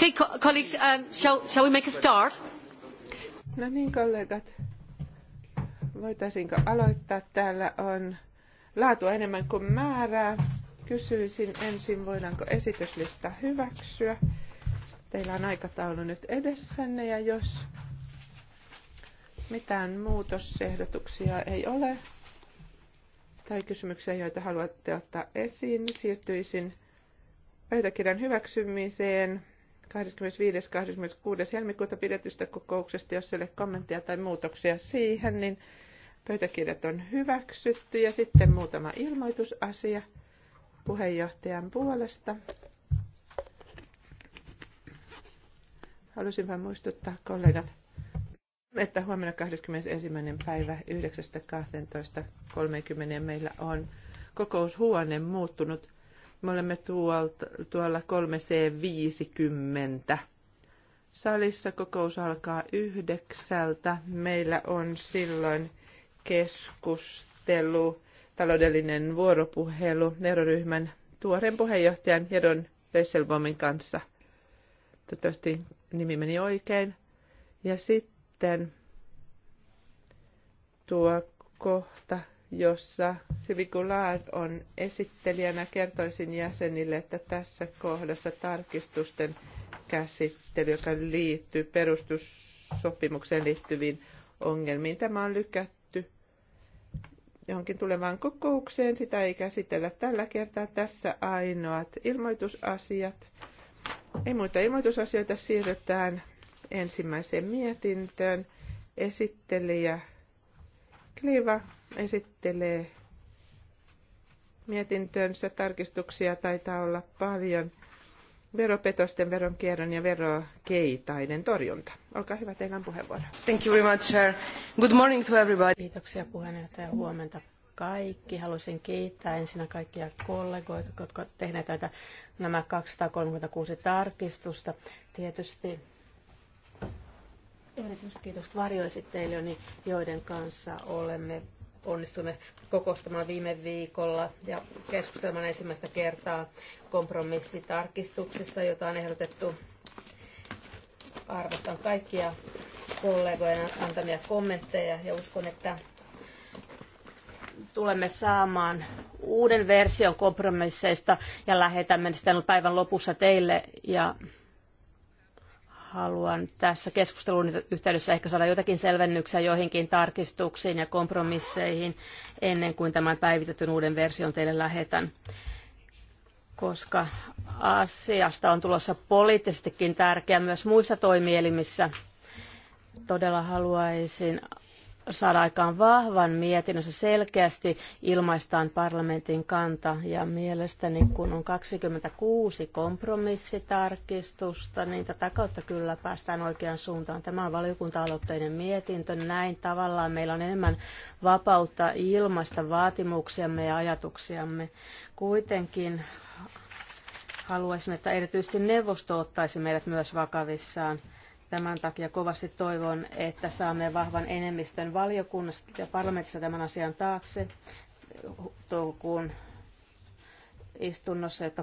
Okay, co colleagues, um, shall, shall we make a start? No niin, kollegat. Voitaisinko aloittaa? Täällä on laatua enemmän kuin määrää. Kysyisin ensin, voidaanko esityslista hyväksyä. Teillä on aikataulu nyt edessänne ja jos mitään muutosehdotuksia ei ole tai kysymyksiä, joita haluatte ottaa esiin, siirtyisin pöytäkirjan hyväksymiseen 25.–26. helmikuuta pidetystä kokouksesta, jos ei ole kommentteja tai muutoksia siihen, niin pöytäkirjat on hyväksytty. Ja sitten muutama ilmoitusasia puheenjohtajan puolesta. Halusin vain muistuttaa kollegat, että huomenna 21. päivä 9.12.30 meillä on kokoushuone muuttunut me olemme tuolta, tuolla 3C50. Salissa kokous alkaa yhdeksältä. Meillä on silloin keskustelu, taloudellinen vuoropuhelu neuroryhmän tuoreen puheenjohtajan Jedon Resselbomin kanssa. Toivottavasti nimi meni oikein. Ja sitten tuo kohta jossa Sivikular on esittelijänä. Kertoisin jäsenille, että tässä kohdassa tarkistusten käsittely, joka liittyy perustussopimukseen liittyviin ongelmiin, tämä on lykätty johonkin tulevaan kokoukseen. Sitä ei käsitellä tällä kertaa. Tässä ainoat ilmoitusasiat. Ei muita ilmoitusasioita siirrytään ensimmäiseen mietintöön. Esittelijä Kliva esittelee mietintönsä tarkistuksia taitaa olla paljon. Veropetosten, veronkierron ja verokeitaiden torjunta. Olkaa hyvä, teillä on puheenvuoro. Thank you very much, sir. Good morning to everybody. Kiitoksia puheenjohtaja. Huomenta kaikki. Haluaisin kiittää ensinnä kaikkia kollegoita, jotka ovat tehneet näitä, nämä 236 tarkistusta. Tietysti erityiset kiitos varjoisitteille, joiden kanssa olemme onnistuneet kokoustamaan viime viikolla ja keskustelemaan ensimmäistä kertaa kompromissitarkistuksista, jota on ehdotettu. Arvostan kaikkia kollegojen antamia kommentteja ja uskon, että tulemme saamaan uuden version kompromisseista ja lähetämme sitä päivän lopussa teille ja haluan tässä keskustelun yhteydessä ehkä saada jotakin selvennyksiä joihinkin tarkistuksiin ja kompromisseihin ennen kuin tämän päivitetyn uuden version teille lähetän koska asiasta on tulossa poliittisestikin tärkeä myös muissa toimielimissä. Todella haluaisin saada aikaan vahvan mietinnön, jossa selkeästi ilmaistaan parlamentin kanta. Ja mielestäni kun on 26 kompromissitarkistusta, niin tätä kautta kyllä päästään oikeaan suuntaan. Tämä on valiokunta-aloitteinen mietintö. Näin tavallaan meillä on enemmän vapautta ilmaista vaatimuksiamme ja ajatuksiamme. Kuitenkin haluaisin, että erityisesti neuvosto ottaisi meidät myös vakavissaan Tämän takia kovasti toivon, että saamme vahvan enemmistön valiokunnasta ja parlamentissa tämän asian taakse toukokuun istunnossa, jotta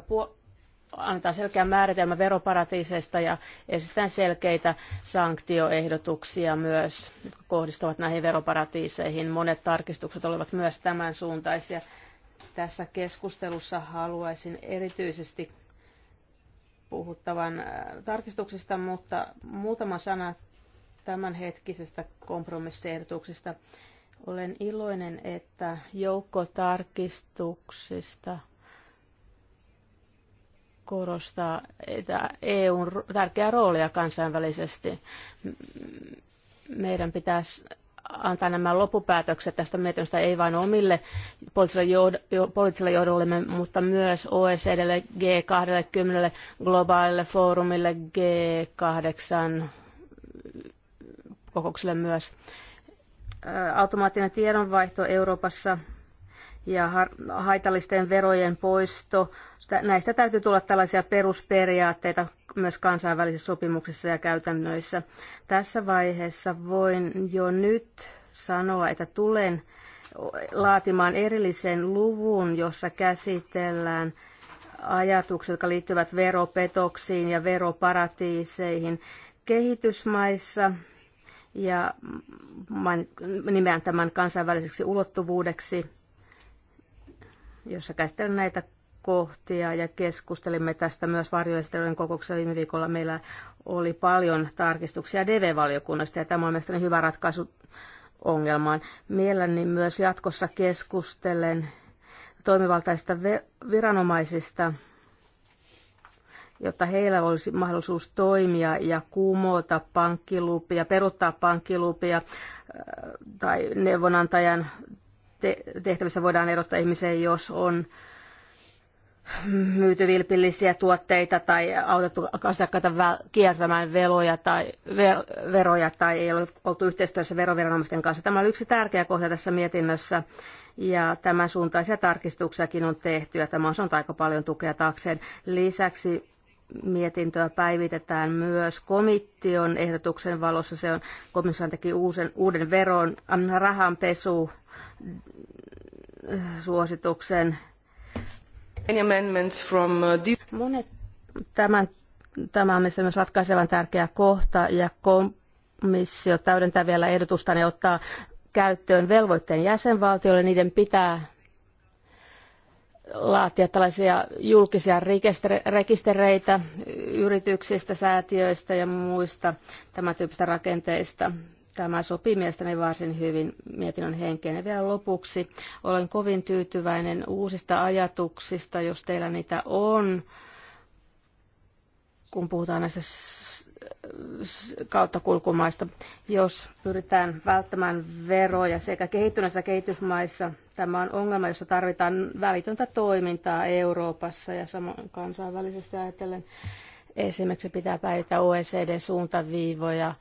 antaa selkeän selkeä määritelmä veroparatiiseista ja esitän selkeitä sanktioehdotuksia myös, jotka kohdistuvat näihin veroparatiiseihin. Monet tarkistukset olivat myös tämän suuntaisia. Tässä keskustelussa haluaisin erityisesti puhuttavan äh, tarkistuksista, mutta muutama sana tämänhetkisestä kompromissiehdotuksesta. Olen iloinen, että joukko tarkistuksista korostaa EUn tärkeää roolia kansainvälisesti. Meidän pitäisi antaa nämä loppupäätökset tästä mietinnöstä ei vain omille poliittisille, johd- johdollemme, mutta myös OECDlle, G20, globaalille foorumille, G8 kokouksille myös. Automaattinen tiedonvaihto Euroopassa ja haitallisten verojen poisto. Näistä täytyy tulla tällaisia perusperiaatteita myös kansainvälisissä sopimuksissa ja käytännöissä. Tässä vaiheessa voin jo nyt sanoa, että tulen laatimaan erillisen luvun, jossa käsitellään ajatukset, jotka liittyvät veropetoksiin ja veroparatiiseihin kehitysmaissa ja nimeän tämän kansainväliseksi ulottuvuudeksi, jossa käsitellään näitä kohtia ja keskustelimme tästä myös varjoistelujen kokouksessa viime viikolla. Meillä oli paljon tarkistuksia DV-valiokunnasta ja tämä on mielestäni hyvä ratkaisu ongelmaan. Mielelläni myös jatkossa keskustelen toimivaltaisista viranomaisista, jotta heillä olisi mahdollisuus toimia ja kumota pankkilupia, peruttaa pankkilupia äh, tai neuvonantajan tehtävissä voidaan erottaa ihmisiä, jos on myyty vilpillisiä tuotteita tai autettu asiakkaita kiertämään veloja tai ver- veroja tai ei ole oltu yhteistyössä veroviranomaisten kanssa. Tämä on yksi tärkeä kohta tässä mietinnössä ja tämän suuntaisia tarkistuksiakin on tehty ja tämä on saanut aika paljon tukea taakseen. Lisäksi mietintöä päivitetään myös komission ehdotuksen valossa. Se on, komissio teki uusen, uuden veron äh, rahanpesu äh, suosituksen Uh, Monet tämän, tämä on myös ratkaisevan tärkeä kohta ja komissio täydentää vielä ehdotusta ne ottaa käyttöön velvoitteen jäsenvaltioille. Niiden pitää laatia tällaisia julkisia rekistereitä yrityksistä, säätiöistä ja muista tämän tyyppistä rakenteista. Tämä sopii mielestäni varsin hyvin mietinnön henkeen. Ja vielä lopuksi olen kovin tyytyväinen uusista ajatuksista, jos teillä niitä on, kun puhutaan näistä kautta kulkumaista. Jos pyritään välttämään veroja sekä kehittyneissä kehitysmaissa, tämä on ongelma, jossa tarvitaan välitöntä toimintaa Euroopassa ja samoin kansainvälisesti ajatellen. Esimerkiksi pitää päivittää OECD-suuntaviivoja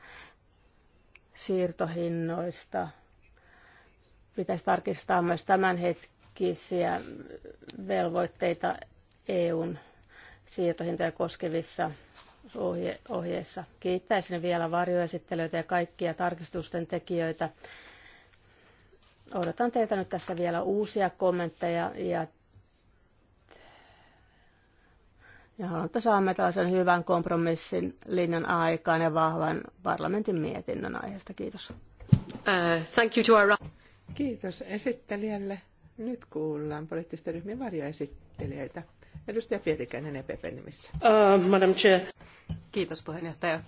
siirtohinnoista. Pitäisi tarkistaa myös tämänhetkisiä velvoitteita EUn siirtohintoja koskevissa ohje- ohjeissa. Kiittäisin vielä varjoesittelyitä ja kaikkia tarkistusten tekijöitä. Odotan teiltä nyt tässä vielä uusia kommentteja ja Ja haluan, että saamme tällaisen hyvän kompromissin linjan aikaan ja vahvan parlamentin mietinnön aiheesta. Kiitos. Uh, thank you to our... Kiitos esittelijälle. Nyt kuullaan poliittisten ryhmien varjoesittelijöitä. Edustaja Pietikäinen EPP nimissä. Uh, Madam Chair. Kiitos puheenjohtaja.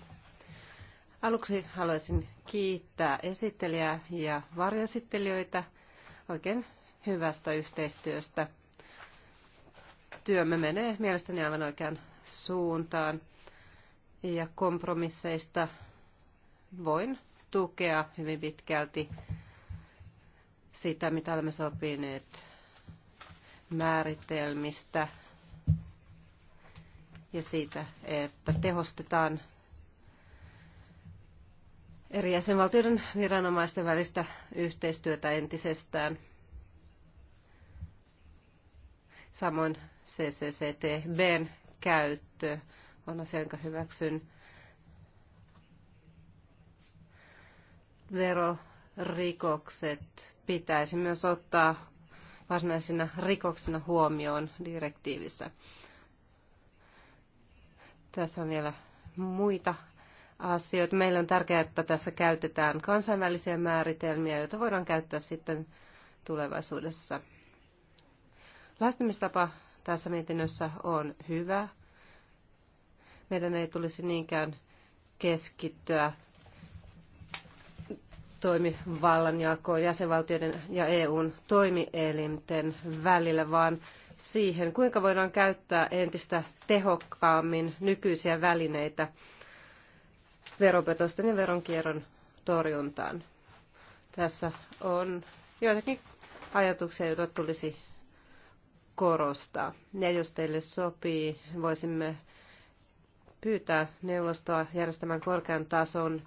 Aluksi haluaisin kiittää esittelijää ja varjoesittelijöitä oikein hyvästä yhteistyöstä – työmme menee mielestäni aivan oikean suuntaan. Ja kompromisseista voin tukea hyvin pitkälti sitä, mitä olemme sopineet määritelmistä ja siitä, että tehostetaan eri jäsenvaltioiden viranomaisten välistä yhteistyötä entisestään – Samoin CCCTBn käyttö on asia, jonka hyväksyn verorikokset pitäisi myös ottaa varsinaisina rikoksina huomioon direktiivissä. Tässä on vielä muita asioita. Meillä on tärkeää, että tässä käytetään kansainvälisiä määritelmiä, joita voidaan käyttää sitten tulevaisuudessa. Lähestymistapa tässä mietinnössä on hyvä. Meidän ei tulisi niinkään keskittyä toimivallan ja jäsenvaltioiden ja EUn toimielinten välillä, vaan siihen, kuinka voidaan käyttää entistä tehokkaammin nykyisiä välineitä veropetosten ja veronkierron torjuntaan. Tässä on joitakin ajatuksia, joita tulisi korostaa. Ja jos teille sopii, voisimme pyytää neuvostoa järjestämään korkean tason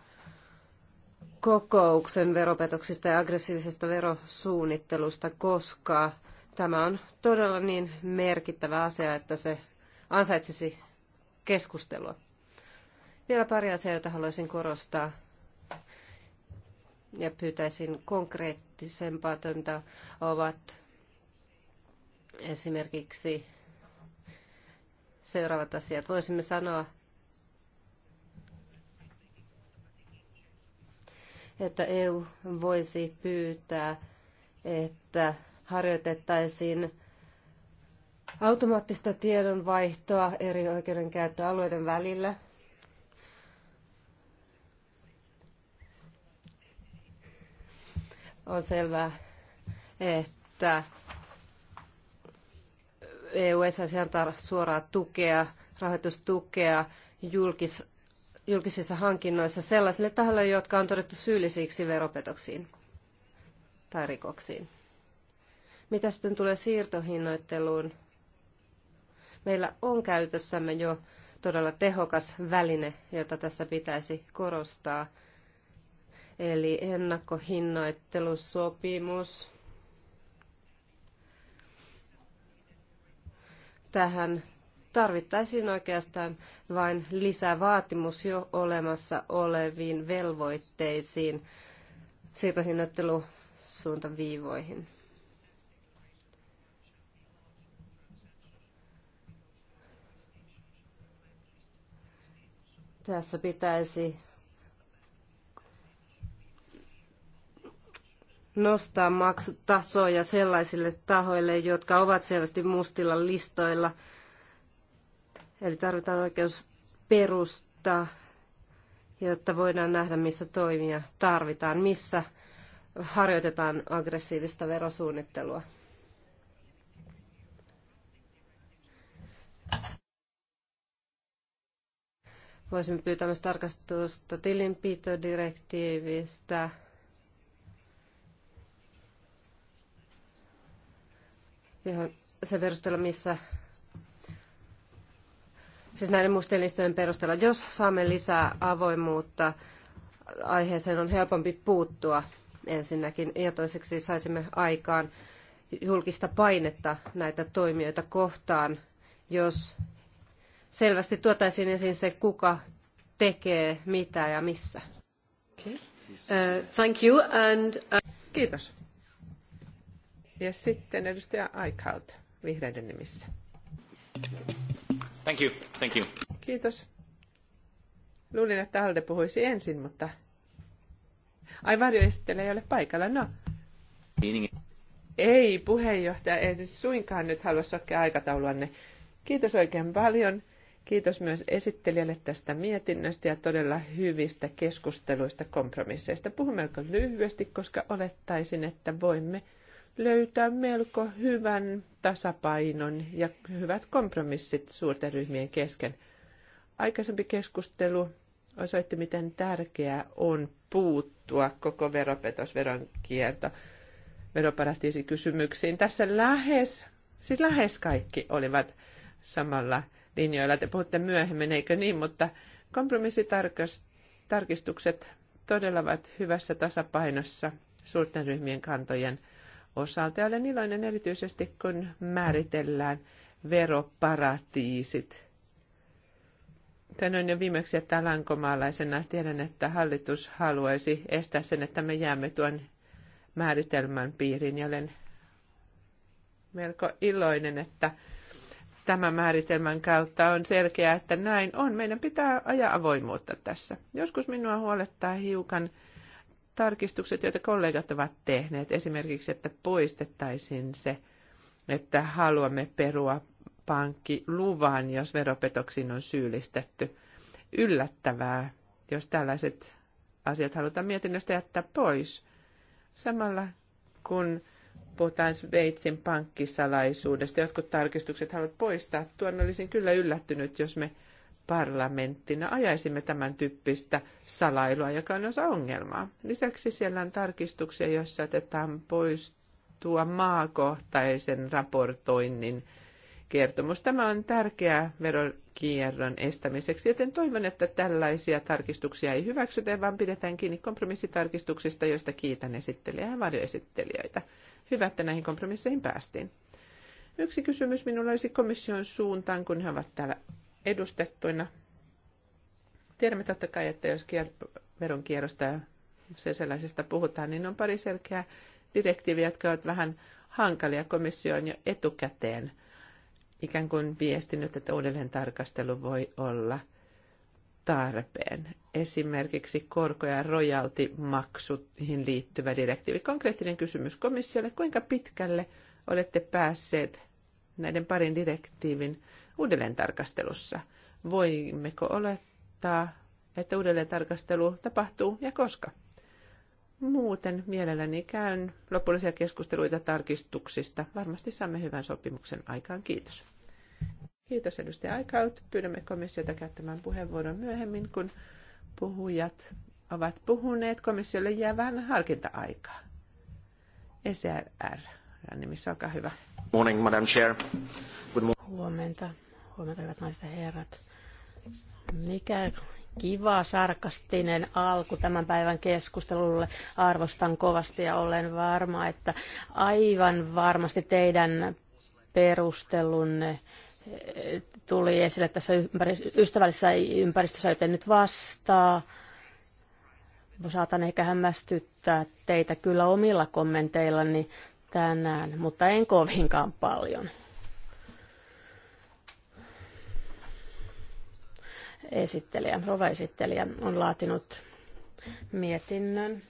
kokouksen veropetoksista ja aggressiivisesta verosuunnittelusta, koska tämä on todella niin merkittävä asia, että se ansaitsisi keskustelua. Vielä pari asiaa, joita haluaisin korostaa ja pyytäisin konkreettisempaa toimintaa, ovat Esimerkiksi seuraavat asiat. Voisimme sanoa, että EU voisi pyytää, että harjoitettaisiin automaattista tiedonvaihtoa eri oikeudenkäyttöalueiden välillä. On selvää, että EU ei saisi antaa suoraa tukea, rahoitustukea julkis, julkisissa hankinnoissa sellaisille tahoille, jotka on todettu syyllisiksi veropetoksiin tai rikoksiin. Mitä sitten tulee siirtohinnoitteluun? Meillä on käytössämme jo todella tehokas väline, jota tässä pitäisi korostaa. Eli ennakkohinnoittelusopimus Tähän tarvittaisiin oikeastaan vain lisävaatimus jo olemassa oleviin velvoitteisiin siirtohinnoittelusuuntaviivoihin. Tässä pitäisi nostaa maksutasoja sellaisille tahoille, jotka ovat selvästi mustilla listoilla. Eli tarvitaan oikeus perusta, jotta voidaan nähdä, missä toimia tarvitaan, missä harjoitetaan aggressiivista verosuunnittelua. Voisimme pyytää myös tarkastusta tilinpitodirektiivistä ihan sen perusteella, missä siis näiden mustelistojen perusteella, jos saamme lisää avoimuutta, aiheeseen on helpompi puuttua ensinnäkin, ja toiseksi saisimme aikaan julkista painetta näitä toimijoita kohtaan, jos selvästi tuotaisiin esiin se, kuka tekee mitä ja missä. Okay. Uh, thank you and, uh... Kiitos. Ja sitten edustaja Aikaut vihreiden nimissä. Thank you, thank you. Kiitos. Luulin, että Alde puhuisi ensin, mutta... Ai varjoesittelijä ei ole paikalla, no. Ei, puheenjohtaja, ei suinkaan nyt halua sotkea aikatauluanne. Kiitos oikein paljon. Kiitos myös esittelijälle tästä mietinnöstä ja todella hyvistä keskusteluista kompromisseista. Puhun melko lyhyesti, koska olettaisin, että voimme löytää melko hyvän tasapainon ja hyvät kompromissit suurten ryhmien kesken. Aikaisempi keskustelu osoitti, miten tärkeää on puuttua koko veropetos, veronkierto, veroparatiisikysymyksiin. Tässä lähes, siis lähes kaikki olivat samalla linjoilla. Te puhutte myöhemmin, eikö niin, mutta kompromissitarkistukset todella ovat hyvässä tasapainossa suurten ryhmien kantojen – osalta. Ja olen iloinen erityisesti, kun määritellään veroparatiisit. Sanoin jo viimeksi, että lankomaalaisena tiedän, että hallitus haluaisi estää sen, että me jäämme tuon määritelmän piiriin. Ja olen melko iloinen, että tämän määritelmän kautta on selkeää, että näin on. Meidän pitää ajaa avoimuutta tässä. Joskus minua huolettaa hiukan tarkistukset, joita kollegat ovat tehneet, esimerkiksi, että poistettaisiin se, että haluamme perua pankkiluvan, jos veropetoksiin on syyllistetty. Yllättävää, jos tällaiset asiat halutaan mietinnöstä jättää pois. Samalla kun puhutaan Sveitsin pankkisalaisuudesta, jotkut tarkistukset haluat poistaa, tuon olisin kyllä yllättynyt, jos me parlamenttina ajaisimme tämän tyyppistä salailua, joka on osa ongelmaa. Lisäksi siellä on tarkistuksia, joissa otetaan pois tuo maakohtaisen raportoinnin kertomus. Tämä on tärkeää verokierron estämiseksi, joten toivon, että tällaisia tarkistuksia ei hyväksytä, vaan pidetään kiinni kompromissitarkistuksista, joista kiitän esittelijää ja varjoesittelijöitä. Hyvä, että näihin kompromisseihin päästiin. Yksi kysymys minulla olisi komission suuntaan, kun he ovat täällä edustettuina. Tiedämme totta kai, että jos veronkierrosta ja se sellaisesta puhutaan, niin on pari selkeää direktiiviä, jotka ovat vähän hankalia. Komissio on jo etukäteen ikään kuin viestinyt, että uudelleen tarkastelu voi olla tarpeen. Esimerkiksi korko- ja rojaltimaksuihin liittyvä direktiivi. Konkreettinen kysymys komissiolle, kuinka pitkälle olette päässeet näiden parin direktiivin uudelleen tarkastelussa. Voimmeko olettaa, että uudelleen tarkastelu tapahtuu ja koska? Muuten mielelläni käyn lopullisia keskusteluita tarkistuksista. Varmasti saamme hyvän sopimuksen aikaan. Kiitos. Kiitos edustaja Aikaut. Pyydämme komissiota käyttämään puheenvuoron myöhemmin, kun puhujat ovat puhuneet. Komissiolle jää vähän harkinta-aikaa. ECR, Nimissä, olkaa hyvä. Morning, Madam Chair. Good morning. Huomenta. Huomenta, hyvät naiset ja herrat. Mikä kiva sarkastinen alku tämän päivän keskustelulle. Arvostan kovasti ja olen varma, että aivan varmasti teidän perustelunne eh, tuli esille tässä ystävällisessä ympäristössä, joten nyt vastaa. Saatan ehkä hämmästyttää teitä kyllä omilla kommenteillani tänään, mutta en kovinkaan paljon. esittelijä, rova esittelijä on laatinut mietinnön,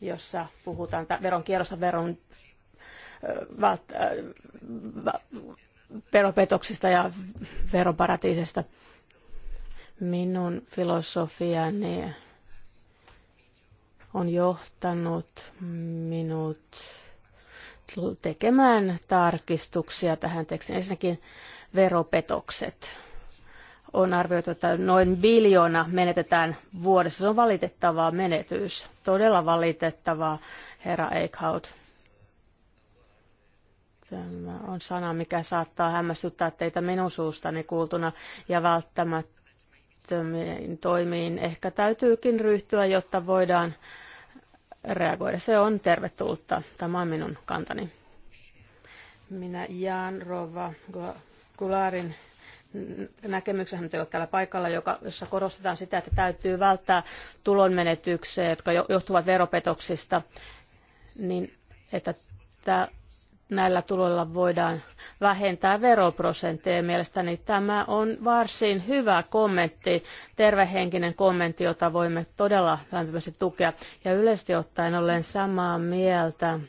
jossa puhutaan veronkierrosta, veron veropetoksista ja veroparatiisista. Minun filosofiani on johtanut minut tekemään tarkistuksia tähän tekstiin. Ensinnäkin veropetokset on arvioitu, että noin biljoona menetetään vuodessa. Se on valitettavaa menetys, todella valitettavaa, herra Eichhout. Tämä on sana, mikä saattaa hämmästyttää teitä minun suustani kuultuna ja välttämättömiin toimiin ehkä täytyykin ryhtyä, jotta voidaan reagoida. Se on tervetullutta. Tämä on minun kantani. Minä jaan Rova Gularin näkemyksen, hän ei ole täällä paikalla, joka, jossa korostetaan sitä, että täytyy välttää tulonmenetyksiä, jotka johtuvat veropetoksista, niin että näillä tuloilla voidaan vähentää veroprosentteja. Mielestäni tämä on varsin hyvä kommentti, tervehenkinen kommentti, jota voimme todella lämpimästi tukea. Ja yleisesti ottaen olen samaa mieltä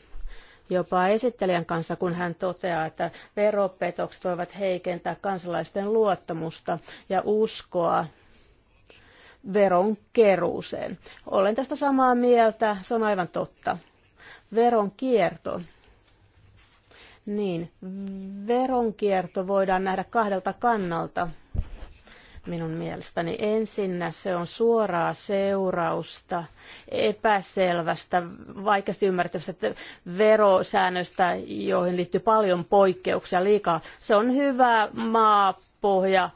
jopa esittelijän kanssa, kun hän toteaa, että veropetokset voivat heikentää kansalaisten luottamusta ja uskoa veronkeruuseen. Olen tästä samaa mieltä, se on aivan totta. Veronkierto. Niin, veronkierto voidaan nähdä kahdelta kannalta – minun mielestäni. Ensinnä se on suoraa seurausta epäselvästä, vaikeasti ymmärrettävästä verosäännöstä, joihin liittyy paljon poikkeuksia liikaa. Se on hyvä maapohja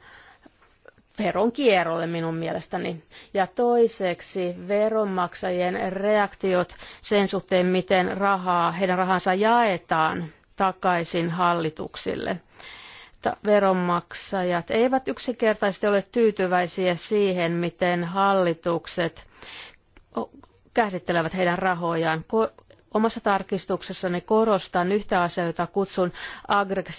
veronkierrolle minun mielestäni. Ja toiseksi veronmaksajien reaktiot sen suhteen, miten rahaa, heidän rahansa jaetaan takaisin hallituksille mutta veronmaksajat eivät yksinkertaisesti ole tyytyväisiä siihen, miten hallitukset käsittelevät heidän rahojaan. Omassa tarkistuksessani korostan yhtä asiaa, jota kutsun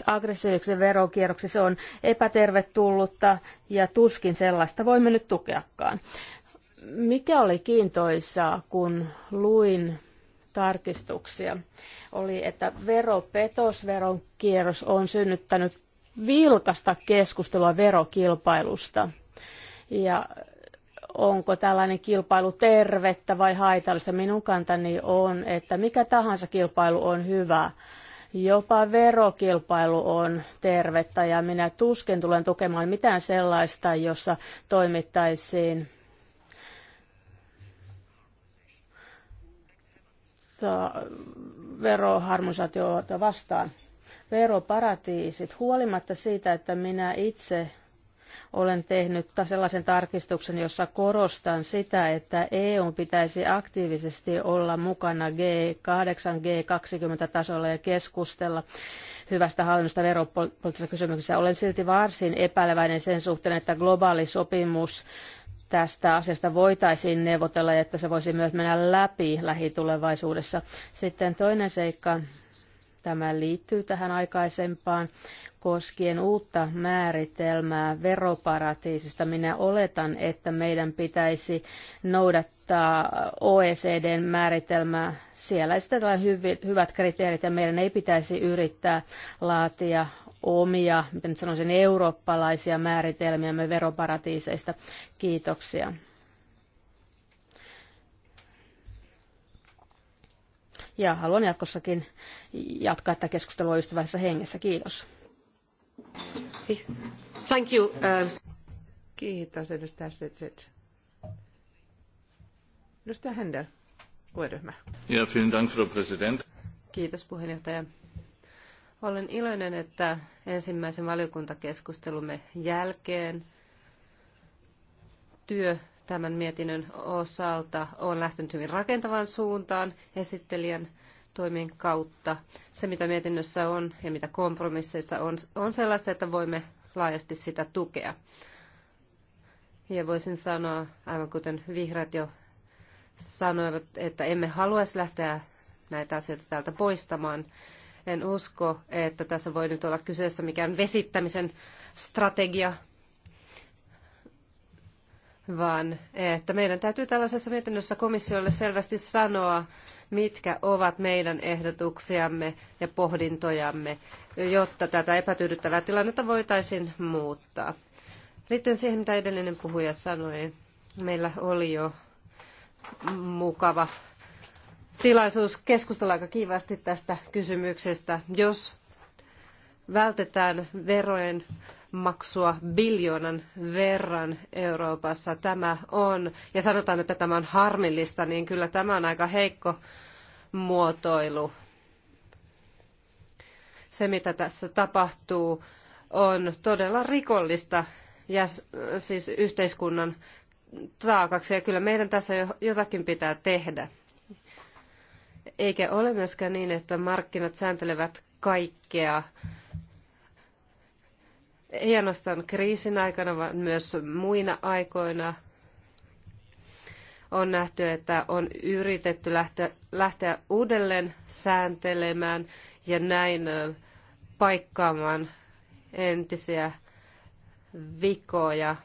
aggressiiviseksi veronkierroksi. Se on epätervetullutta ja tuskin sellaista voimme nyt tukeakaan. Mikä oli kiintoisaa, kun luin tarkistuksia, oli, että veropetos, veronkierros on synnyttänyt vilkasta keskustelua verokilpailusta. Ja onko tällainen kilpailu tervettä vai haitallista. Minun kantani on, että mikä tahansa kilpailu on hyvä. Jopa verokilpailu on tervettä ja minä tuskin tulen tukemaan mitään sellaista, jossa toimittaisiin veroharmonisaatiota vastaan veroparatiisit. Huolimatta siitä, että minä itse olen tehnyt sellaisen tarkistuksen, jossa korostan sitä, että EU pitäisi aktiivisesti olla mukana G8, G20 tasolla ja keskustella hyvästä hallinnosta veropoliittisessa kysymyksessä. Olen silti varsin epäileväinen sen suhteen, että globaali sopimus tästä asiasta voitaisiin neuvotella ja että se voisi myös mennä läpi lähitulevaisuudessa. Sitten toinen seikka, Tämä liittyy tähän aikaisempaan koskien uutta määritelmää veroparatiisista. Minä oletan, että meidän pitäisi noudattaa OECDn määritelmää. Siellä esitetään hyvät kriteerit ja meidän ei pitäisi yrittää laatia omia, miten sanoisin, eurooppalaisia määritelmiämme veroparatiiseista. Kiitoksia. ja haluan jatkossakin jatkaa tätä keskustelua ystävällisessä hengessä. Kiitos. Thank you. Uh, Kiitos edustaja Sitsit. Edustaja Händel, puheenryhmä. Ja, vielen Dank, Frau Präsident. Kiitos puheenjohtaja. Olen iloinen, että ensimmäisen valiokuntakeskustelumme jälkeen työ tämän mietinnön osalta on lähtenyt hyvin rakentavaan suuntaan esittelijän toimien kautta. Se, mitä mietinnössä on ja mitä kompromisseissa on, on sellaista, että voimme laajasti sitä tukea. Ja voisin sanoa, aivan kuten vihreät jo sanoivat, että emme haluaisi lähteä näitä asioita täältä poistamaan. En usko, että tässä voi nyt olla kyseessä mikään vesittämisen strategia, vaan että meidän täytyy tällaisessa mietinnössä komissiolle selvästi sanoa, mitkä ovat meidän ehdotuksiamme ja pohdintojamme, jotta tätä epätyydyttävää tilannetta voitaisiin muuttaa. Liittyen siihen, mitä edellinen puhuja sanoi, meillä oli jo mukava tilaisuus keskustella aika kivasti tästä kysymyksestä. Jos vältetään verojen maksua biljoonan verran Euroopassa tämä on. Ja sanotaan, että tämä on harmillista, niin kyllä tämä on aika heikko muotoilu. Se, mitä tässä tapahtuu, on todella rikollista ja siis yhteiskunnan taakaksi. Ja kyllä meidän tässä jotakin pitää tehdä. Eikä ole myöskään niin, että markkinat sääntelevät kaikkea ei ainoastaan kriisin aikana, vaan myös muina aikoina on nähty, että on yritetty lähteä, lähteä uudelleen sääntelemään ja näin paikkaamaan entisiä vikoja.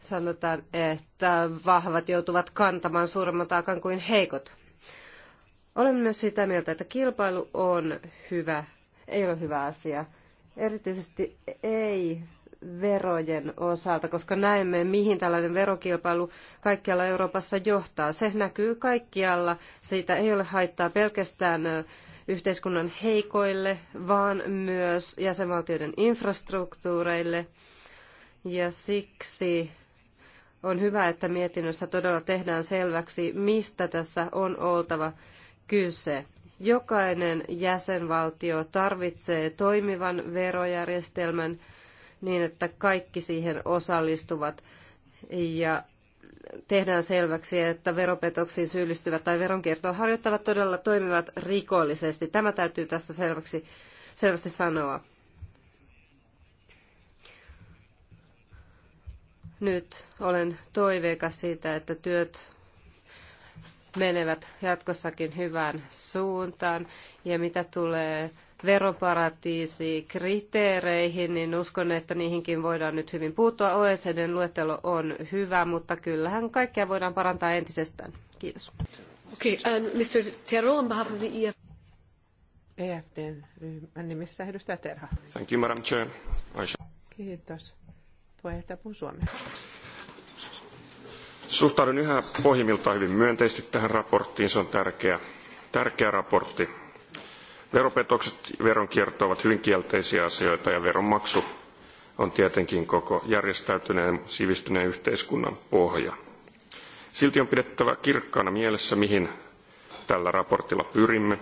Sanotaan, että vahvat joutuvat kantamaan suuremman taakan kuin heikot. Olen myös sitä mieltä, että kilpailu on hyvä, ei ole hyvä asia. Erityisesti ei verojen osalta, koska näemme, mihin tällainen verokilpailu kaikkialla Euroopassa johtaa. Se näkyy kaikkialla. Siitä ei ole haittaa pelkästään yhteiskunnan heikoille, vaan myös jäsenvaltioiden infrastruktuureille. Ja siksi on hyvä, että mietinnössä todella tehdään selväksi, mistä tässä on oltava kyse. Jokainen jäsenvaltio tarvitsee toimivan verojärjestelmän niin, että kaikki siihen osallistuvat ja tehdään selväksi, että veropetoksiin syyllistyvät tai veronkiertoa harjoittavat todella toimivat rikollisesti. Tämä täytyy tässä selväksi, selvästi sanoa. Nyt olen toiveikas siitä, että työt menevät jatkossakin hyvään suuntaan. Ja mitä tulee veroparatiisi kriteereihin, niin uskon, että niihinkin voidaan nyt hyvin puuttua. OECDn luettelo on hyvä, mutta kyllähän kaikkea voidaan parantaa entisestään. Kiitos. Okay, and Mr. Tero, on behalf of the EF... EFDn ryhmän nimissä edustaja Terha. Thank you, Madam Chair. Kiitos. Puheenjohtaja puhuu Suomea. Suhtaudun yhä pohjimmiltaan hyvin myönteisesti tähän raporttiin. Se on tärkeä, tärkeä raportti. Veropetokset ja veronkierto ovat hyvin kielteisiä asioita ja veronmaksu on tietenkin koko järjestäytyneen sivistyneen yhteiskunnan pohja. Silti on pidettävä kirkkaana mielessä, mihin tällä raportilla pyrimme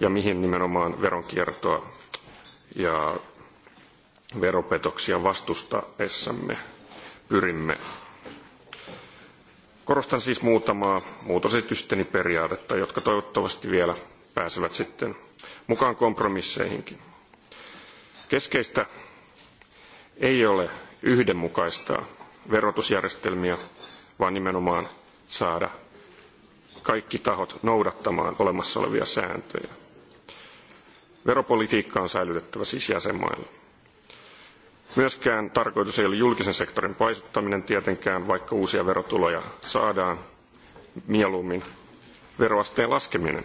ja mihin nimenomaan veronkiertoa ja veropetoksia vastustaessamme pyrimme. Korostan siis muutamaa muutosesitysteni periaatetta, jotka toivottavasti vielä pääsevät sitten mukaan kompromisseihinkin. Keskeistä ei ole yhdenmukaistaa verotusjärjestelmiä, vaan nimenomaan saada kaikki tahot noudattamaan olemassa olevia sääntöjä. Veropolitiikka on säilytettävä siis jäsenmailla. Myöskään tarkoitus ei ole julkisen sektorin paisuttaminen tietenkään, vaikka uusia verotuloja saadaan mieluummin veroasteen laskeminen.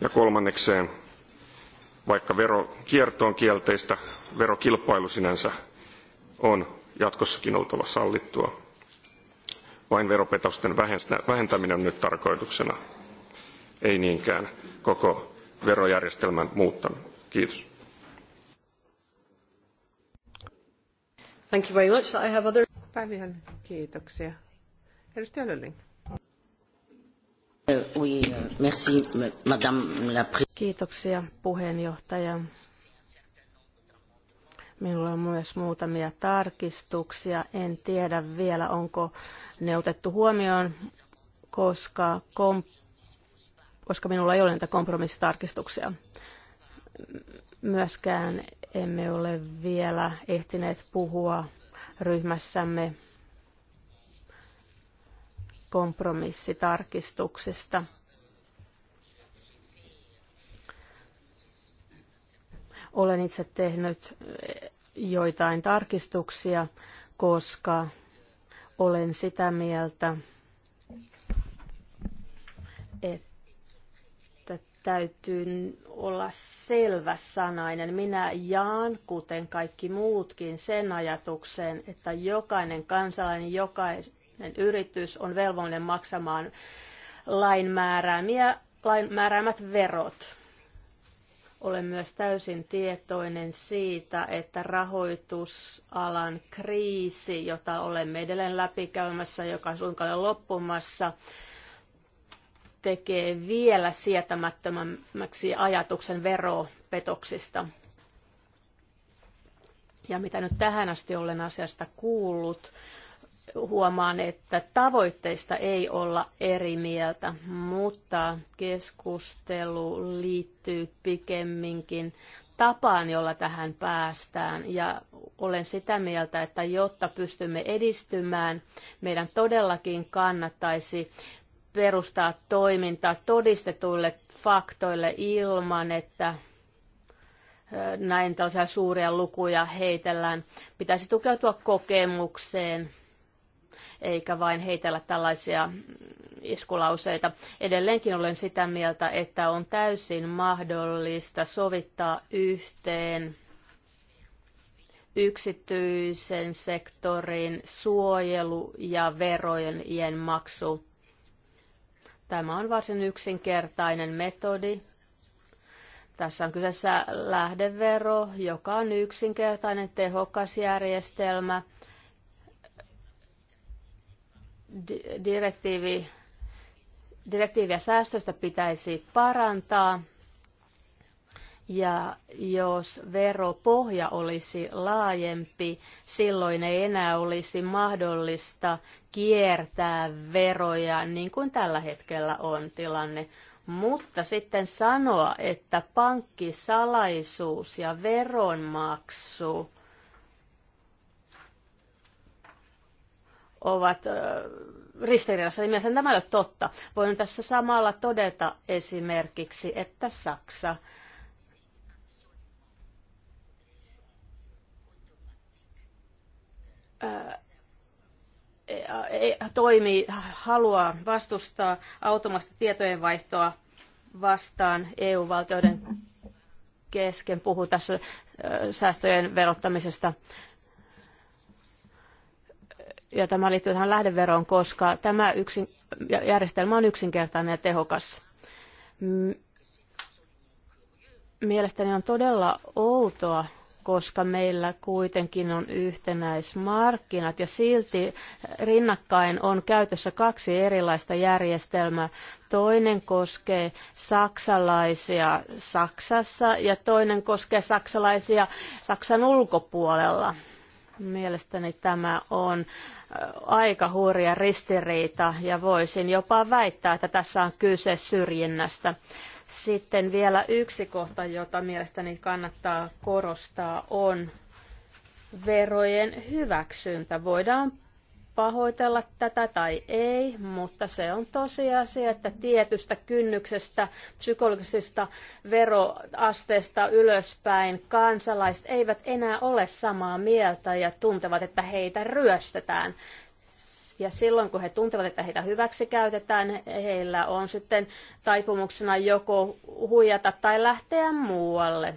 Ja kolmannekseen, vaikka verokierto on kielteistä, verokilpailu sinänsä on jatkossakin oltava sallittua. Vain veropetosten vähentäminen on nyt tarkoituksena, ei niinkään koko verojärjestelmän muuttaminen. Kiitos. Thank you very much. I have other... Paljon kiitoksia. Edustaja Lölling. Euh, oui, euh, merci, madame la... Kiitoksia puheenjohtaja. Minulla on myös muutamia tarkistuksia. En tiedä vielä, onko ne otettu huomioon, koska, kom, koska minulla ei ole niitä kompromissitarkistuksia. Myöskään emme ole vielä ehtineet puhua ryhmässämme kompromissitarkistuksista. Olen itse tehnyt joitain tarkistuksia, koska olen sitä mieltä, täytyy olla selvä sanainen. Minä jaan, kuten kaikki muutkin, sen ajatuksen, että jokainen kansalainen, jokainen yritys on velvollinen maksamaan lain, määräämiä, lain määräämät verot. Olen myös täysin tietoinen siitä, että rahoitusalan kriisi, jota olemme edelleen läpikäymässä, joka on suinkaan loppumassa, tekee vielä sietämättömämmäksi ajatuksen veropetoksista. Ja mitä nyt tähän asti olen asiasta kuullut, huomaan, että tavoitteista ei olla eri mieltä, mutta keskustelu liittyy pikemminkin tapaan, jolla tähän päästään. Ja olen sitä mieltä, että jotta pystymme edistymään, meidän todellakin kannattaisi perustaa toimintaa todistetuille faktoille ilman, että näin tällaisia suuria lukuja heitellään. Pitäisi tukeutua kokemukseen, eikä vain heitellä tällaisia mm, iskulauseita. Edelleenkin olen sitä mieltä, että on täysin mahdollista sovittaa yhteen yksityisen sektorin suojelu ja verojen maksu Tämä on varsin yksinkertainen metodi. Tässä on kyseessä lähdevero, joka on yksinkertainen tehokas järjestelmä. Direktiivi, direktiiviä säästöstä pitäisi parantaa ja jos veropohja olisi laajempi, silloin ei enää olisi mahdollista kiertää veroja niin kuin tällä hetkellä on tilanne. Mutta sitten sanoa, että pankkisalaisuus ja veronmaksu ovat ristiriidassa, niin mielestäni tämä ei ole totta. Voin tässä samalla todeta esimerkiksi, että Saksa – E, e, toimii, haluaa vastustaa automaattista tietojenvaihtoa vastaan EU-valtioiden kesken. Puhuu tässä säästöjen verottamisesta. Ja tämä liittyy tähän lähdeveroon, koska tämä yksin, järjestelmä on yksinkertainen ja tehokas. Mielestäni on todella outoa, koska meillä kuitenkin on yhtenäismarkkinat ja silti rinnakkain on käytössä kaksi erilaista järjestelmää. Toinen koskee saksalaisia Saksassa ja toinen koskee saksalaisia Saksan ulkopuolella. Mielestäni tämä on aika hurja ristiriita ja voisin jopa väittää, että tässä on kyse syrjinnästä. Sitten vielä yksi kohta, jota mielestäni kannattaa korostaa, on verojen hyväksyntä. Voidaan pahoitella tätä tai ei, mutta se on tosiasia, että tietystä kynnyksestä, psykologisesta veroasteesta ylöspäin kansalaiset eivät enää ole samaa mieltä ja tuntevat, että heitä ryöstetään. Ja silloin, kun he tuntevat, että heitä hyväksi käytetään, heillä on sitten taipumuksena joko huijata tai lähteä muualle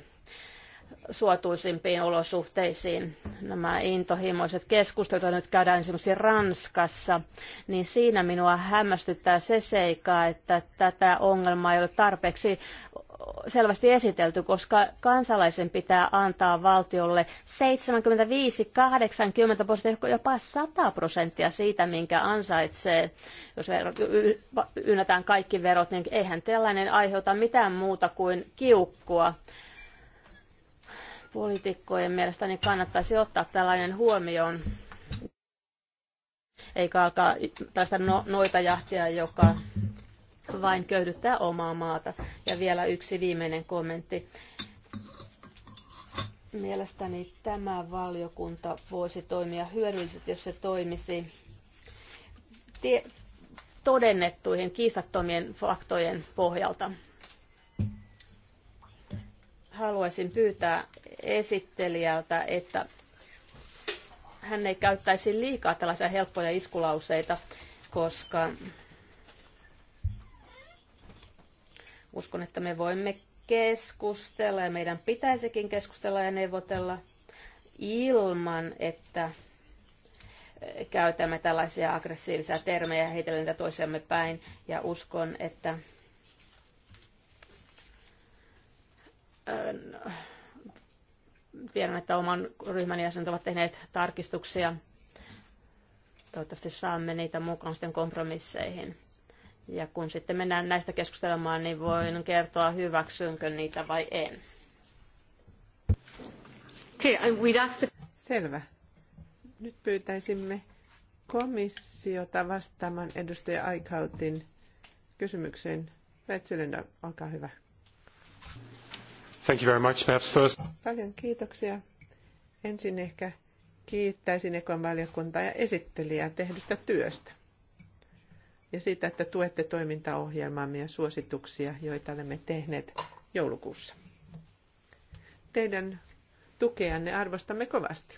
suotuisimpiin olosuhteisiin. Nämä intohimoiset keskustelut, joita nyt käydään esimerkiksi Ranskassa, niin siinä minua hämmästyttää se seikka, että tätä ongelmaa ei ole tarpeeksi selvästi esitelty, koska kansalaisen pitää antaa valtiolle 75-80 prosenttia, jopa 100 prosenttia siitä, minkä ansaitsee. Jos ynnätään kaikki verot, niin eihän tällainen aiheuta mitään muuta kuin kiukkua. Poliitikkojen mielestäni kannattaisi ottaa tällainen huomioon eikä alkaa tällaista no, noita jahtia, joka vain köyhdyttää omaa maata. Ja vielä yksi viimeinen kommentti. Mielestäni tämä valiokunta voisi toimia hyödyllisesti, jos se toimisi tie- todennettuihin kiistattomien faktojen pohjalta. Haluaisin pyytää esittelijältä, että hän ei käyttäisi liikaa tällaisia helppoja iskulauseita, koska Uskon, että me voimme keskustella ja meidän pitäisikin keskustella ja neuvotella ilman, että eh, käytämme tällaisia aggressiivisia termejä heitellen niitä toisiamme päin. Ja uskon, että eh, tiedän, että oman ryhmän jäsenet ovat tehneet tarkistuksia. Toivottavasti saamme niitä mukaan sitten kompromisseihin. Ja kun sitten mennään näistä keskustelemaan, niin voin kertoa, hyväksynkö niitä vai en. Okay, we'd ask the... Selvä. Nyt pyytäisimme komissiota vastaamaan edustaja Aikautin kysymykseen. Retsilendal, olkaa hyvä. Thank you very much. Perhaps first... Paljon kiitoksia. Ensin ehkä kiittäisin Ekon valiokuntaa ja esittelijää tehdystä työstä ja siitä, että tuette toimintaohjelmaamme ja suosituksia, joita olemme tehneet joulukuussa. Teidän tukeanne arvostamme kovasti.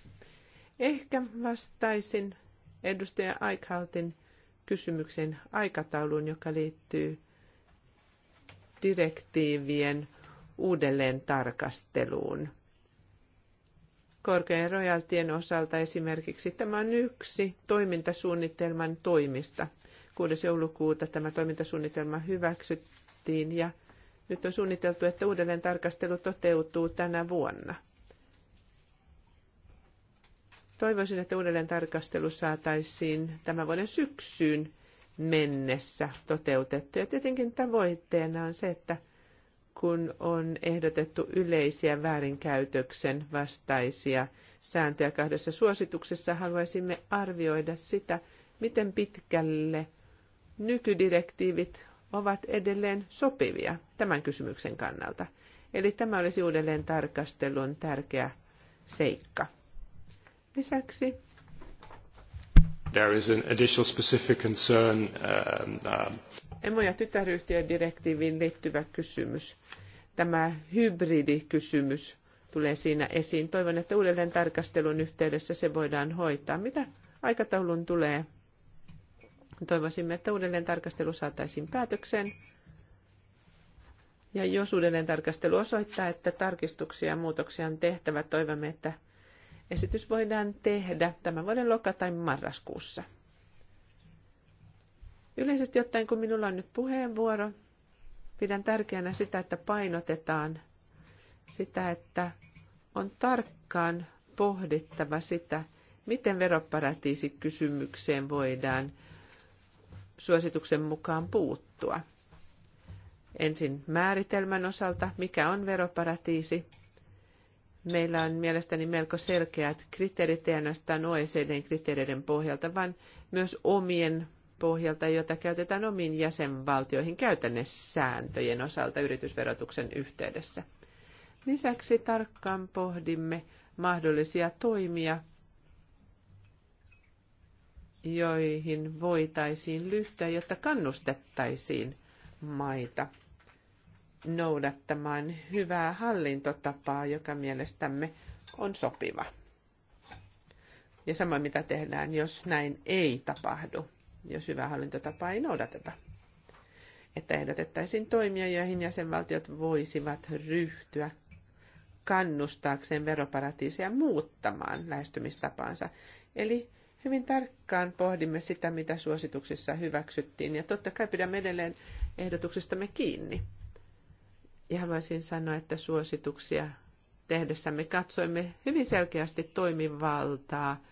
Ehkä vastaisin edustaja Aikhautin kysymyksen aikatauluun, joka liittyy direktiivien uudelleen tarkasteluun. Korkean rojaltien osalta esimerkiksi tämä on yksi toimintasuunnitelman toimista – 6. joulukuuta tämä toimintasuunnitelma hyväksyttiin ja nyt on suunniteltu, että uudelleen tarkastelu toteutuu tänä vuonna. Toivoisin, että uudelleen tarkastelu saataisiin tämän vuoden syksyyn mennessä toteutettu. Ja tietenkin tavoitteena on se, että kun on ehdotettu yleisiä väärinkäytöksen vastaisia sääntöjä kahdessa suosituksessa, haluaisimme arvioida sitä, miten pitkälle – nykydirektiivit ovat edelleen sopivia tämän kysymyksen kannalta. Eli tämä olisi uudelleen tarkastelun tärkeä seikka. Lisäksi There is an additional specific concern, um, um Emo- ja tytäryhtiön direktiiviin liittyvä kysymys. Tämä hybridikysymys tulee siinä esiin. Toivon, että uudelleen tarkastelun yhteydessä se voidaan hoitaa. Mitä aikataulun tulee Toivoisimme, että uudelleen tarkastelu saataisiin päätökseen. Ja jos uudelleen tarkastelu osoittaa, että tarkistuksia ja muutoksia on tehtävä, toivomme, että esitys voidaan tehdä tämän vuoden loka- tai marraskuussa. Yleisesti ottaen, kun minulla on nyt puheenvuoro, pidän tärkeänä sitä, että painotetaan sitä, että on tarkkaan pohdittava sitä, miten veroparatiisikysymykseen voidaan – suosituksen mukaan puuttua. Ensin määritelmän osalta, mikä on veroparatiisi. Meillä on mielestäni melko selkeät kriteerit, ei ainoastaan oecd kriteereiden pohjalta, vaan myös omien pohjalta, jota käytetään omiin jäsenvaltioihin käytännössääntöjen osalta yritysverotuksen yhteydessä. Lisäksi tarkkaan pohdimme mahdollisia toimia, joihin voitaisiin lyhtyä, jotta kannustettaisiin maita noudattamaan hyvää hallintotapaa, joka mielestämme on sopiva. Ja samoin mitä tehdään, jos näin ei tapahdu, jos hyvää hallintotapaa ei noudateta. Että ehdotettaisiin toimia, joihin jäsenvaltiot voisivat ryhtyä kannustaakseen veroparatiisia muuttamaan lähestymistapaansa. Eli hyvin tarkkaan pohdimme sitä, mitä suosituksissa hyväksyttiin. Ja totta kai pidämme edelleen ehdotuksistamme kiinni. Ja haluaisin sanoa, että suosituksia tehdessämme katsoimme hyvin selkeästi toimivaltaa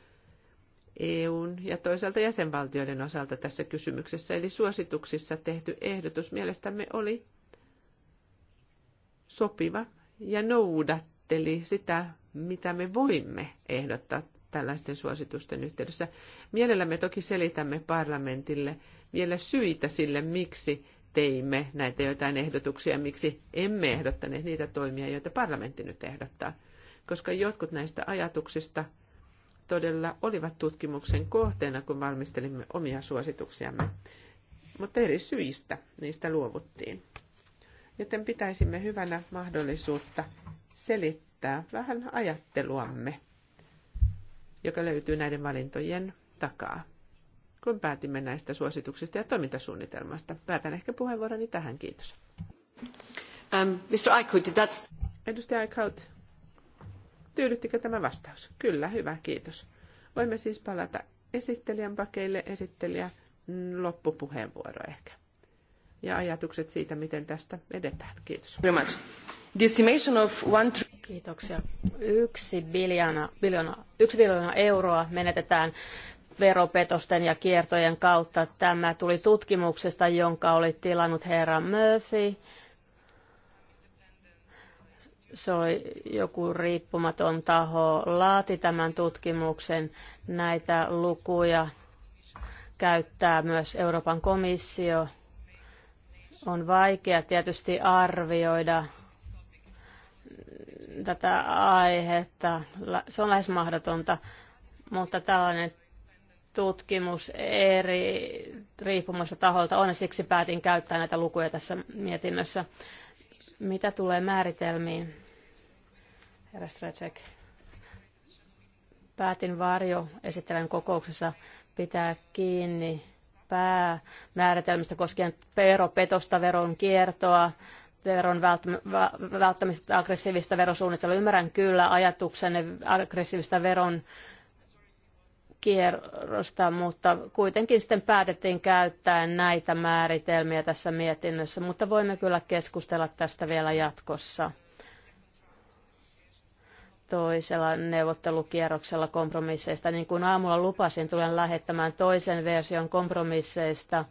EUn ja toisaalta jäsenvaltioiden osalta tässä kysymyksessä. Eli suosituksissa tehty ehdotus mielestämme oli sopiva ja noudatteli sitä, mitä me voimme ehdottaa tällaisten suositusten yhteydessä. Mielellämme toki selitämme parlamentille vielä syitä sille, miksi teimme näitä joitain ehdotuksia, miksi emme ehdottaneet niitä toimia, joita parlamentti nyt ehdottaa. Koska jotkut näistä ajatuksista todella olivat tutkimuksen kohteena, kun valmistelimme omia suosituksiamme. Mutta eri syistä niistä luovuttiin. Joten pitäisimme hyvänä mahdollisuutta selittää vähän ajatteluamme joka löytyy näiden valintojen takaa. Kun päätimme näistä suosituksista ja toimintasuunnitelmasta, päätän ehkä puheenvuoroni tähän. Kiitos. Um, Mr. Eichhout, that's... Edustaja Eichhout, tyydyttikö tämä vastaus? Kyllä, hyvä, kiitos. Voimme siis palata esittelijän pakeille, esittelijä mm, loppupuheenvuoro ehkä. Ja ajatukset siitä, miten tästä edetään. Kiitos. Very much. The estimation of one Kiitoksia. Yksi biljoona, yksi euroa menetetään veropetosten ja kiertojen kautta. Tämä tuli tutkimuksesta, jonka oli tilannut herra Murphy. Se oli joku riippumaton taho, laati tämän tutkimuksen. Näitä lukuja käyttää myös Euroopan komissio. On vaikea tietysti arvioida tätä aihetta. Se on lähes mahdotonta, mutta tällainen tutkimus eri riippumassa taholta on, ja siksi päätin käyttää näitä lukuja tässä mietinnössä. Mitä tulee määritelmiin? Herra Strecek. Päätin varjo esittelen kokouksessa pitää kiinni päämääritelmistä koskien veropetosta, veron kiertoa, veron välttämisestä aggressiivista verosuunnittelua. Ymmärrän kyllä ajatuksenne aggressiivista veron kierrosta, mutta kuitenkin sitten päätettiin käyttää näitä määritelmiä tässä mietinnössä, mutta voimme kyllä keskustella tästä vielä jatkossa toisella neuvottelukierroksella kompromisseista. Niin kuin aamulla lupasin, tulen lähettämään toisen version kompromisseista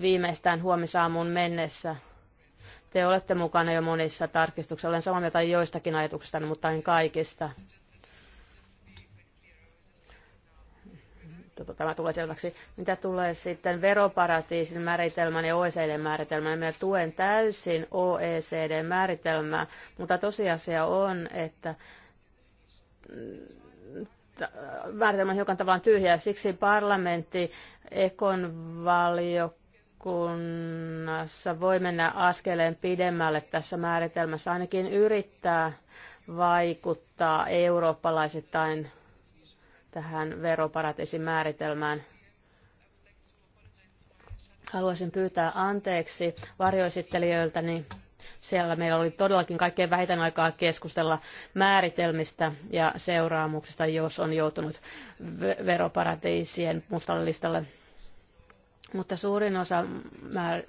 viimeistään huomisaamuun mennessä. Te olette mukana jo monissa tarkistuksissa. Olen samaa mieltä joistakin ajatuksista, mutta en kaikista. Tota, tämä tulee selväksi. Mitä tulee sitten veroparatiisin määritelmän ja oecd määritelmään, minä tuen täysin oecd määritelmää, mutta tosiasia on, että määritelmä hiukan tavallaan tyhjä. Siksi parlamentti Ekon valiokunnassa voi mennä askeleen pidemmälle tässä määritelmässä, ainakin yrittää vaikuttaa eurooppalaisittain tähän määritelmään. Haluaisin pyytää anteeksi varjoesittelijöiltäni. Niin siellä meillä oli todellakin kaikkein vähiten aikaa keskustella määritelmistä ja seuraamuksista, jos on joutunut veroparatiisien mustalle listalle mutta suurin osa määr...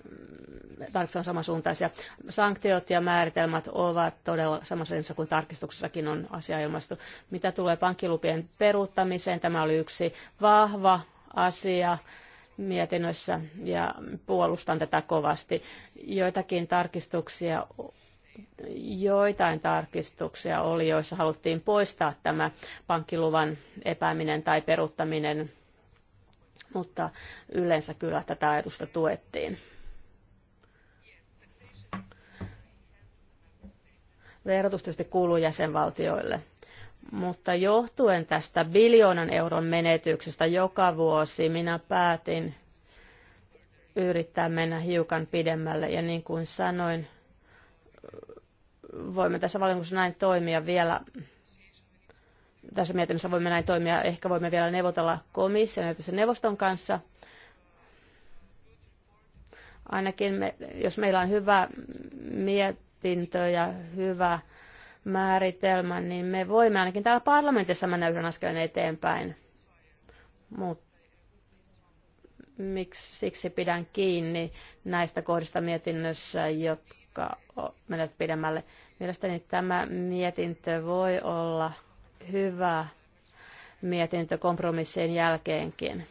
on samansuuntaisia. Sanktiot ja määritelmät ovat todella samassa kuin tarkistuksessakin on asia ilmaistu. Mitä tulee pankkilupien peruuttamiseen, tämä oli yksi vahva asia mietinnössä ja puolustan tätä kovasti. Joitakin tarkistuksia joitain tarkistuksia oli, joissa haluttiin poistaa tämä pankkiluvan epääminen tai peruuttaminen, mutta yleensä kyllä tätä ajatusta tuettiin. Verotus tietysti kuuluu jäsenvaltioille mutta johtuen tästä biljoonan euron menetyksestä joka vuosi minä päätin yrittää mennä hiukan pidemmälle. Ja niin kuin sanoin, voimme tässä valinnassa näin toimia vielä. Tässä mietinnössä voimme näin toimia. Ehkä voimme vielä neuvotella komission ja neuvoston kanssa. Ainakin me, jos meillä on hyvä mietintö ja hyvä määritelmän, niin me voimme ainakin täällä parlamentissa mennä yhden askeleen eteenpäin. Mutta miksi siksi pidän kiinni näistä kohdista mietinnössä, jotka menet pidemmälle. Mielestäni tämä mietintö voi olla hyvä mietintö kompromissien jälkeenkin.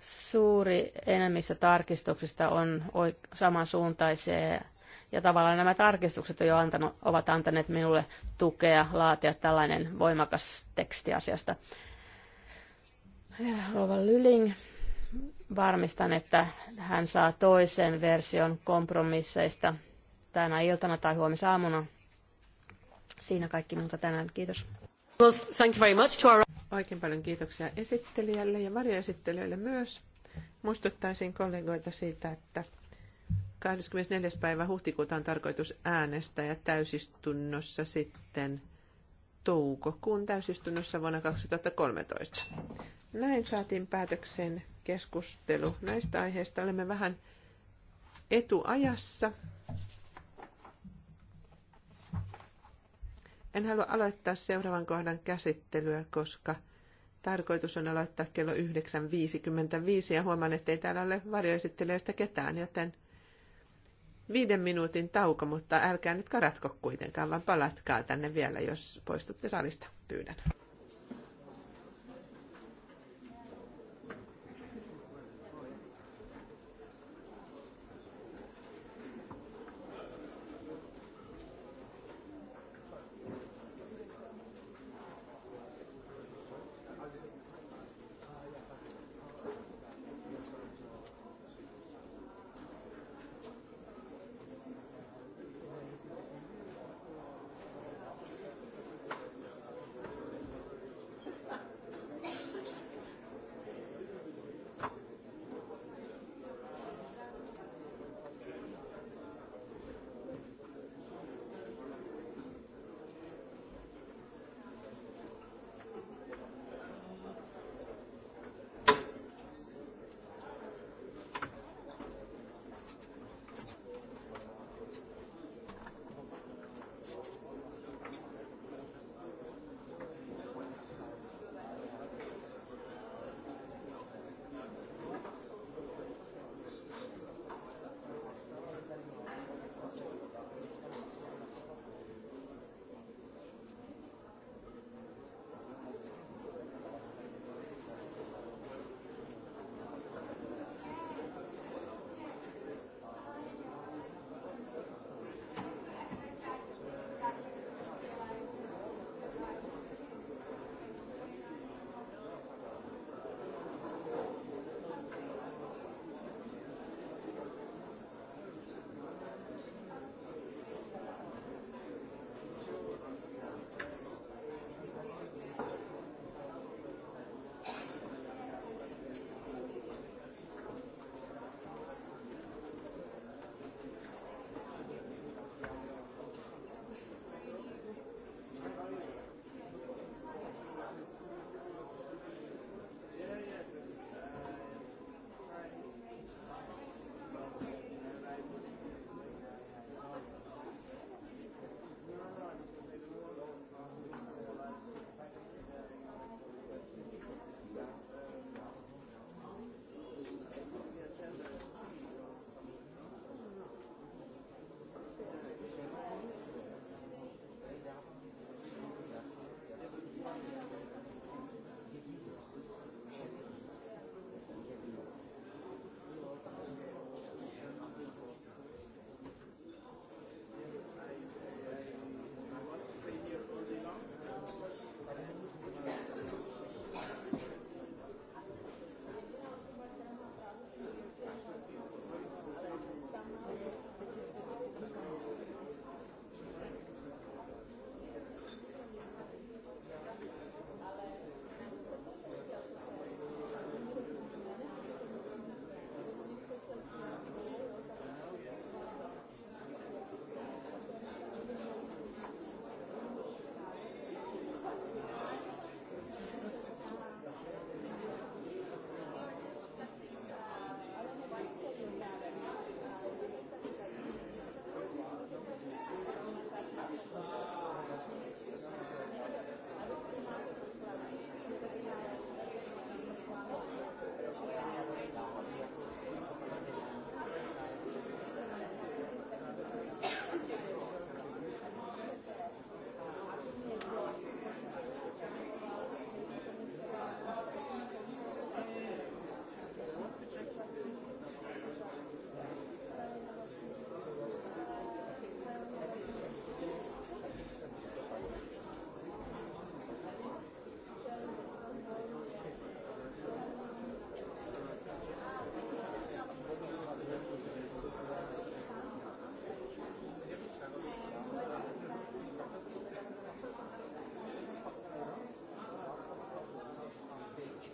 Suuri enemmistö tarkistuksista on samansuuntaisia ja tavallaan nämä tarkistukset jo antanut, ovat antaneet minulle tukea laatia tällainen voimakas teksti asiasta. Rova Lyling, varmistan, että hän saa toisen version kompromisseista tänä iltana tai huomisaamuna. Siinä kaikki muuta tänään. Kiitos. Well, thank you very much to our... Oikein paljon kiitoksia esittelijälle ja varjoesittelijöille myös. Muistuttaisin kollegoita siitä, että 24. päivä huhtikuuta on tarkoitus äänestää ja täysistunnossa sitten toukokuun täysistunnossa vuonna 2013. Näin saatiin päätöksen keskustelu näistä aiheista. Olemme vähän etuajassa. En halua aloittaa seuraavan kohdan käsittelyä, koska tarkoitus on aloittaa kello 9.55 ja huomaan, ei täällä ole varjoesittelijöistä ketään, joten viiden minuutin tauko, mutta älkää nyt karatko kuitenkaan, vaan palatkaa tänne vielä, jos poistutte salista, pyydän.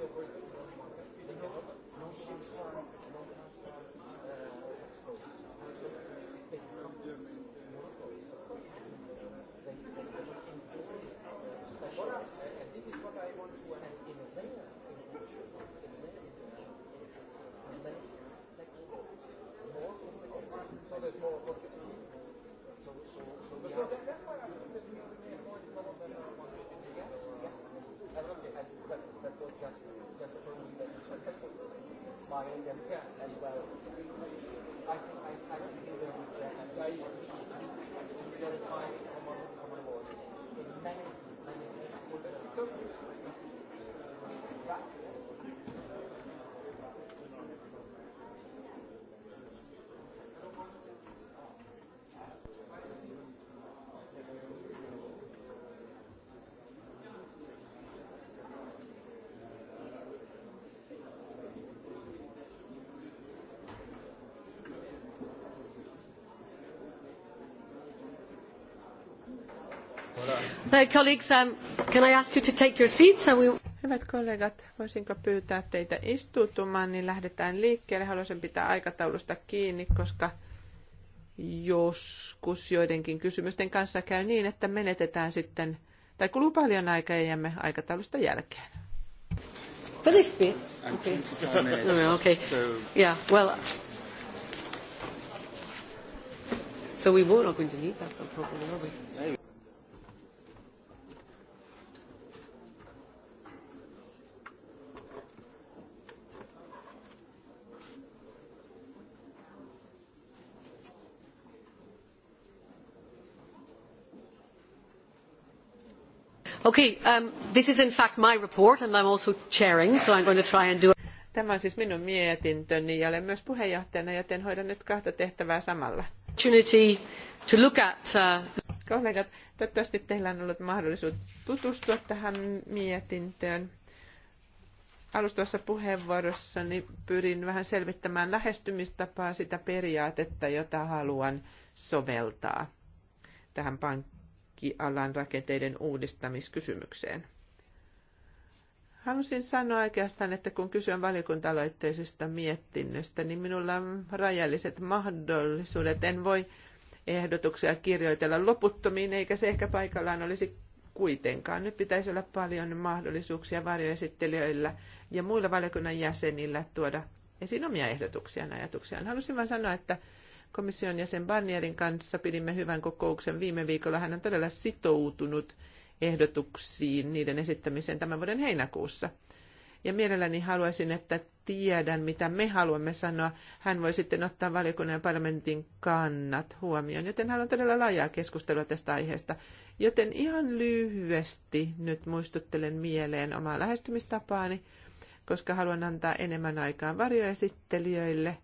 So there's more opportunity. So, so, so we have. by them as well. I think I, I think he's a reject. I think he's certified common common laws in many Hyvät kollegat, voisinko pyytää teitä istuutumaan, niin lähdetään liikkeelle. Haluaisin pitää aikataulusta kiinni, koska joskus joidenkin kysymysten kanssa käy niin, että menetetään sitten, tai kuluu paljon aikaa ja jäämme aikataulusta jälkeen. But this Okay. No, no, okay. Yeah, well, so we won't going to need that, problem, will we? Tämä on siis minun mietintöni ja olen myös puheenjohtajana, joten hoidan nyt kahta tehtävää samalla. to look at, uh... Kollegat, toivottavasti teillä on ollut mahdollisuus tutustua tähän mietintöön. Alustavassa puheenvuorossani pyrin vähän selvittämään lähestymistapaa sitä periaatetta, jota haluan soveltaa tähän pankkiin pankkialan rakenteiden uudistamiskysymykseen. Halusin sanoa oikeastaan, että kun kyse on valiokunta mietinnöstä, niin minulla on rajalliset mahdollisuudet. En voi ehdotuksia kirjoitella loputtomiin, eikä se ehkä paikallaan olisi kuitenkaan. Nyt pitäisi olla paljon mahdollisuuksia varjoesittelijöillä ja muilla valiokunnan jäsenillä tuoda esiin omia ehdotuksiaan ja ajatuksiaan. Halusin vain sanoa, että Komission jäsen Barnierin kanssa pidimme hyvän kokouksen viime viikolla. Hän on todella sitoutunut ehdotuksiin niiden esittämiseen tämän vuoden heinäkuussa. Ja mielelläni haluaisin, että tiedän, mitä me haluamme sanoa. Hän voi sitten ottaa valiokunnan ja parlamentin kannat huomioon, joten hän on todella laajaa keskustelua tästä aiheesta. Joten ihan lyhyesti nyt muistuttelen mieleen omaa lähestymistapaani, koska haluan antaa enemmän aikaa varjoesittelijöille –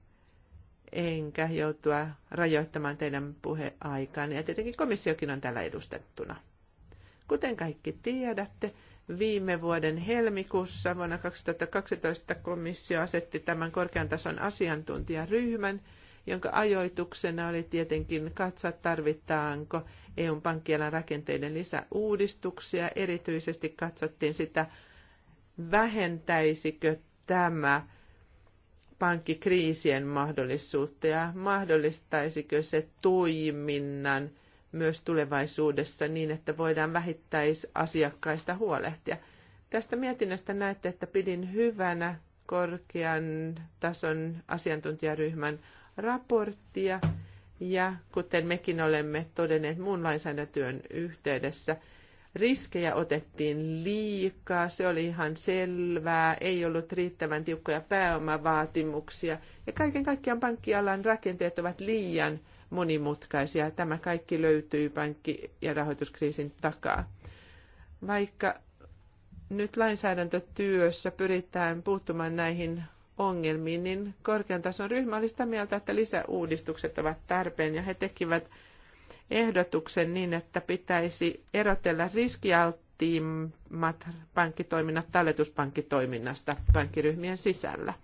enkä joutua rajoittamaan teidän puheaikaan. Ja tietenkin komissiokin on täällä edustettuna. Kuten kaikki tiedätte, viime vuoden helmikuussa vuonna 2012 komissio asetti tämän korkean tason asiantuntijaryhmän, jonka ajoituksena oli tietenkin katsoa, tarvitaanko EUn pankkialan rakenteiden lisäuudistuksia. Erityisesti katsottiin sitä, vähentäisikö tämä pankkikriisien mahdollisuutta ja mahdollistaisiko se toiminnan myös tulevaisuudessa niin, että voidaan vähittäisasiakkaista huolehtia. Tästä mietinnöstä näette, että pidin hyvänä korkean tason asiantuntijaryhmän raporttia ja kuten mekin olemme todenneet muun lainsäädäntötyön yhteydessä – riskejä otettiin liikaa, se oli ihan selvää, ei ollut riittävän tiukkoja pääomavaatimuksia ja kaiken kaikkiaan pankkialan rakenteet ovat liian monimutkaisia. Tämä kaikki löytyy pankki- ja rahoituskriisin takaa. Vaikka nyt lainsäädäntötyössä pyritään puuttumaan näihin ongelmiin, niin korkean tason ryhmä oli sitä mieltä, että lisäuudistukset ovat tarpeen ja he tekivät ehdotuksen niin, että pitäisi erotella riskialttiimmat pankkitoiminnat talletuspankkitoiminnasta pankkiryhmien sisällä.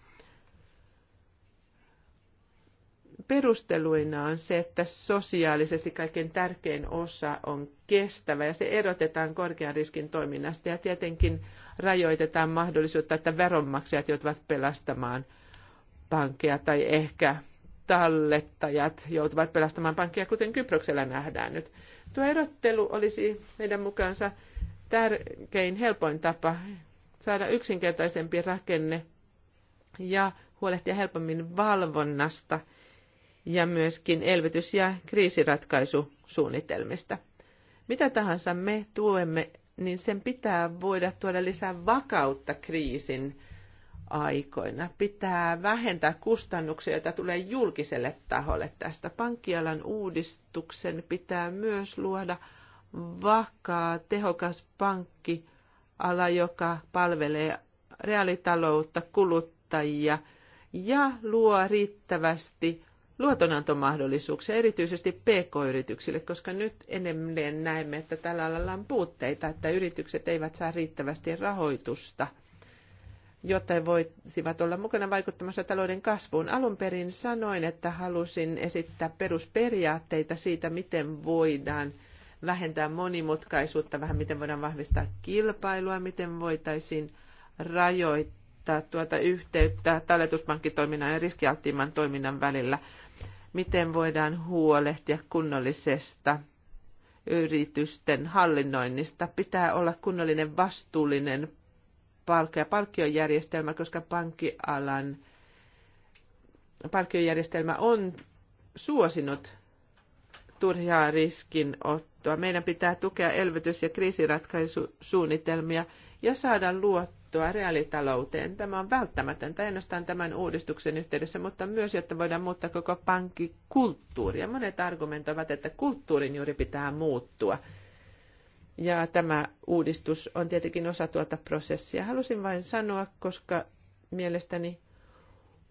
Perusteluina on se, että sosiaalisesti kaikkein tärkein osa on kestävä ja se erotetaan korkean riskin toiminnasta ja tietenkin rajoitetaan mahdollisuutta, että veronmaksajat joutuvat pelastamaan pankkeja tai ehkä tallettajat joutuvat pelastamaan pankkia, kuten Kyproksella nähdään nyt. Tuo erottelu olisi meidän mukaansa tärkein, helpoin tapa saada yksinkertaisempi rakenne ja huolehtia helpommin valvonnasta ja myöskin elvytys- ja kriisiratkaisusuunnitelmista. Mitä tahansa me tuemme, niin sen pitää voida tuoda lisää vakautta kriisin aikoina. Pitää vähentää kustannuksia, joita tulee julkiselle taholle tästä. Pankkialan uudistuksen pitää myös luoda vakaa, tehokas pankkiala, joka palvelee reaalitaloutta, kuluttajia ja luo riittävästi luotonantomahdollisuuksia erityisesti pk-yrityksille, koska nyt enemmän näemme, että tällä alalla on puutteita, että yritykset eivät saa riittävästi rahoitusta – jotta voisivat olla mukana vaikuttamassa talouden kasvuun. Alun perin sanoin, että halusin esittää perusperiaatteita siitä, miten voidaan vähentää monimutkaisuutta, vähän miten voidaan vahvistaa kilpailua, miten voitaisiin rajoittaa tuota yhteyttä talletuspankkitoiminnan ja riskialttiimman toiminnan välillä, miten voidaan huolehtia kunnollisesta yritysten hallinnoinnista. Pitää olla kunnollinen vastuullinen palkka- ja palkkiojärjestelmä, koska pankkialan palkkiojärjestelmä on suosinut turhaa riskinottoa. Meidän pitää tukea elvytys- ja kriisiratkaisusuunnitelmia ja saada luottoa reaalitalouteen. Tämä on välttämätöntä ainoastaan tämän uudistuksen yhteydessä, mutta myös, jotta voidaan muuttaa koko pankkikulttuuria. Monet argumentoivat, että kulttuurin juuri pitää muuttua – ja tämä uudistus on tietenkin osa tuota prosessia. Halusin vain sanoa, koska mielestäni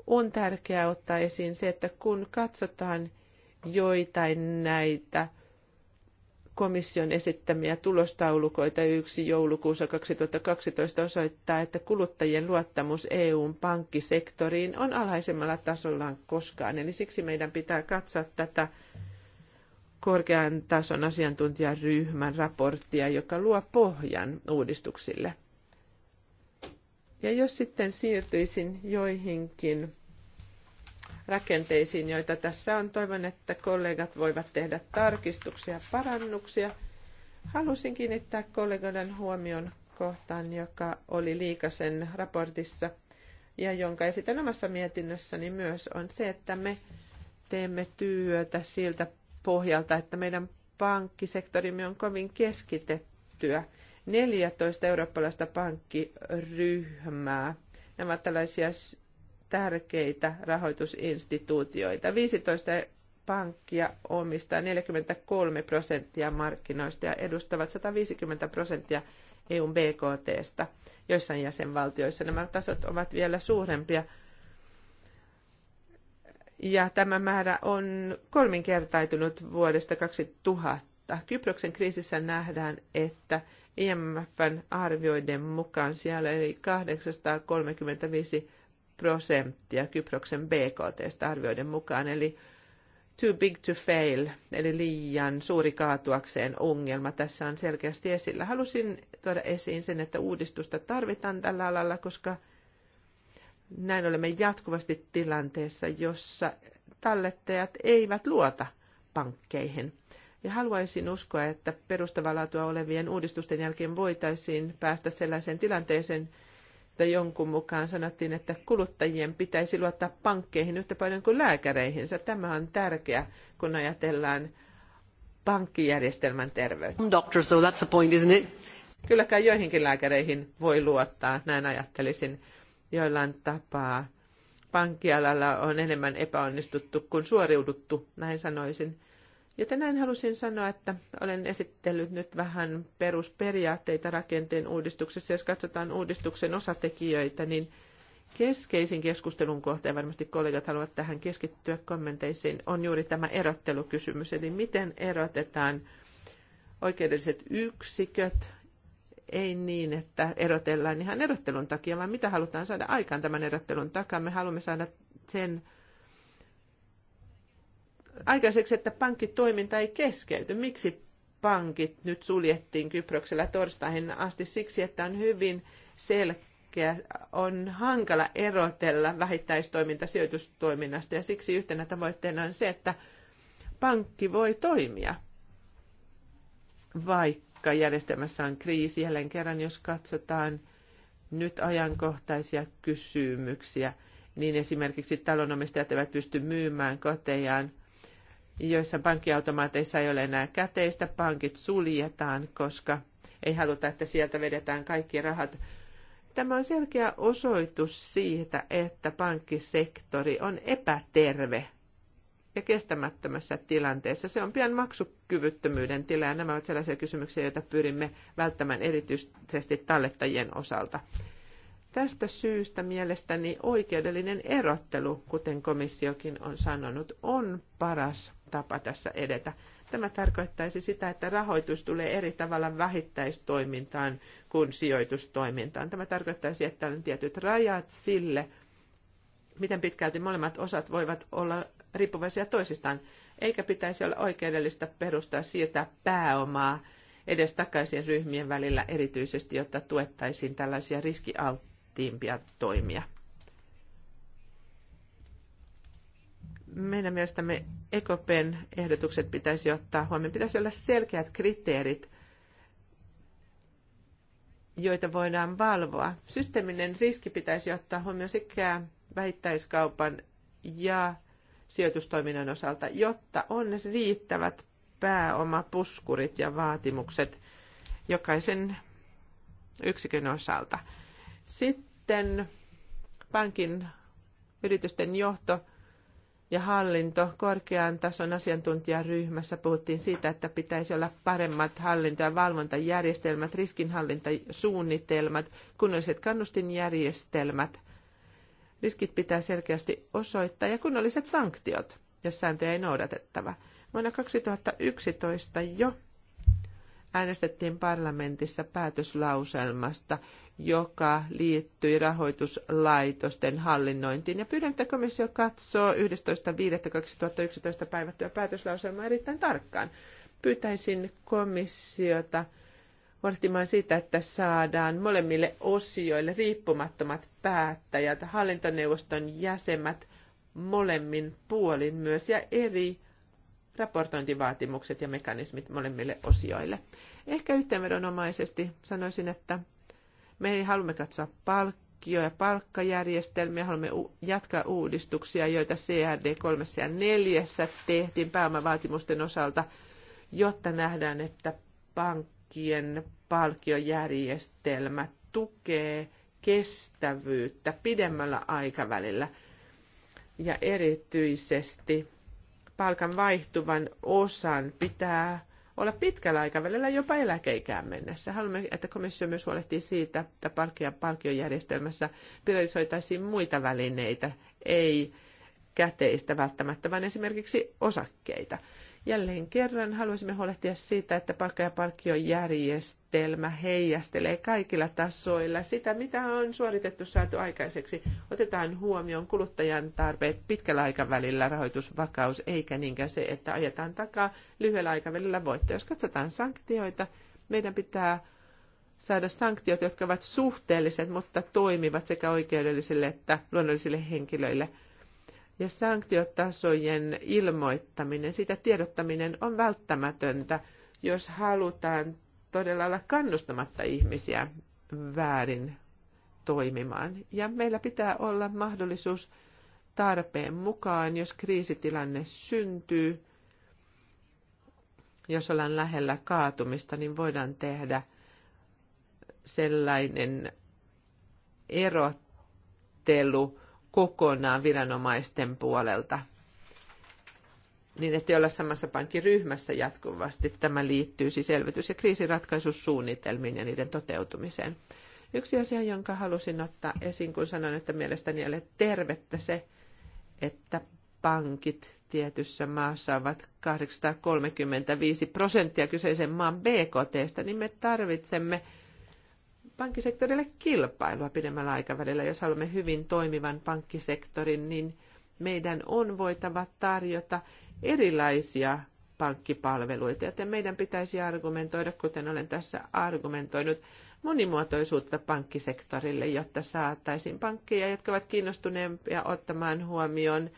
on tärkeää ottaa esiin se, että kun katsotaan joitain näitä komission esittämiä tulostaulukoita yksi joulukuussa 2012 osoittaa, että kuluttajien luottamus EUn pankkisektoriin on alhaisemmalla tasollaan koskaan. Eli siksi meidän pitää katsoa tätä korkean tason asiantuntijaryhmän raporttia, joka luo pohjan uudistuksille. Ja jos sitten siirtyisin joihinkin rakenteisiin, joita tässä on, toivon, että kollegat voivat tehdä tarkistuksia ja parannuksia. Halusin kiinnittää kollegoiden huomion kohtaan, joka oli Liikasen raportissa ja jonka esitän omassa mietinnössäni myös, on se, että me teemme työtä siltä pohjalta, että meidän pankkisektorimme on kovin keskitettyä. 14 eurooppalaista pankkiryhmää. Nämä ovat tällaisia tärkeitä rahoitusinstituutioita. 15 pankkia omistaa 43 prosenttia markkinoista ja edustavat 150 prosenttia EUn BKTstä. Joissain jäsenvaltioissa nämä tasot ovat vielä suurempia – ja tämä määrä on kolminkertaitunut vuodesta 2000. Kyproksen kriisissä nähdään, että IMFn arvioiden mukaan siellä eli 835 prosenttia Kyproksen BKTstä arvioiden mukaan, eli too big to fail, eli liian suuri kaatuakseen ongelma tässä on selkeästi esillä. Halusin tuoda esiin sen, että uudistusta tarvitaan tällä alalla, koska – näin olemme jatkuvasti tilanteessa, jossa tallettajat eivät luota pankkeihin. Ja haluaisin uskoa, että perustavalaatua olevien uudistusten jälkeen voitaisiin päästä sellaiseen tilanteeseen, että jonkun mukaan sanottiin, että kuluttajien pitäisi luottaa pankkeihin yhtä paljon kuin lääkäreihinsä. Tämä on tärkeä, kun ajatellaan pankkijärjestelmän terveyttä. Doctor, so that's the point, isn't it? Kylläkään joihinkin lääkäreihin voi luottaa, näin ajattelisin joillain tapaa pankkialalla on enemmän epäonnistuttu kuin suoriuduttu, näin sanoisin. Joten näin halusin sanoa, että olen esittellyt nyt vähän perusperiaatteita rakenteen uudistuksessa. Jos katsotaan uudistuksen osatekijöitä, niin keskeisin keskustelun kohta, ja varmasti kollegat haluavat tähän keskittyä kommenteisiin, on juuri tämä erottelukysymys. Eli miten erotetaan oikeudelliset yksiköt ei niin, että erotellaan ihan erottelun takia, vaan mitä halutaan saada aikaan tämän erottelun takaa. Me haluamme saada sen aikaiseksi, että pankkitoiminta ei keskeyty. Miksi pankit nyt suljettiin Kyproksella torstaihin asti? Siksi, että on hyvin selkeä, on hankala erotella vähittäistoiminta sijoitustoiminnasta ja siksi yhtenä tavoitteena on se, että pankki voi toimia, vaikka koska järjestelmässä on kriisi. Jälleen kerran, jos katsotaan nyt ajankohtaisia kysymyksiä, niin esimerkiksi talonomistajat eivät pysty myymään kotejaan, joissa pankkiautomaateissa ei ole enää käteistä, pankit suljetaan, koska ei haluta, että sieltä vedetään kaikki rahat. Tämä on selkeä osoitus siitä, että pankkisektori on epäterve ja kestämättömässä tilanteessa. Se on pian maksukyvyttömyyden tila ja nämä ovat sellaisia kysymyksiä, joita pyrimme välttämään erityisesti tallettajien osalta. Tästä syystä mielestäni oikeudellinen erottelu, kuten komissiokin on sanonut, on paras tapa tässä edetä. Tämä tarkoittaisi sitä, että rahoitus tulee eri tavalla vähittäistoimintaan kuin sijoitustoimintaan. Tämä tarkoittaisi, että on tietyt rajat sille, miten pitkälti molemmat osat voivat olla riippuvaisia toisistaan, eikä pitäisi olla oikeudellista perustaa siirtää pääomaa edes takaisin ryhmien välillä erityisesti, jotta tuettaisiin tällaisia riskialttiimpia toimia. Meidän mielestämme EKPn ehdotukset pitäisi ottaa huomioon. Pitäisi olla selkeät kriteerit, joita voidaan valvoa. Systeeminen riski pitäisi ottaa huomioon sekä vähittäiskaupan ja sijoitustoiminnan osalta, jotta on riittävät pääomapuskurit ja vaatimukset jokaisen yksikön osalta. Sitten pankin yritysten johto ja hallinto korkean tason asiantuntijaryhmässä puhuttiin siitä, että pitäisi olla paremmat hallinto- ja valvontajärjestelmät, riskinhallintasuunnitelmat, kunnolliset kannustinjärjestelmät – Riskit pitää selkeästi osoittaa ja kunnolliset sanktiot, jos sääntöjä ei noudatettava. Vuonna 2011 jo äänestettiin parlamentissa päätöslauselmasta, joka liittyi rahoituslaitosten hallinnointiin. Ja pyydän, että komissio katsoo 11.5.2011 päivättyä päätöslauselmaa erittäin tarkkaan. Pyytäisin komissiota huolehtimaan siitä, että saadaan molemmille osioille riippumattomat päättäjät, hallintoneuvoston jäsenet molemmin puolin myös ja eri raportointivaatimukset ja mekanismit molemmille osioille. Ehkä yhteenvedonomaisesti sanoisin, että me haluamme katsoa palkkio- ja palkkajärjestelmiä, haluamme jatkaa uudistuksia, joita CRD 3 ja 4 tehtiin pääomavaatimusten osalta, jotta nähdään, että pankki pankkien palkiojärjestelmä tukee kestävyyttä pidemmällä aikavälillä ja erityisesti palkan vaihtuvan osan pitää olla pitkällä aikavälillä jopa eläkeikään mennessä. Haluamme, että komissio myös huolehtii siitä, että palkkia palkkiojärjestelmässä priorisoitaisiin muita välineitä, ei käteistä välttämättä, vaan esimerkiksi osakkeita. Jälleen kerran haluaisimme huolehtia siitä, että palkka- ja palkkiojärjestelmä heijastelee kaikilla tasoilla sitä, mitä on suoritettu saatu aikaiseksi. Otetaan huomioon kuluttajan tarpeet pitkällä aikavälillä rahoitusvakaus, eikä niinkään se, että ajetaan takaa lyhyellä aikavälillä voitto. Jos katsotaan sanktioita, meidän pitää saada sanktiot, jotka ovat suhteelliset, mutta toimivat sekä oikeudellisille että luonnollisille henkilöille – ja sanktiotasojen ilmoittaminen, sitä tiedottaminen on välttämätöntä, jos halutaan todella olla kannustamatta ihmisiä väärin toimimaan. Ja meillä pitää olla mahdollisuus tarpeen mukaan, jos kriisitilanne syntyy, jos ollaan lähellä kaatumista, niin voidaan tehdä sellainen erottelu kokonaan viranomaisten puolelta. Niin, että olla samassa pankkiryhmässä jatkuvasti. Tämä liittyy siis selvitys- ja kriisiratkaisusuunnitelmiin ja niiden toteutumiseen. Yksi asia, jonka halusin ottaa esiin, kun sanoin, että mielestäni ei ole tervettä se, että pankit tietyssä maassa ovat 835 prosenttia kyseisen maan BKTstä, niin me tarvitsemme – pankkisektorille kilpailua pidemmällä aikavälillä. Jos haluamme hyvin toimivan pankkisektorin, niin meidän on voitava tarjota erilaisia pankkipalveluita, joten meidän pitäisi argumentoida, kuten olen tässä argumentoinut, monimuotoisuutta pankkisektorille, jotta saataisiin pankkeja, jotka ovat kiinnostuneempia ottamaan huomioon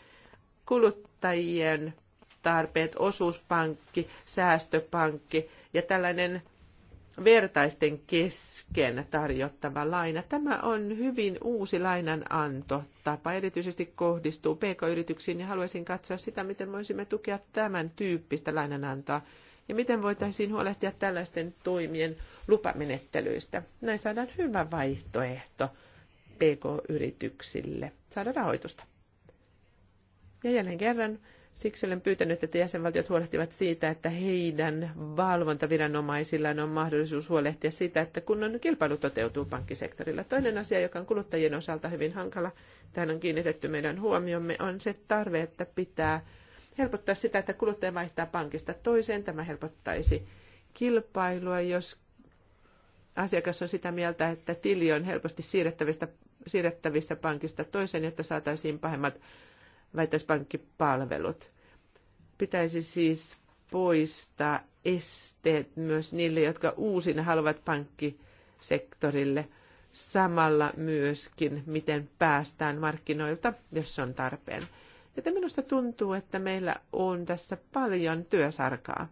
kuluttajien tarpeet, osuuspankki, säästöpankki ja tällainen vertaisten kesken tarjottava laina. Tämä on hyvin uusi Tapa erityisesti kohdistuu pk-yrityksiin ja haluaisin katsoa sitä, miten voisimme tukea tämän tyyppistä lainanantoa ja miten voitaisiin huolehtia tällaisten toimien lupamenettelyistä. Näin saadaan hyvä vaihtoehto pk-yrityksille saada rahoitusta. Ja jälleen kerran Siksi olen pyytänyt, että jäsenvaltiot huolehtivat siitä, että heidän valvontaviranomaisillaan on mahdollisuus huolehtia siitä, että kunnon kilpailu toteutuu pankkisektorilla. Toinen asia, joka on kuluttajien osalta hyvin hankala, tähän on kiinnitetty meidän huomiomme, on se tarve, että pitää helpottaa sitä, että kuluttaja vaihtaa pankista toiseen. Tämä helpottaisi kilpailua, jos asiakas on sitä mieltä, että tili on helposti siirrettävissä, siirrettävissä pankista toiseen, jotta saataisiin pahemmat väitöspankkipalvelut. Pitäisi siis poistaa esteet myös niille, jotka uusina haluavat pankkisektorille. Samalla myöskin, miten päästään markkinoilta, jos on tarpeen. Ja minusta tuntuu, että meillä on tässä paljon työsarkaa.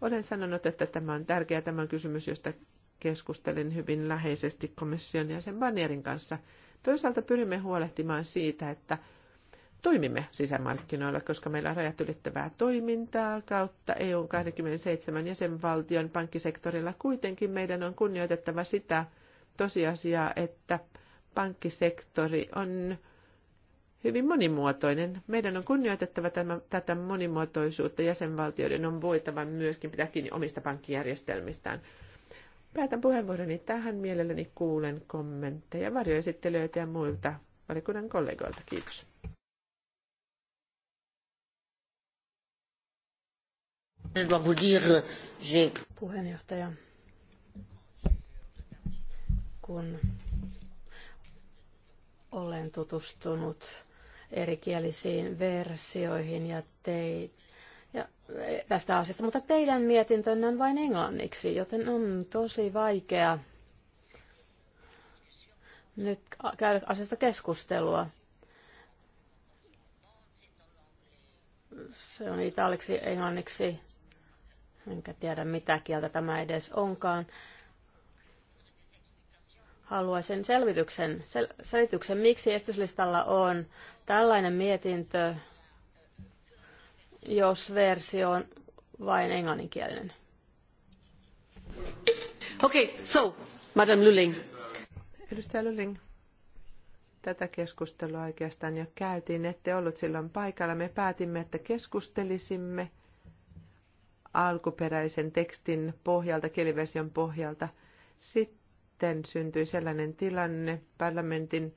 Olen sanonut, että tämä on tärkeä tämä on kysymys, josta keskustelin hyvin läheisesti komission ja sen banierin kanssa. Toisaalta pyrimme huolehtimaan siitä, että toimimme sisämarkkinoilla, koska meillä on rajat ylittävää toimintaa kautta EUn 27 jäsenvaltion pankkisektorilla. Kuitenkin meidän on kunnioitettava sitä tosiasiaa, että pankkisektori on hyvin monimuotoinen. Meidän on kunnioitettava tämä, tätä monimuotoisuutta. Jäsenvaltioiden on voitava myöskin pitää kiinni omista pankkijärjestelmistään. Päätän puheenvuoroni tähän. Mielelläni kuulen kommentteja varjoesittelyitä ja muilta valikunnan kollegoilta. Kiitos. Puheenjohtaja, kun olen tutustunut erikielisiin versioihin ja tein ja e, tästä asiasta, mutta teidän mietintönne on vain englanniksi, joten on tosi vaikea nyt käydä asiasta keskustelua. Se on italiaksi, englanniksi, enkä tiedä mitä kieltä tämä edes onkaan. Haluaisin selvityksen, sel, selityksen, miksi estyslistalla on tällainen mietintö, jos versio on vain englanninkielinen. Okei, okay, so, Madam Lulling. Edustaja Lulling, tätä keskustelua oikeastaan jo käytiin, ette ollut silloin paikalla. Me päätimme, että keskustelisimme – alkuperäisen tekstin pohjalta, kieliversion pohjalta. Sitten syntyi sellainen tilanne parlamentin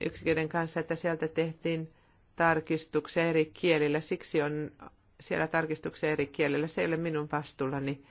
yksiköiden kanssa, että sieltä tehtiin tarkistuksia eri kielillä. Siksi on siellä tarkistuksia eri kielillä. Se ei ole minun vastuullani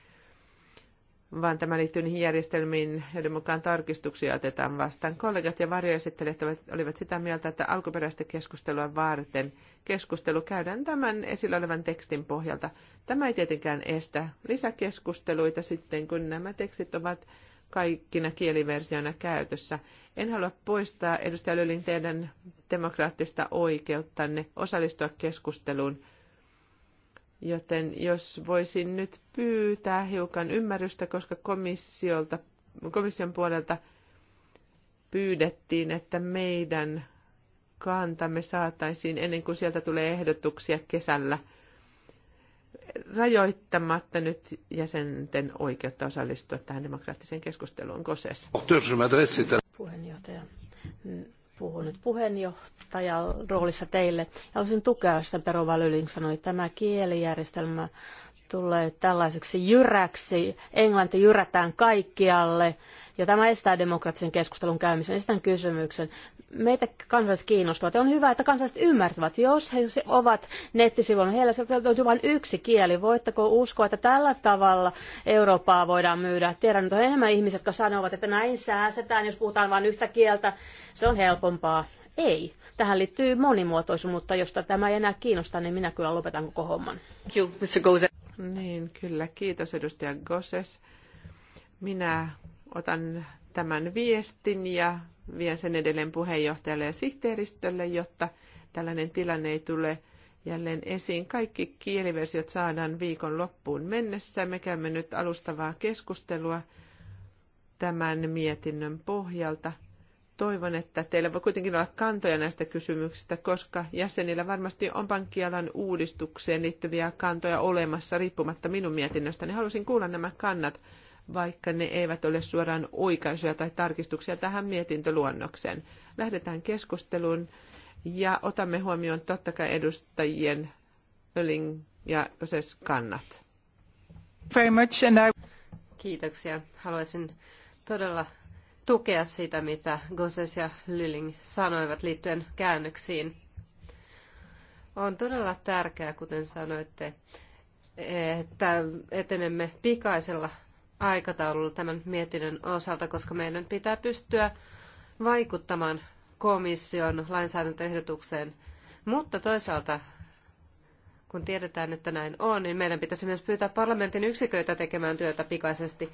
vaan tämä liittyy niihin järjestelmiin, joiden mukaan tarkistuksia otetaan vastaan. Kollegat ja varjoesittelijät olivat sitä mieltä, että alkuperäistä keskustelua varten keskustelu käydään tämän esillä olevan tekstin pohjalta. Tämä ei tietenkään estä lisäkeskusteluita sitten, kun nämä tekstit ovat kaikkina kieliversioina käytössä. En halua poistaa, edustaja Lylin, teidän demokraattista oikeuttanne osallistua keskusteluun – Joten jos voisin nyt pyytää hiukan ymmärrystä, koska komissiolta, komission puolelta pyydettiin, että meidän kantamme saataisiin ennen kuin sieltä tulee ehdotuksia kesällä rajoittamatta nyt jäsenten oikeutta osallistua tähän demokraattiseen keskusteluun. Koses. Puheenjohtaja, puhun nyt puheenjohtajan roolissa teille. Haluaisin tukea sitä, mitä Rova Lyling sanoi. Tämä kielijärjestelmä tulee tällaiseksi jyräksi. Englanti jyrätään kaikkialle ja tämä estää demokraattisen keskustelun käymisen. Esitän kysymyksen, meitä kansalaiset kiinnostavat. Ja on hyvä, että kansalaiset ymmärtävät, jos he ovat nettisivuilla, niin heillä se löytyy vain yksi kieli. Voitteko uskoa, että tällä tavalla Eurooppaa voidaan myydä? Tiedän, että on enemmän ihmisiä, jotka sanovat, että näin säästetään, jos puhutaan vain yhtä kieltä. Se on helpompaa. Ei. Tähän liittyy monimuotoisuus, mutta jos tämä ei enää kiinnosta, niin minä kyllä lopetan koko homman. Niin, kyllä. Kiitos edustaja Goses. Minä otan tämän viestin ja vien sen edelleen puheenjohtajalle ja sihteeristölle, jotta tällainen tilanne ei tule jälleen esiin. Kaikki kieliversiot saadaan viikon loppuun mennessä. Me käymme nyt alustavaa keskustelua tämän mietinnön pohjalta. Toivon, että teillä voi kuitenkin olla kantoja näistä kysymyksistä, koska jäsenillä varmasti on pankkialan uudistukseen liittyviä kantoja olemassa riippumatta minun mietinnöstäni. Haluaisin kuulla nämä kannat vaikka ne eivät ole suoraan oikaisuja tai tarkistuksia tähän mietintöluonnokseen. Lähdetään keskusteluun ja otamme huomioon totta kai edustajien Öling ja Oses kannat. Very much and I... Kiitoksia. Haluaisin todella tukea sitä, mitä Goses ja Lilling sanoivat liittyen käännöksiin. On todella tärkeää, kuten sanoitte, että etenemme pikaisella aikataululla tämän mietinnön osalta, koska meidän pitää pystyä vaikuttamaan komission lainsäädäntöehdotukseen. Mutta toisaalta, kun tiedetään, että näin on, niin meidän pitäisi myös pyytää parlamentin yksiköitä tekemään työtä pikaisesti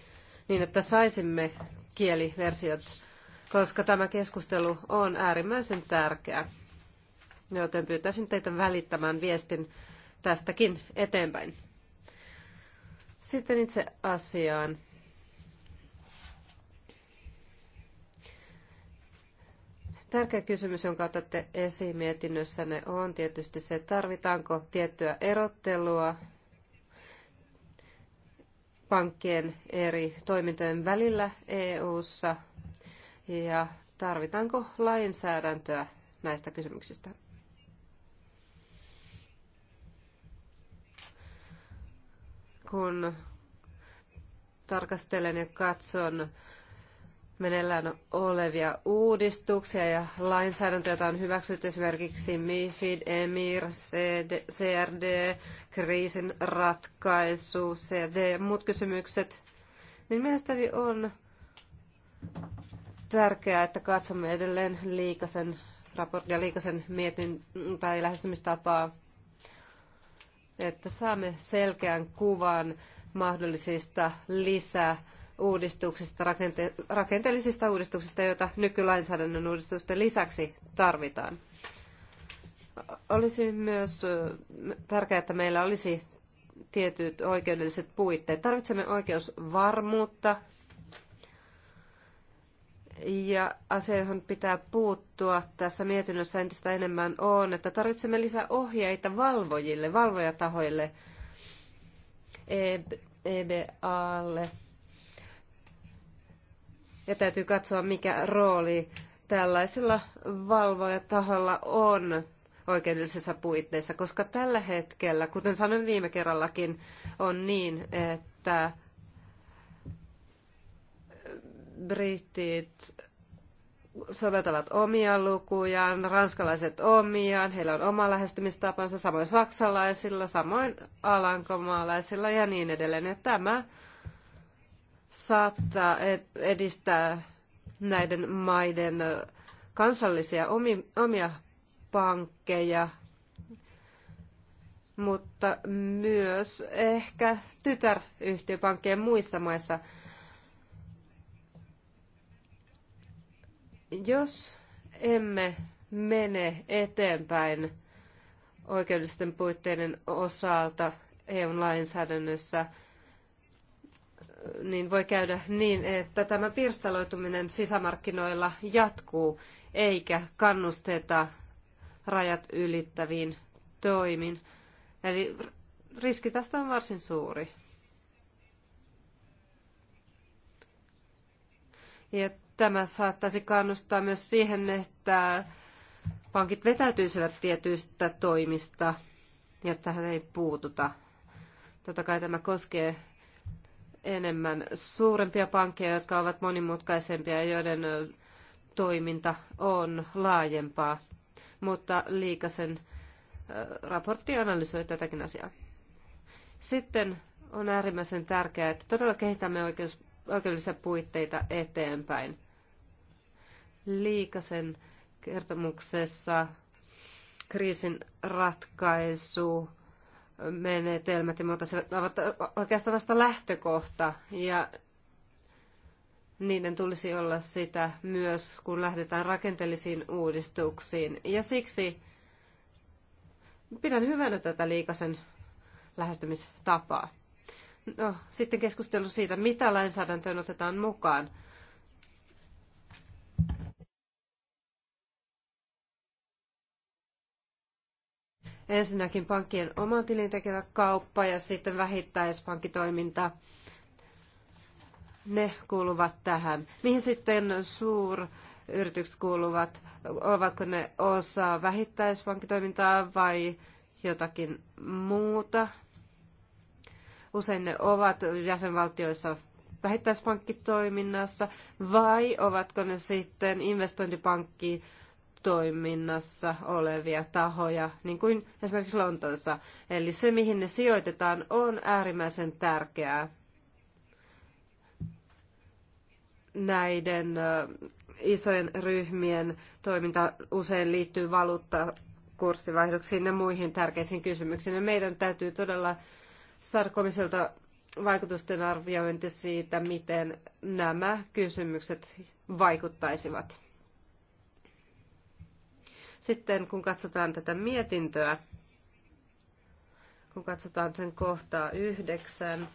niin, että saisimme kieliversiot, koska tämä keskustelu on äärimmäisen tärkeä. Joten pyytäisin teitä välittämään viestin tästäkin eteenpäin. Sitten itse asiaan. Tärkeä kysymys, jonka otatte esiin mietinnössänne, on tietysti se, tarvitaanko tiettyä erottelua pankkien eri toimintojen välillä EU:ssa ja tarvitaanko lainsäädäntöä näistä kysymyksistä. kun tarkastelen ja katson meneillään olevia uudistuksia ja lainsäädäntöä, jota on hyväksytty esimerkiksi MIFID, EMIR, CD, CRD, kriisin ratkaisu, CD ja muut kysymykset, niin mielestäni on tärkeää, että katsomme edelleen liikasen raporttia, liikasen mietin tai lähestymistapaa että saamme selkeän kuvan mahdollisista lisäuudistuksista, rakente- rakenteellisista uudistuksista, joita nykylainsäädännön uudistusten lisäksi tarvitaan. Olisi myös tärkeää, että meillä olisi tietyt oikeudelliset puitteet. Tarvitsemme oikeusvarmuutta ja asia, johon pitää puuttua tässä mietinnössä entistä enemmän on, että tarvitsemme lisää ohjeita valvojille, valvojatahoille, EBAlle. E ja täytyy katsoa, mikä rooli tällaisella valvojataholla on oikeudellisessa puitteissa, koska tällä hetkellä, kuten sanoin viime kerrallakin, on niin, että britit soveltavat omia lukujaan, ranskalaiset omiaan, heillä on oma lähestymistapansa, samoin saksalaisilla, samoin alankomaalaisilla ja niin edelleen. Ja tämä saattaa edistää näiden maiden kansallisia omia pankkeja, mutta myös ehkä tytäryhtiöpankkeja muissa maissa – Jos emme mene eteenpäin oikeudellisten puitteiden osalta EU-lainsäädännössä, niin voi käydä niin, että tämä pirstaloituminen sisämarkkinoilla jatkuu, eikä kannusteta rajat ylittäviin toimin. Eli riski tästä on varsin suuri. Ja Tämä saattaisi kannustaa myös siihen, että pankit vetäytyisivät tietyistä toimista, ja tähän ei puututa. Totta kai tämä koskee enemmän suurempia pankkeja, jotka ovat monimutkaisempia ja joiden toiminta on laajempaa. Mutta Liikasen äh, raportti analysoi tätäkin asiaa. Sitten on äärimmäisen tärkeää, että todella kehitämme oikeus, oikeudellisia puitteita eteenpäin. Liikasen kertomuksessa kriisin ratkaisu menetelmät ja muuta ovat oikeastaan vasta lähtökohta ja niiden tulisi olla sitä myös, kun lähdetään rakenteellisiin uudistuksiin. Ja siksi pidän hyvänä tätä liikasen lähestymistapaa. No, sitten keskustelu siitä, mitä lainsäädäntöön otetaan mukaan. Ensinnäkin pankkien oman tilin tekevä kauppa ja sitten vähittäispankkitoiminta. Ne kuuluvat tähän. Mihin sitten suur yritykset kuuluvat? Ovatko ne osa vähittäispankkitoimintaa vai jotakin muuta? Usein ne ovat jäsenvaltioissa vähittäispankkitoiminnassa vai ovatko ne sitten investointipankki toiminnassa olevia tahoja, niin kuin esimerkiksi Lontoossa. Eli se, mihin ne sijoitetaan, on äärimmäisen tärkeää näiden isojen ryhmien toiminta usein liittyy valuutta kurssivaihdoksiin ja muihin tärkeisiin kysymyksiin. Ja meidän täytyy todella saada komissiolta vaikutusten arviointi siitä, miten nämä kysymykset vaikuttaisivat. Sitten kun katsotaan tätä mietintöä, kun katsotaan sen kohtaa yhdeksän,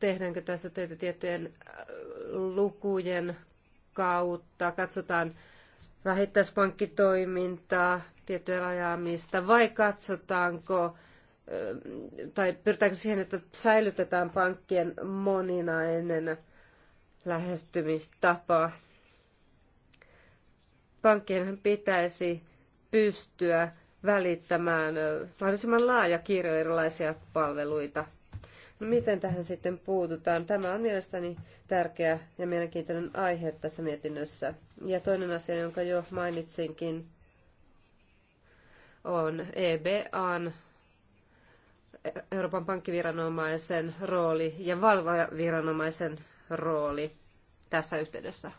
tehdäänkö tässä teitä tiettyjen äh, lukujen kautta, katsotaan vähittäispankkitoimintaa, tiettyä rajaamista, vai katsotaanko tai pyritäänkö siihen, että säilytetään pankkien moninainen lähestymistapa. Pankkien pitäisi pystyä välittämään mahdollisimman laaja kirjo erilaisia palveluita. No miten tähän sitten puututaan? Tämä on mielestäni tärkeä ja mielenkiintoinen aihe tässä mietinnössä. Ja toinen asia, jonka jo mainitsinkin, on EBAn Euroopan pankkiviranomaisen rooli ja valvojaviranomaisen rooli tässä yhteydessä?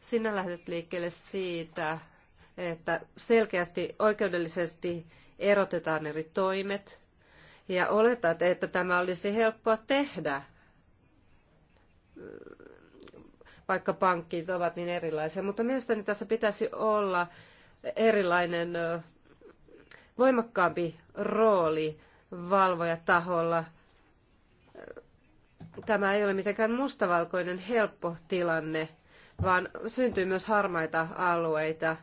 Sinä lähdet liikkeelle siitä, että selkeästi oikeudellisesti erotetaan eri toimet ja oletat, että tämä olisi helppoa tehdä, vaikka pankkiit ovat niin erilaisia. Mutta mielestäni tässä pitäisi olla erilainen voimakkaampi rooli valvoja taholla. Tämä ei ole mitenkään mustavalkoinen helppo tilanne, vaan syntyy myös harmaita alueita.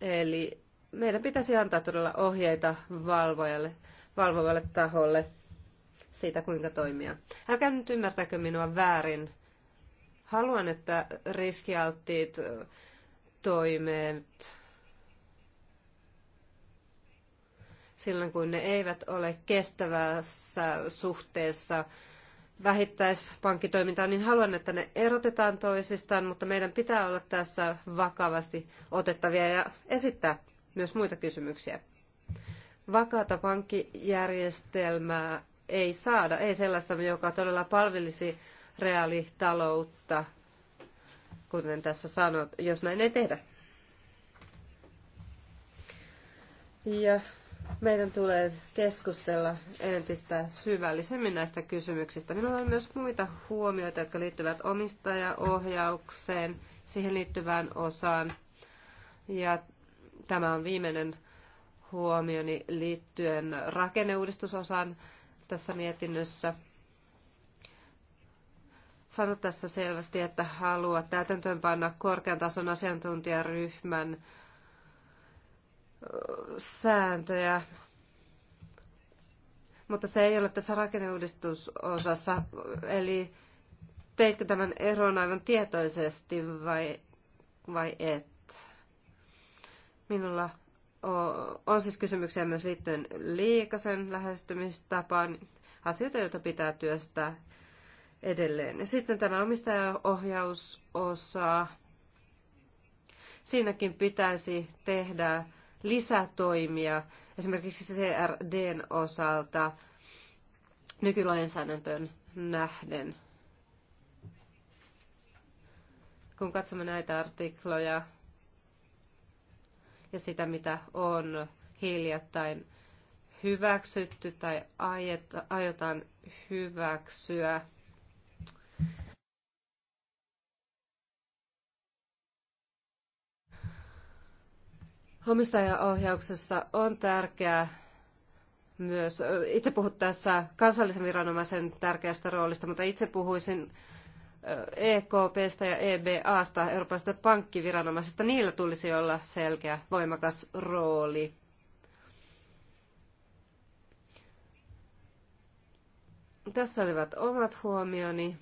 Eli meidän pitäisi antaa todella ohjeita valvojalle, valvovalle taholle siitä, kuinka toimia. Älkää nyt ymmärtäkö minua väärin Haluan, että riskialttiit toimet silloin, kun ne eivät ole kestävässä suhteessa vähittäispankkitoimintaan, niin haluan, että ne erotetaan toisistaan, mutta meidän pitää olla tässä vakavasti otettavia ja esittää myös muita kysymyksiä. Vakaata pankkijärjestelmää ei saada, ei sellaista, joka todella palvelisi reaalitaloutta, kuten tässä sanot, jos näin ei tehdä. Ja meidän tulee keskustella entistä syvällisemmin näistä kysymyksistä. Minulla on myös muita huomioita, jotka liittyvät omistajaohjaukseen, siihen liittyvään osaan. Ja tämä on viimeinen huomioni liittyen rakenneuudistusosaan tässä mietinnössä sano tässä selvästi, että haluaa täytäntöönpanna korkean tason asiantuntijaryhmän sääntöjä, mutta se ei ole tässä rakenneuudistusosassa. Eli teitkö tämän eron aivan tietoisesti vai, vai et? Minulla on siis kysymyksiä myös liittyen liikasen lähestymistapaan, asioita, joita pitää työstää edelleen. ja Sitten tämä omistajaohjausosa. Siinäkin pitäisi tehdä lisätoimia, esimerkiksi CRDn osalta nykylainsäädäntöön nähden. Kun katsomme näitä artikloja ja sitä, mitä on hiljattain hyväksytty tai aiotaan hyväksyä, Omistajaohjauksessa on tärkeää myös, itse puhut tässä kansallisen viranomaisen tärkeästä roolista, mutta itse puhuisin EKPstä ja EBAsta, Euroopasta pankkiviranomaisesta, niillä tulisi olla selkeä, voimakas rooli. Tässä olivat omat huomioni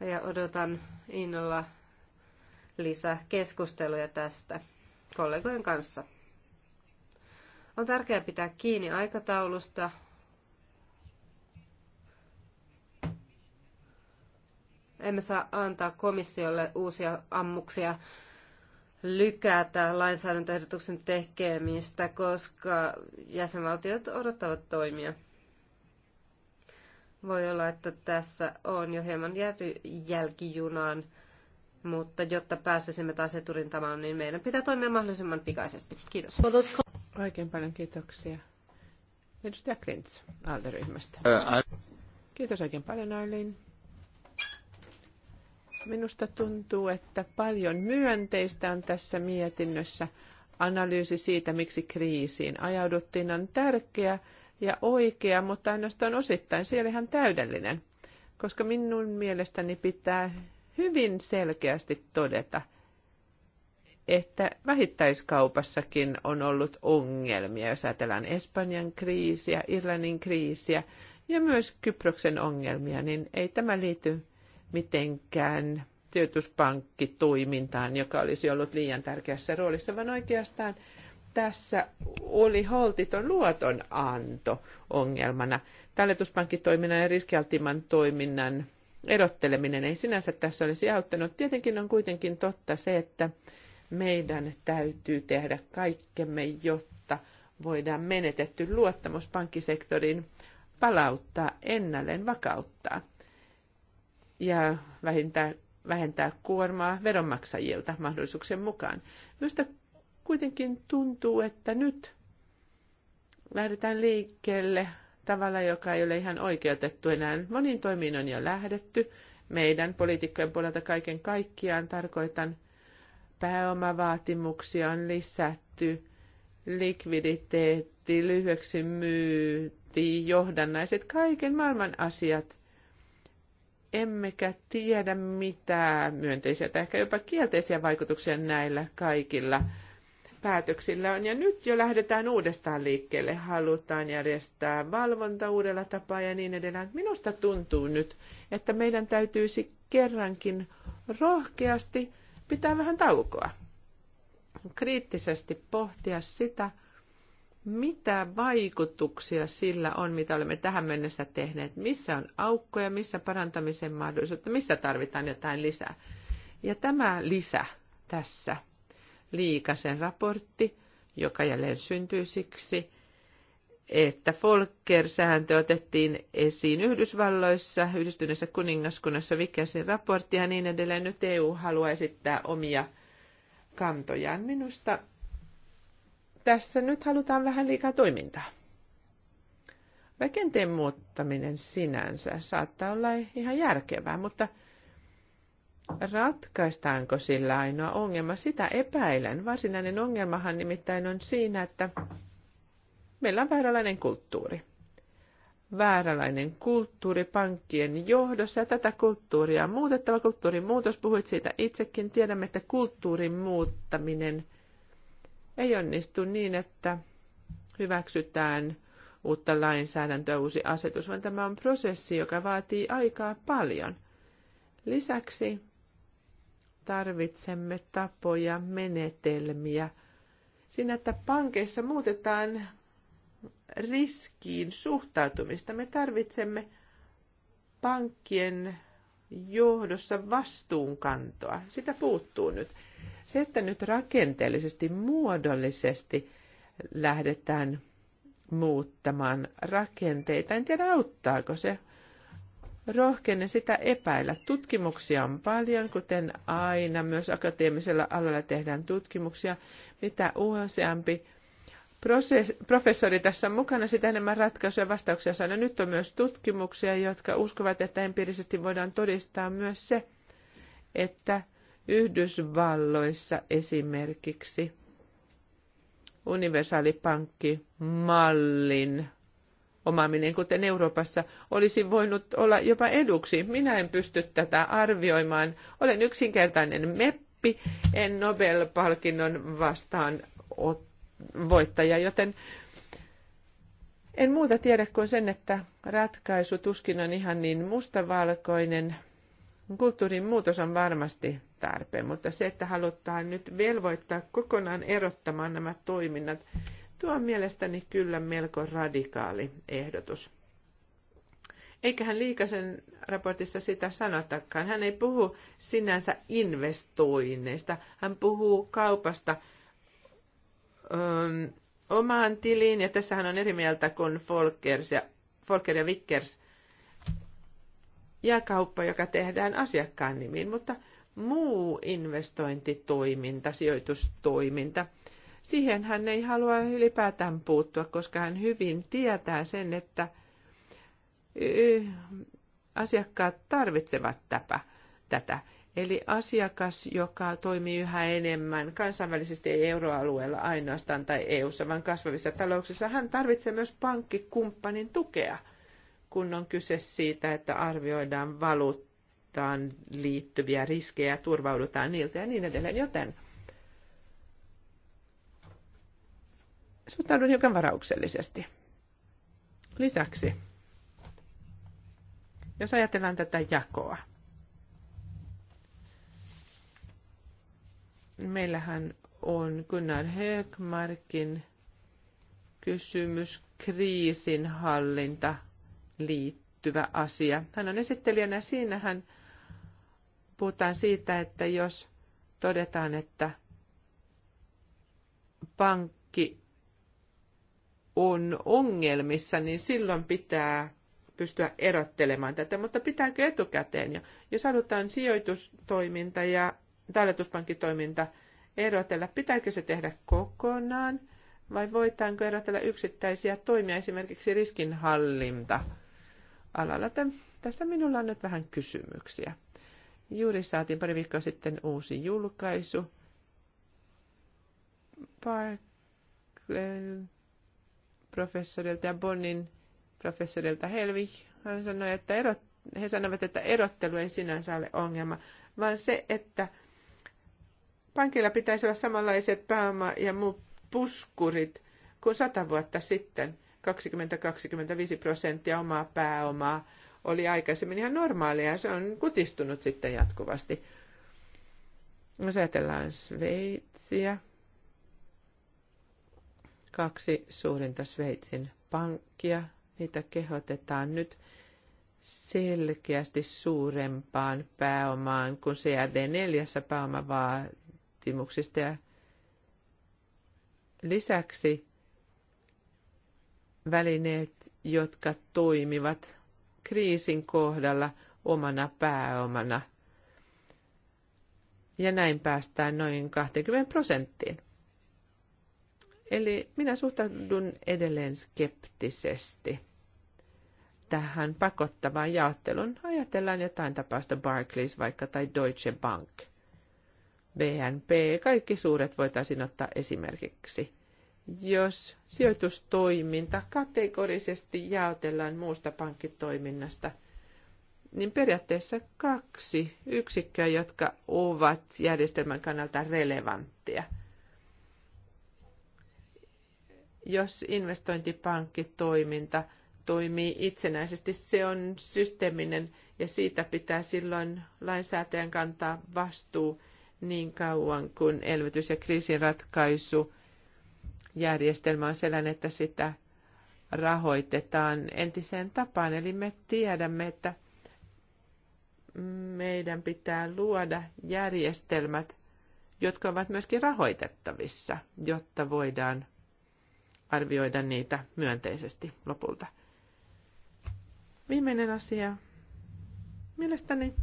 ja odotan innolla lisäkeskusteluja tästä kollegojen kanssa. On tärkeää pitää kiinni aikataulusta. Emme saa antaa komissiolle uusia ammuksia lykätä lainsäädäntöehdotuksen tekemistä, koska jäsenvaltiot odottavat toimia. Voi olla, että tässä on jo hieman jääty jälkijunaan mutta jotta pääsisimme taas eturintamaan, niin meidän pitää toimia mahdollisimman pikaisesti. Kiitos. Oikein paljon kiitoksia. Edustaja Klints ALDE-ryhmästä. Kiitos oikein paljon, Aileen. Minusta tuntuu, että paljon myönteistä on tässä mietinnössä. Analyysi siitä, miksi kriisiin ajauduttiin, on tärkeä ja oikea, mutta ainoastaan osittain. Se ihan täydellinen, koska minun mielestäni pitää hyvin selkeästi todeta, että vähittäiskaupassakin on ollut ongelmia, jos ajatellaan Espanjan kriisiä, Irlannin kriisiä ja myös Kyproksen ongelmia, niin ei tämä liity mitenkään sijoituspankkitoimintaan, joka olisi ollut liian tärkeässä roolissa, vaan oikeastaan tässä oli holtiton luotonanto ongelmana. Talletuspankkitoiminnan ja riskialtimman toiminnan erotteleminen ei sinänsä tässä olisi auttanut. Tietenkin on kuitenkin totta se, että meidän täytyy tehdä kaikkemme, jotta voidaan menetetty luottamus pankkisektoriin palauttaa ennalleen vakauttaa ja vähentää, vähentää kuormaa veronmaksajilta mahdollisuuksien mukaan. Minusta kuitenkin tuntuu, että nyt lähdetään liikkeelle tavalla, joka ei ole ihan oikeutettu enää. Monin toimiin on jo lähdetty. Meidän poliitikkojen puolelta kaiken kaikkiaan tarkoitan pääomavaatimuksia on lisätty, likviditeetti, lyhyeksi myyti, johdannaiset, kaiken maailman asiat. Emmekä tiedä mitä myönteisiä tai ehkä jopa kielteisiä vaikutuksia näillä kaikilla päätöksillä on. Ja nyt jo lähdetään uudestaan liikkeelle. Halutaan järjestää valvonta uudella tapaa ja niin edelleen. Minusta tuntuu nyt, että meidän täytyisi kerrankin rohkeasti pitää vähän taukoa. Kriittisesti pohtia sitä, mitä vaikutuksia sillä on, mitä olemme tähän mennessä tehneet, missä on aukkoja, missä parantamisen mahdollisuutta, missä tarvitaan jotain lisää. Ja tämä lisä tässä – Liikasen raportti, joka jälleen syntyi siksi, että Folker-sääntö otettiin esiin Yhdysvalloissa, yhdistyneessä kuningaskunnassa Vikersin raportti ja niin edelleen. Nyt EU haluaa esittää omia kantojaan. Minusta tässä nyt halutaan vähän liikaa toimintaa. Rakenteen muuttaminen sinänsä saattaa olla ihan järkevää, mutta – Ratkaistaanko sillä ainoa ongelma? Sitä epäilen. Varsinainen ongelmahan nimittäin on siinä, että meillä on vääränlainen kulttuuri. Vääränlainen kulttuuri pankkien johdossa ja tätä kulttuuria on muutettava. Kulttuurin muutos, puhuit siitä itsekin. Tiedämme, että kulttuurin muuttaminen ei onnistu niin, että hyväksytään uutta lainsäädäntöä, uusi asetus, vaan tämä on prosessi, joka vaatii aikaa paljon. Lisäksi tarvitsemme tapoja, menetelmiä. Siinä, että pankeissa muutetaan riskiin suhtautumista. Me tarvitsemme pankkien johdossa vastuunkantoa. Sitä puuttuu nyt. Se, että nyt rakenteellisesti, muodollisesti lähdetään muuttamaan rakenteita, en tiedä auttaako se rohkenen sitä epäillä. Tutkimuksia on paljon, kuten aina myös akateemisella alalla tehdään tutkimuksia. Mitä useampi professori tässä on mukana, sitä enemmän ratkaisuja ja vastauksia saadaan. Nyt on myös tutkimuksia, jotka uskovat, että empiirisesti voidaan todistaa myös se, että Yhdysvalloissa esimerkiksi universaalipankkimallin omaaminen, kuten Euroopassa, olisi voinut olla jopa eduksi. Minä en pysty tätä arvioimaan. Olen yksinkertainen meppi, en Nobel-palkinnon vastaan voittaja, joten en muuta tiedä kuin sen, että ratkaisu tuskin on ihan niin mustavalkoinen. Kulttuurin muutos on varmasti tarpeen, mutta se, että halutaan nyt velvoittaa kokonaan erottamaan nämä toiminnat, Tuo on mielestäni kyllä melko radikaali ehdotus. Eikä hän Liikasen raportissa sitä sanotakaan. Hän ei puhu sinänsä investoinneista. Hän puhuu kaupasta öö, omaan tiliin, ja tässä hän on eri mieltä kuin Folkers ja, Folker ja Vickers, ja kauppa, joka tehdään asiakkaan nimiin, mutta muu investointitoiminta, sijoitustoiminta, Siihen hän ei halua ylipäätään puuttua, koska hän hyvin tietää sen, että asiakkaat tarvitsevat täpä, tätä. Eli asiakas, joka toimii yhä enemmän kansainvälisesti ei euroalueella ainoastaan tai EU-ssa, vaan kasvavissa talouksissa, hän tarvitsee myös pankkikumppanin tukea, kun on kyse siitä, että arvioidaan valuuttaan liittyviä riskejä, turvaudutaan niiltä ja niin edelleen. Joten suhtaudun hiukan varauksellisesti. Lisäksi, jos ajatellaan tätä jakoa, niin meillähän on Gunnar Högmarkin kysymys kriisinhallinta liittyvä asia. Hän on esittelijänä siinä, hän puhutaan siitä, että jos todetaan, että pankki on ongelmissa, niin silloin pitää pystyä erottelemaan tätä, mutta pitääkö etukäteen jo? Jos halutaan sijoitustoiminta ja talletuspankkitoiminta erotella, pitääkö se tehdä kokonaan vai voitaanko erotella yksittäisiä toimia, esimerkiksi riskinhallinta alalla? Tässä minulla on nyt vähän kysymyksiä. Juuri saatiin pari viikkoa sitten uusi julkaisu. Parkland professorilta ja Bonnin professorilta Helvig. Hän sanoi, että erot, he sanovat, että erottelu ei sinänsä ole ongelma, vaan se, että pankilla pitäisi olla samanlaiset pääoma- ja muut puskurit kuin sata vuotta sitten. 20-25 prosenttia omaa pääomaa oli aikaisemmin ihan normaalia ja se on kutistunut sitten jatkuvasti. Jos ajatellaan Sveitsiä, Kaksi suurinta Sveitsin pankkia, niitä kehotetaan nyt selkeästi suurempaan pääomaan kuin CRD 4 pääomavaatimuksista. Ja lisäksi välineet, jotka toimivat kriisin kohdalla omana pääomana. Ja näin päästään noin 20 prosenttiin. Eli minä suhtaudun edelleen skeptisesti tähän pakottavaan jaotteluun. Ajatellaan jotain tapausta Barclays vaikka tai Deutsche Bank. BNP, kaikki suuret voitaisiin ottaa esimerkiksi. Jos sijoitustoiminta kategorisesti jaotellaan muusta pankkitoiminnasta, niin periaatteessa kaksi yksikköä, jotka ovat järjestelmän kannalta relevanttia – jos investointipankkitoiminta toimii itsenäisesti, se on systeeminen ja siitä pitää silloin lainsäätäjän kantaa vastuu niin kauan kuin elvytys- ja kriisinratkaisu järjestelmä on sellainen, että sitä rahoitetaan entiseen tapaan. Eli me tiedämme, että meidän pitää luoda järjestelmät, jotka ovat myöskin rahoitettavissa, jotta voidaan arvioida niitä myönteisesti lopulta. Viimeinen asia. Mielestäni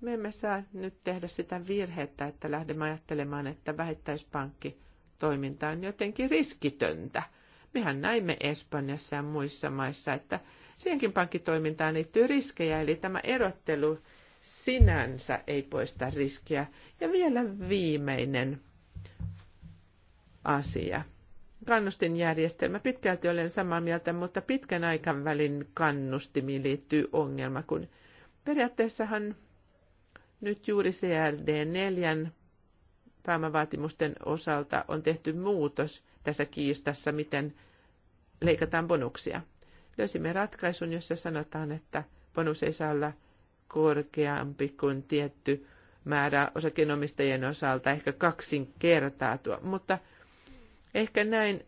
me emme saa nyt tehdä sitä virhettä, että lähdemme ajattelemaan, että vähittäispankki toiminta on jotenkin riskitöntä. Mehän näimme Espanjassa ja muissa maissa, että siihenkin pankkitoimintaan liittyy riskejä, eli tämä erottelu sinänsä ei poista riskiä. Ja vielä viimeinen asia. Kannustinjärjestelmä pitkälti olen samaa mieltä, mutta pitkän aikavälin kannustimiin liittyy ongelma, kun periaatteessahan nyt juuri CRD4 pääomavaatimusten osalta on tehty muutos tässä kiistassa, miten leikataan bonuksia. Löysimme ratkaisun, jossa sanotaan, että bonus ei saa olla korkeampi kuin tietty määrä osakkeenomistajien osalta, ehkä kaksin kertaa tuo, mutta – Ehkä näin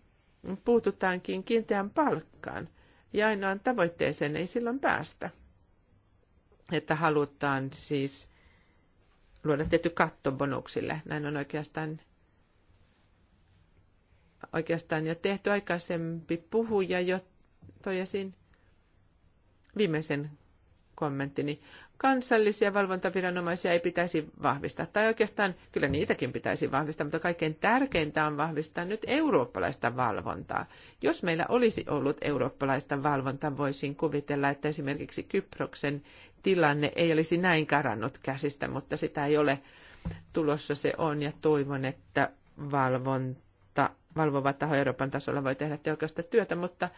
puututaankin kiinteän palkkaan ja ainoan tavoitteeseen ei silloin päästä. Että halutaan siis luoda tietty katto bonuksille. Näin on oikeastaan, oikeastaan jo tehty aikaisempi puhuja jo toi esiin viimeisen kommenttini kansallisia valvontaviranomaisia ei pitäisi vahvistaa, tai oikeastaan kyllä niitäkin pitäisi vahvistaa, mutta kaikkein tärkeintä on vahvistaa nyt eurooppalaista valvontaa. Jos meillä olisi ollut eurooppalaista valvontaa, voisin kuvitella, että esimerkiksi Kyproksen tilanne ei olisi näin karannut käsistä, mutta sitä ei ole tulossa se on, ja toivon, että valvonta, valvova taho Euroopan tasolla voi tehdä tehokasta työtä, mutta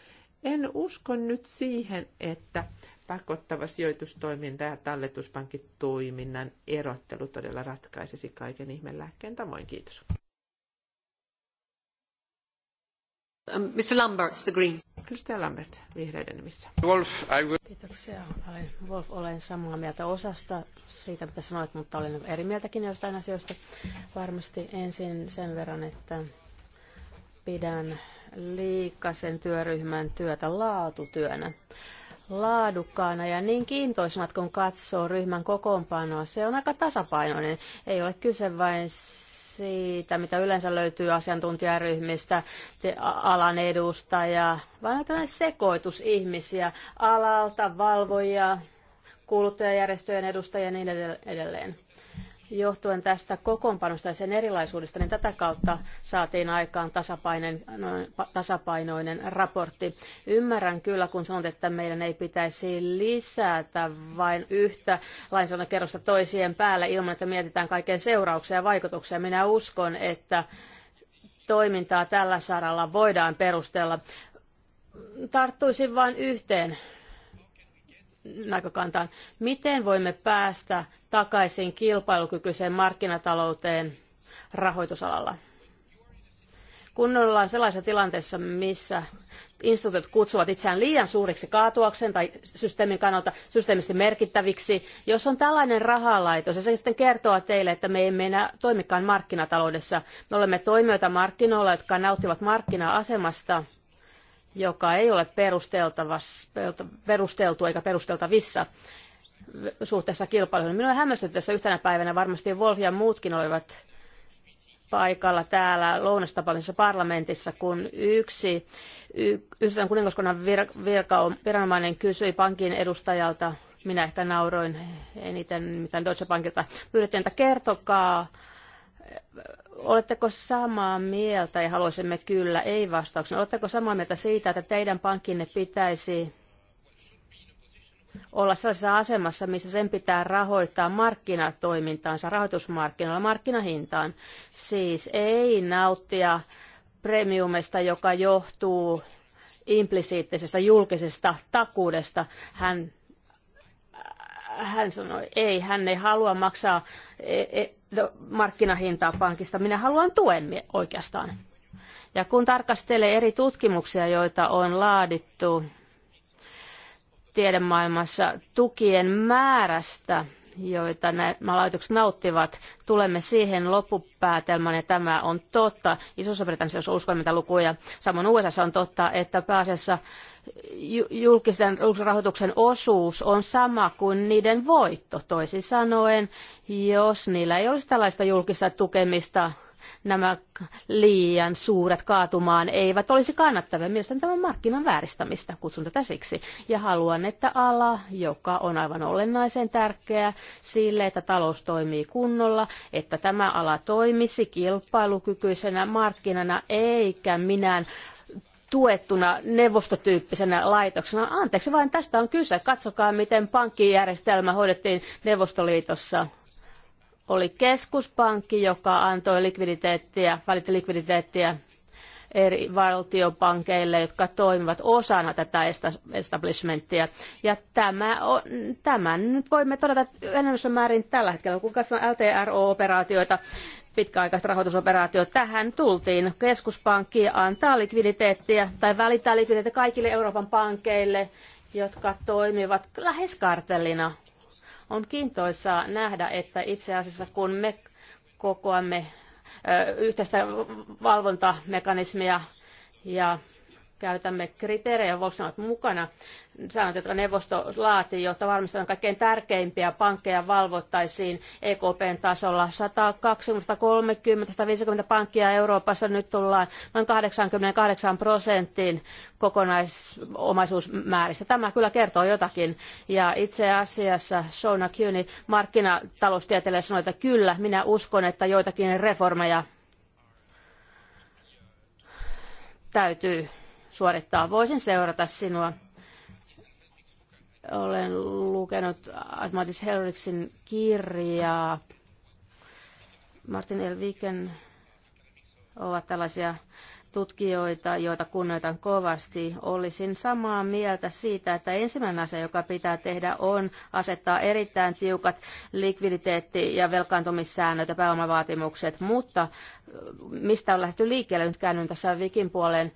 en usko nyt siihen, että pakottava sijoitustoiminta ja talletuspankkitoiminnan erottelu todella ratkaisisi kaiken ihmeen lääkkeen tavoin. Kiitos. Um, Mr. Lambert, the Greens. Edustaja Lambert, vihreiden nimissä. Wolf, I will... Kiitoksia. Olen, Wolf, olen samaa mieltä osasta siitä, mitä sanoit, mutta olen eri mieltäkin jostain asioista. Varmasti ensin sen verran, että pidän liikasen työryhmän työtä laatutyönä laadukkaana ja niin kiintoisena, kun katsoo ryhmän kokoonpanoa. Se on aika tasapainoinen. Ei ole kyse vain siitä, mitä yleensä löytyy asiantuntijaryhmistä, alan edustaja, vaan tällainen sekoitus ihmisiä alalta, valvojia, kuluttajajärjestöjen edustajia ja niin edelleen johtuen tästä kokoonpanosta ja sen erilaisuudesta, niin tätä kautta saatiin aikaan tasapainoinen, raportti. Ymmärrän kyllä, kun sanot, että meidän ei pitäisi lisätä vain yhtä lainsäädäntökerrosta toisien päälle ilman, että mietitään kaiken seurauksia ja vaikutuksia. Minä uskon, että toimintaa tällä saralla voidaan perustella. Tarttuisin vain yhteen näkökantaan. Miten voimme päästä takaisin kilpailukykyiseen markkinatalouteen rahoitusalalla. Kun ollaan sellaisessa tilanteessa, missä instituutit kutsuvat itseään liian suuriksi kaatuakseen tai systeemin kannalta systeemisesti merkittäviksi, jos on tällainen rahalaitos, ja se sitten kertoo teille, että me emme enää toimikaan markkinataloudessa. Me olemme toimijoita markkinoilla, jotka nauttivat markkina-asemasta, joka ei ole perusteltu eikä perusteltavissa suhteessa kilpailuun. Minua hämmästytti tässä yhtenä päivänä, varmasti Wolf ja muutkin olivat paikalla täällä lounastapaamisessa parlamentissa, kun yksi yhdessä kuningaskunnan vir, virka, viranomainen kysyi pankin edustajalta, minä ehkä nauroin eniten mitä Deutsche Bankilta, pyydettiin, että kertokaa, oletteko samaa mieltä, ja haluaisimme kyllä, ei vastauksen, oletteko samaa mieltä siitä, että teidän pankkinne pitäisi olla sellaisessa asemassa, missä sen pitää rahoittaa markkinatoimintaansa rahoitusmarkkinoilla markkinahintaan. Siis ei nauttia premiumista, joka johtuu implisiittisestä julkisesta takuudesta. Hän, hän sanoi, ei, hän ei halua maksaa e, e, no, markkinahintaa pankista, minä haluan tuen oikeastaan. Ja kun tarkastelee eri tutkimuksia, joita on laadittu tiedemaailmassa tukien määrästä, joita nämä laitokset nauttivat, tulemme siihen loppupäätelmään, ja tämä on totta. Isossa Britanniassa, jos uskomme näitä lukuja, samoin USA on totta, että pääasiassa julkisen rahoituksen osuus on sama kuin niiden voitto. Toisin sanoen, jos niillä ei olisi tällaista julkista tukemista, nämä liian suuret kaatumaan eivät olisi kannattavia. Mielestäni tämä on markkinan vääristämistä, kutsun tätä siksi. Ja haluan, että ala, joka on aivan olennaisen tärkeä sille, että talous toimii kunnolla, että tämä ala toimisi kilpailukykyisenä markkinana eikä minään tuettuna neuvostotyyppisenä laitoksena. Anteeksi vain, tästä on kyse. Katsokaa, miten pankkijärjestelmä hoidettiin Neuvostoliitossa oli keskuspankki, joka antoi likviditeettiä, välitti likviditeettiä eri valtiopankeille, jotka toimivat osana tätä establishmenttia. Ja tämä on, tämän nyt voimme todeta enemmässä määrin tällä hetkellä, kun katsotaan LTRO-operaatioita, pitkäaikaista rahoitusoperaatio. Tähän tultiin. Keskuspankki antaa likviditeettiä tai välittää likviditeettiä kaikille Euroopan pankeille, jotka toimivat lähes kartellina on kiintoisaa nähdä, että itse asiassa kun me kokoamme yhteistä valvontamekanismia ja käytämme kriteerejä, voisi että mukana säännöt, neuvosto laatii, jotta varmistetaan kaikkein tärkeimpiä pankkeja valvottaisiin EKPn tasolla. 120-130-150 pankkia Euroopassa nyt tullaan noin 88 prosentin kokonaisomaisuusmääristä. Tämä kyllä kertoo jotakin. Ja itse asiassa Shona Kyni markkinataloustieteilijä sanoi, että kyllä, minä uskon, että joitakin reformeja täytyy suorittaa. Voisin seurata sinua. Olen lukenut Admatis Helriksin kirjaa. Martin Elviken ovat tällaisia tutkijoita, joita kunnioitan kovasti, olisin samaa mieltä siitä, että ensimmäinen asia, joka pitää tehdä, on asettaa erittäin tiukat likviditeetti- ja velkaantumissäännöt ja pääomavaatimukset, mutta mistä on lähdetty liikkeelle, nyt käännyn tässä Wikin puoleen,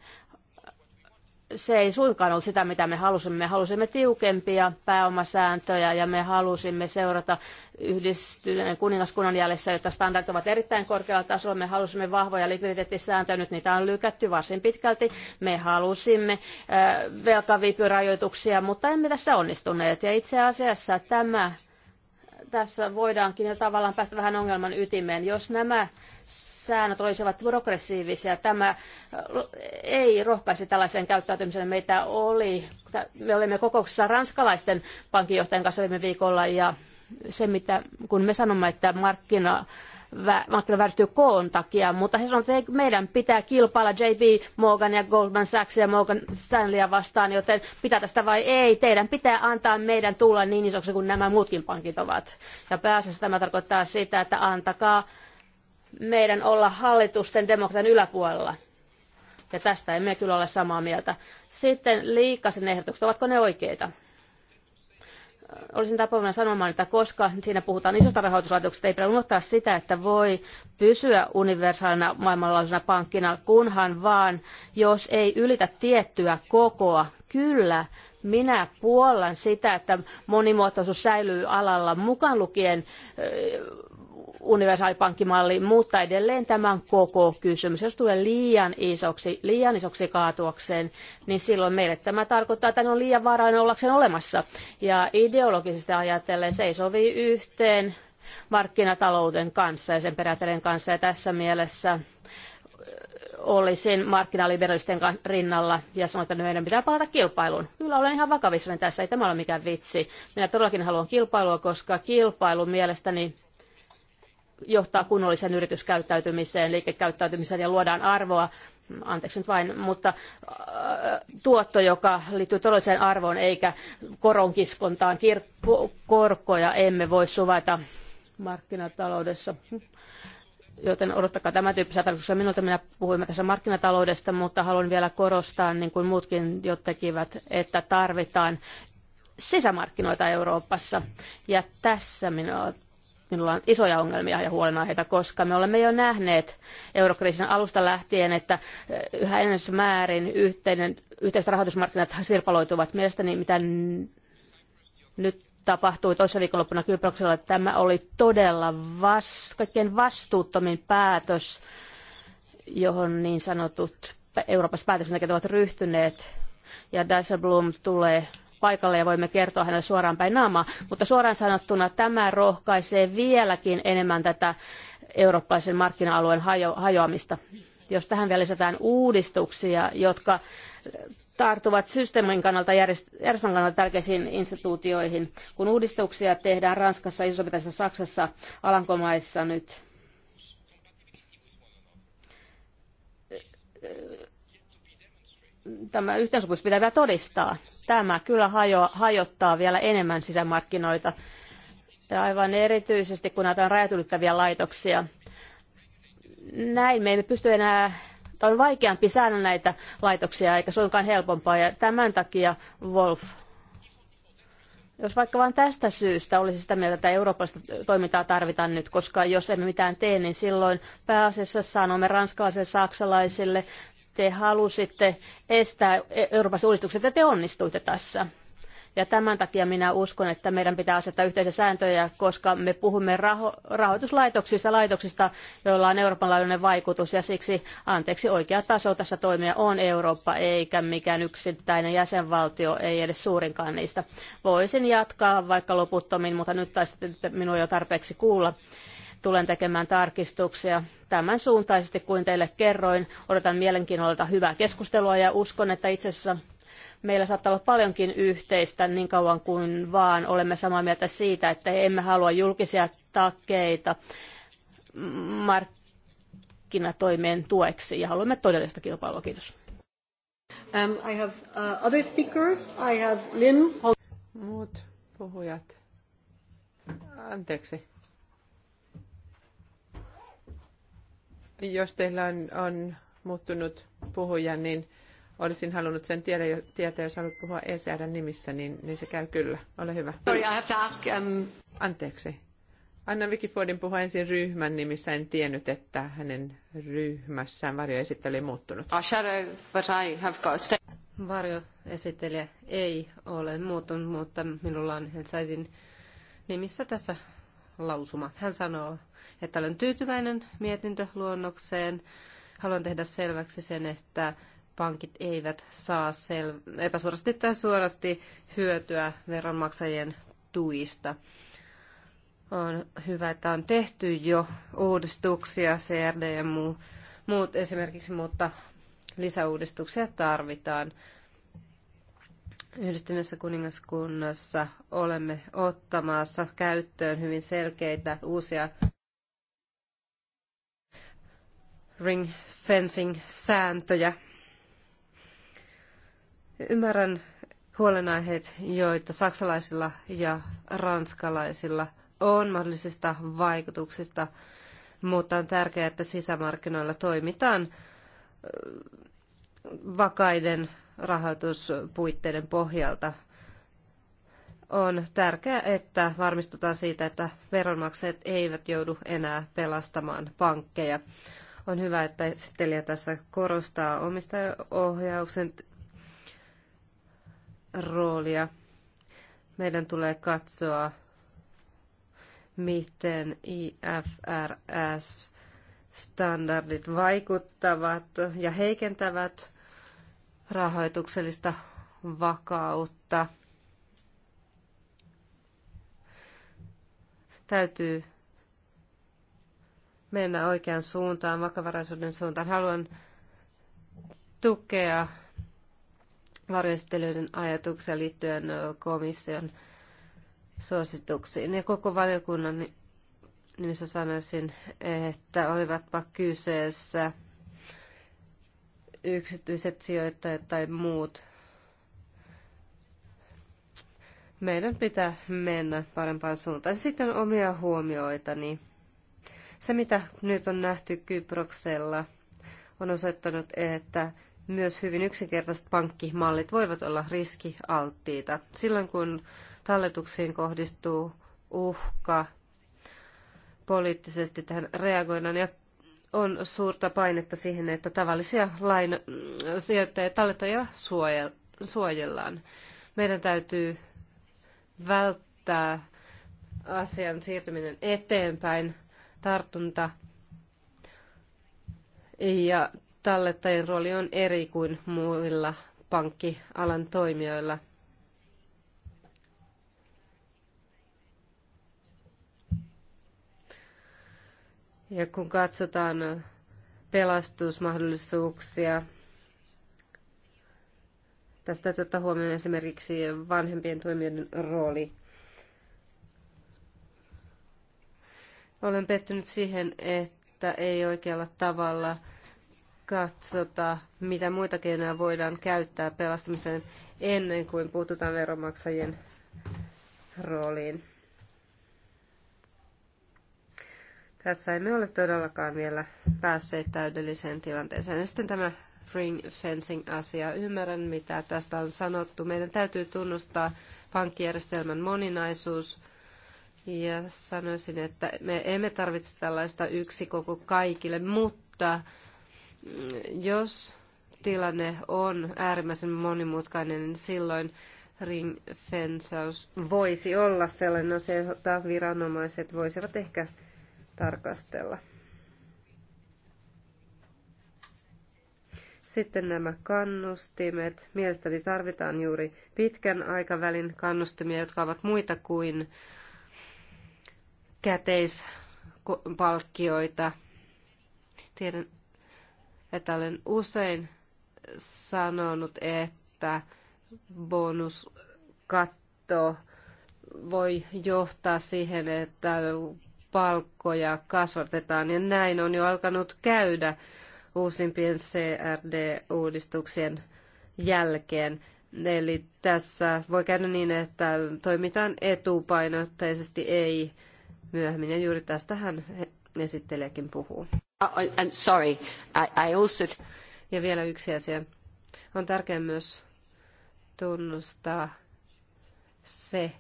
se ei suinkaan ollut sitä, mitä me halusimme. Me halusimme tiukempia pääomasääntöjä ja me halusimme seurata yhdistyneen kuningaskunnan jäljessä, jotta standardit ovat erittäin korkealla tasolla. Me halusimme vahvoja likviditeettisääntöjä, nyt niitä on lykätty varsin pitkälti. Me halusimme äh, velkaviipyrajoituksia, mutta emme tässä onnistuneet. Ja itse asiassa tämä, tässä voidaankin jo tavallaan päästä vähän ongelman ytimeen. Jos nämä säännöt olisivat progressiivisia. Tämä äh, ei rohkaisi tällaiseen käyttäytymiseen. Meitä oli, me olimme kokouksessa ranskalaisten pankinjohtajien kanssa viime viikolla ja se, mitä, kun me sanomme, että markkina, markkina vääristyy koon takia, mutta he sanovat, että meidän pitää kilpailla JP Morgan ja Goldman Sachs ja Morgan Stanleya vastaan, joten pitää tästä vai ei, teidän pitää antaa meidän tulla niin isoksi kuin nämä muutkin pankit ovat. Ja pääasiassa tämä tarkoittaa sitä, että antakaa meidän olla hallitusten demokratian yläpuolella. Ja tästä emme kyllä ole samaa mieltä. Sitten liikasen ehdotukset, ovatko ne oikeita? Olisin tapana sanomaan, että koska siinä puhutaan isosta rahoituslaitoksesta, ei pidä unohtaa sitä, että voi pysyä universaalina maailmanlaajuisena pankkina, kunhan vaan, jos ei ylitä tiettyä kokoa. Kyllä, minä puollan sitä, että monimuotoisuus säilyy alalla mukaan lukien universaalipankkimalli, mutta edelleen tämän koko kysymys. Jos tulee liian isoksi, liian isoksi kaatuakseen, niin silloin meille tämä tarkoittaa, että on liian varainen ollakseen olemassa. Ja ideologisesti ajatellen se ei sovi yhteen markkinatalouden kanssa ja sen periaatteiden kanssa. Ja tässä mielessä olisin markkinaliberalisten rinnalla ja sanoin, että meidän pitää palata kilpailuun. Kyllä olen ihan vakavissani tässä, ei tämä ole mikään vitsi. Minä todellakin haluan kilpailua, koska kilpailu mielestäni johtaa kunnolliseen yrityskäyttäytymiseen, liikekäyttäytymiseen ja luodaan arvoa, anteeksi nyt vain, mutta äh, tuotto, joka liittyy todelliseen arvoon eikä koronkiskontaan. korkoja emme voi suvaita markkinataloudessa joten odottakaa tämän tyyppisiä tarkoituksia. Minulta minä puhuin tässä markkinataloudesta, mutta haluan vielä korostaa, niin kuin muutkin jo tekivät, että tarvitaan sisämarkkinoita Euroopassa. Ja tässä minua minulla on isoja ongelmia ja huolenaiheita, koska me olemme jo nähneet eurokriisin alusta lähtien, että eh, yhä enemmän määrin yhteinen, yhteiset rahoitusmarkkinat sirpaloituvat. Mielestäni mitä nyt tapahtui toisessa viikonloppuna Kyproksella, että tämä oli todella vas, kaikkein vastuuttomin päätös, johon niin sanotut Euroopassa päätöksentekijät ovat ryhtyneet. Ja Dijsselbloem tulee paikalle ja voimme kertoa hänelle suoraan päin naamaa. Mutta suoraan sanottuna tämä rohkaisee vieläkin enemmän tätä eurooppalaisen markkina-alueen hajo- hajoamista. Jos tähän vielä lisätään uudistuksia, jotka tarttuvat systeemin kannalta järjestelmän kannalta tärkeisiin instituutioihin. Kun uudistuksia tehdään Ranskassa, iso Saksassa, Alankomaissa nyt tämä yhteensopimus pitää vielä todistaa. Tämä kyllä hajo, hajottaa vielä enemmän sisämarkkinoita. Ja aivan erityisesti, kun näitä on rajatylyttäviä laitoksia. Näin me emme pysty enää, tai on vaikeampi säännä näitä laitoksia, eikä suinkaan helpompaa. Ja tämän takia Wolf jos vaikka vain tästä syystä olisi sitä mieltä, että eurooppalaista toimintaa tarvitaan nyt, koska jos emme mitään tee, niin silloin pääasiassa sanomme ranskalaisille, saksalaisille te halusitte estää Euroopan uudistukset ja te onnistuitte tässä. Ja tämän takia minä uskon, että meidän pitää asettaa yhteisiä sääntöjä, koska me puhumme raho- rahoituslaitoksista, laitoksista, joilla on Euroopan laajuinen vaikutus ja siksi anteeksi oikea taso tässä toimia on Eurooppa eikä mikään yksittäinen jäsenvaltio, ei edes suurinkaan niistä. Voisin jatkaa vaikka loputtomin, mutta nyt taisitte minua jo tarpeeksi kuulla tulen tekemään tarkistuksia tämän suuntaisesti kuin teille kerroin. Odotan mielenkiinnolla hyvää keskustelua ja uskon, että itse asiassa meillä saattaa olla paljonkin yhteistä niin kauan kuin vaan olemme samaa mieltä siitä, että emme halua julkisia takeita markkinatoimien tueksi ja haluamme todellista kilpailua. Kiitos. Um, I have uh, other speakers. I have Lynn. Muut puhujat. Anteeksi. Jos teillä on, on muuttunut puhuja, niin olisin halunnut sen tiedä, tietää, jos haluat puhua ECRn nimissä, niin, niin se käy kyllä. Ole hyvä. Sorry, I have to ask, um... Anteeksi. Anna Wikifordin puhua ensin ryhmän nimissä. En tiennyt, että hänen ryhmässään varjoesittely ei muuttunut. Ah, varjoesittelijä ei ole muuttunut, mutta minulla on Helsingin nimissä tässä lausuma. Hän sanoo, että olen tyytyväinen mietintöluonnokseen. Haluan tehdä selväksi sen, että pankit eivät saa sel- epäsuorasti tai suorasti hyötyä veronmaksajien tuista. On hyvä, että on tehty jo uudistuksia, CRD ja muut esimerkiksi, mutta lisäuudistuksia tarvitaan. Yhdistyneessä kuningaskunnassa olemme ottamassa käyttöön hyvin selkeitä uusia ring fencing-sääntöjä. Ymmärrän huolenaiheet, joita saksalaisilla ja ranskalaisilla on mahdollisista vaikutuksista, mutta on tärkeää, että sisämarkkinoilla toimitaan vakaiden rahoituspuitteiden pohjalta. On tärkeää, että varmistutaan siitä, että veronmaksajat eivät joudu enää pelastamaan pankkeja. On hyvä, että esittelijä tässä korostaa omistajaohjauksen roolia. Meidän tulee katsoa, miten IFRS standardit vaikuttavat ja heikentävät rahoituksellista vakautta. Täytyy mennä oikeaan suuntaan, vakavaraisuuden suuntaan. Haluan tukea varjostelijoiden ajatuksia liittyen komission suosituksiin. Ja koko valiokunnan nimissä sanoisin, että olivatpa kyseessä – yksityiset sijoittajat tai muut. Meidän pitää mennä parempaan suuntaan. Sitten omia huomioitani. Se, mitä nyt on nähty Kyproksella, on osoittanut, että myös hyvin yksinkertaiset pankkimallit voivat olla riskialttiita. Silloin kun talletuksiin kohdistuu uhka, poliittisesti tähän reagoidaan ja on suurta painetta siihen, että tavallisia lainasijoittajia tallettajia suojellaan. Meidän täytyy välttää asian siirtyminen eteenpäin, tartunta ja tallettajien rooli on eri kuin muilla pankkialan toimijoilla. Ja kun katsotaan pelastusmahdollisuuksia, tästä täytyy ottaa huomioon esimerkiksi vanhempien toimijoiden rooli. Olen pettynyt siihen, että ei oikealla tavalla katsota, mitä muita keinoja voidaan käyttää pelastamiseen ennen kuin puututaan veronmaksajien rooliin. Tässä emme ole todellakaan vielä päässeet täydelliseen tilanteeseen. Ja sitten tämä ring fencing-asia. Ymmärrän, mitä tästä on sanottu. Meidän täytyy tunnustaa pankkijärjestelmän moninaisuus. Ja sanoisin, että me emme tarvitse tällaista yksi koko kaikille, mutta mm, jos tilanne on äärimmäisen monimutkainen, niin silloin ring fensaus voisi olla sellainen asia, jota viranomaiset voisivat ehkä tarkastella. Sitten nämä kannustimet. Mielestäni tarvitaan juuri pitkän aikavälin kannustimia, jotka ovat muita kuin käteispalkkioita. Tiedän, että olen usein sanonut, että bonuskatto voi johtaa siihen, että palkkoja kasvatetaan ja näin on jo alkanut käydä uusimpien CRD-uudistuksien jälkeen. Eli tässä voi käydä niin, että toimitaan etupainotteisesti, ei myöhemmin. Ja juuri tästähän esittelijäkin puhuu. Uh, I'm sorry, I, I also... Ja vielä yksi asia. On tärkeää myös tunnustaa se,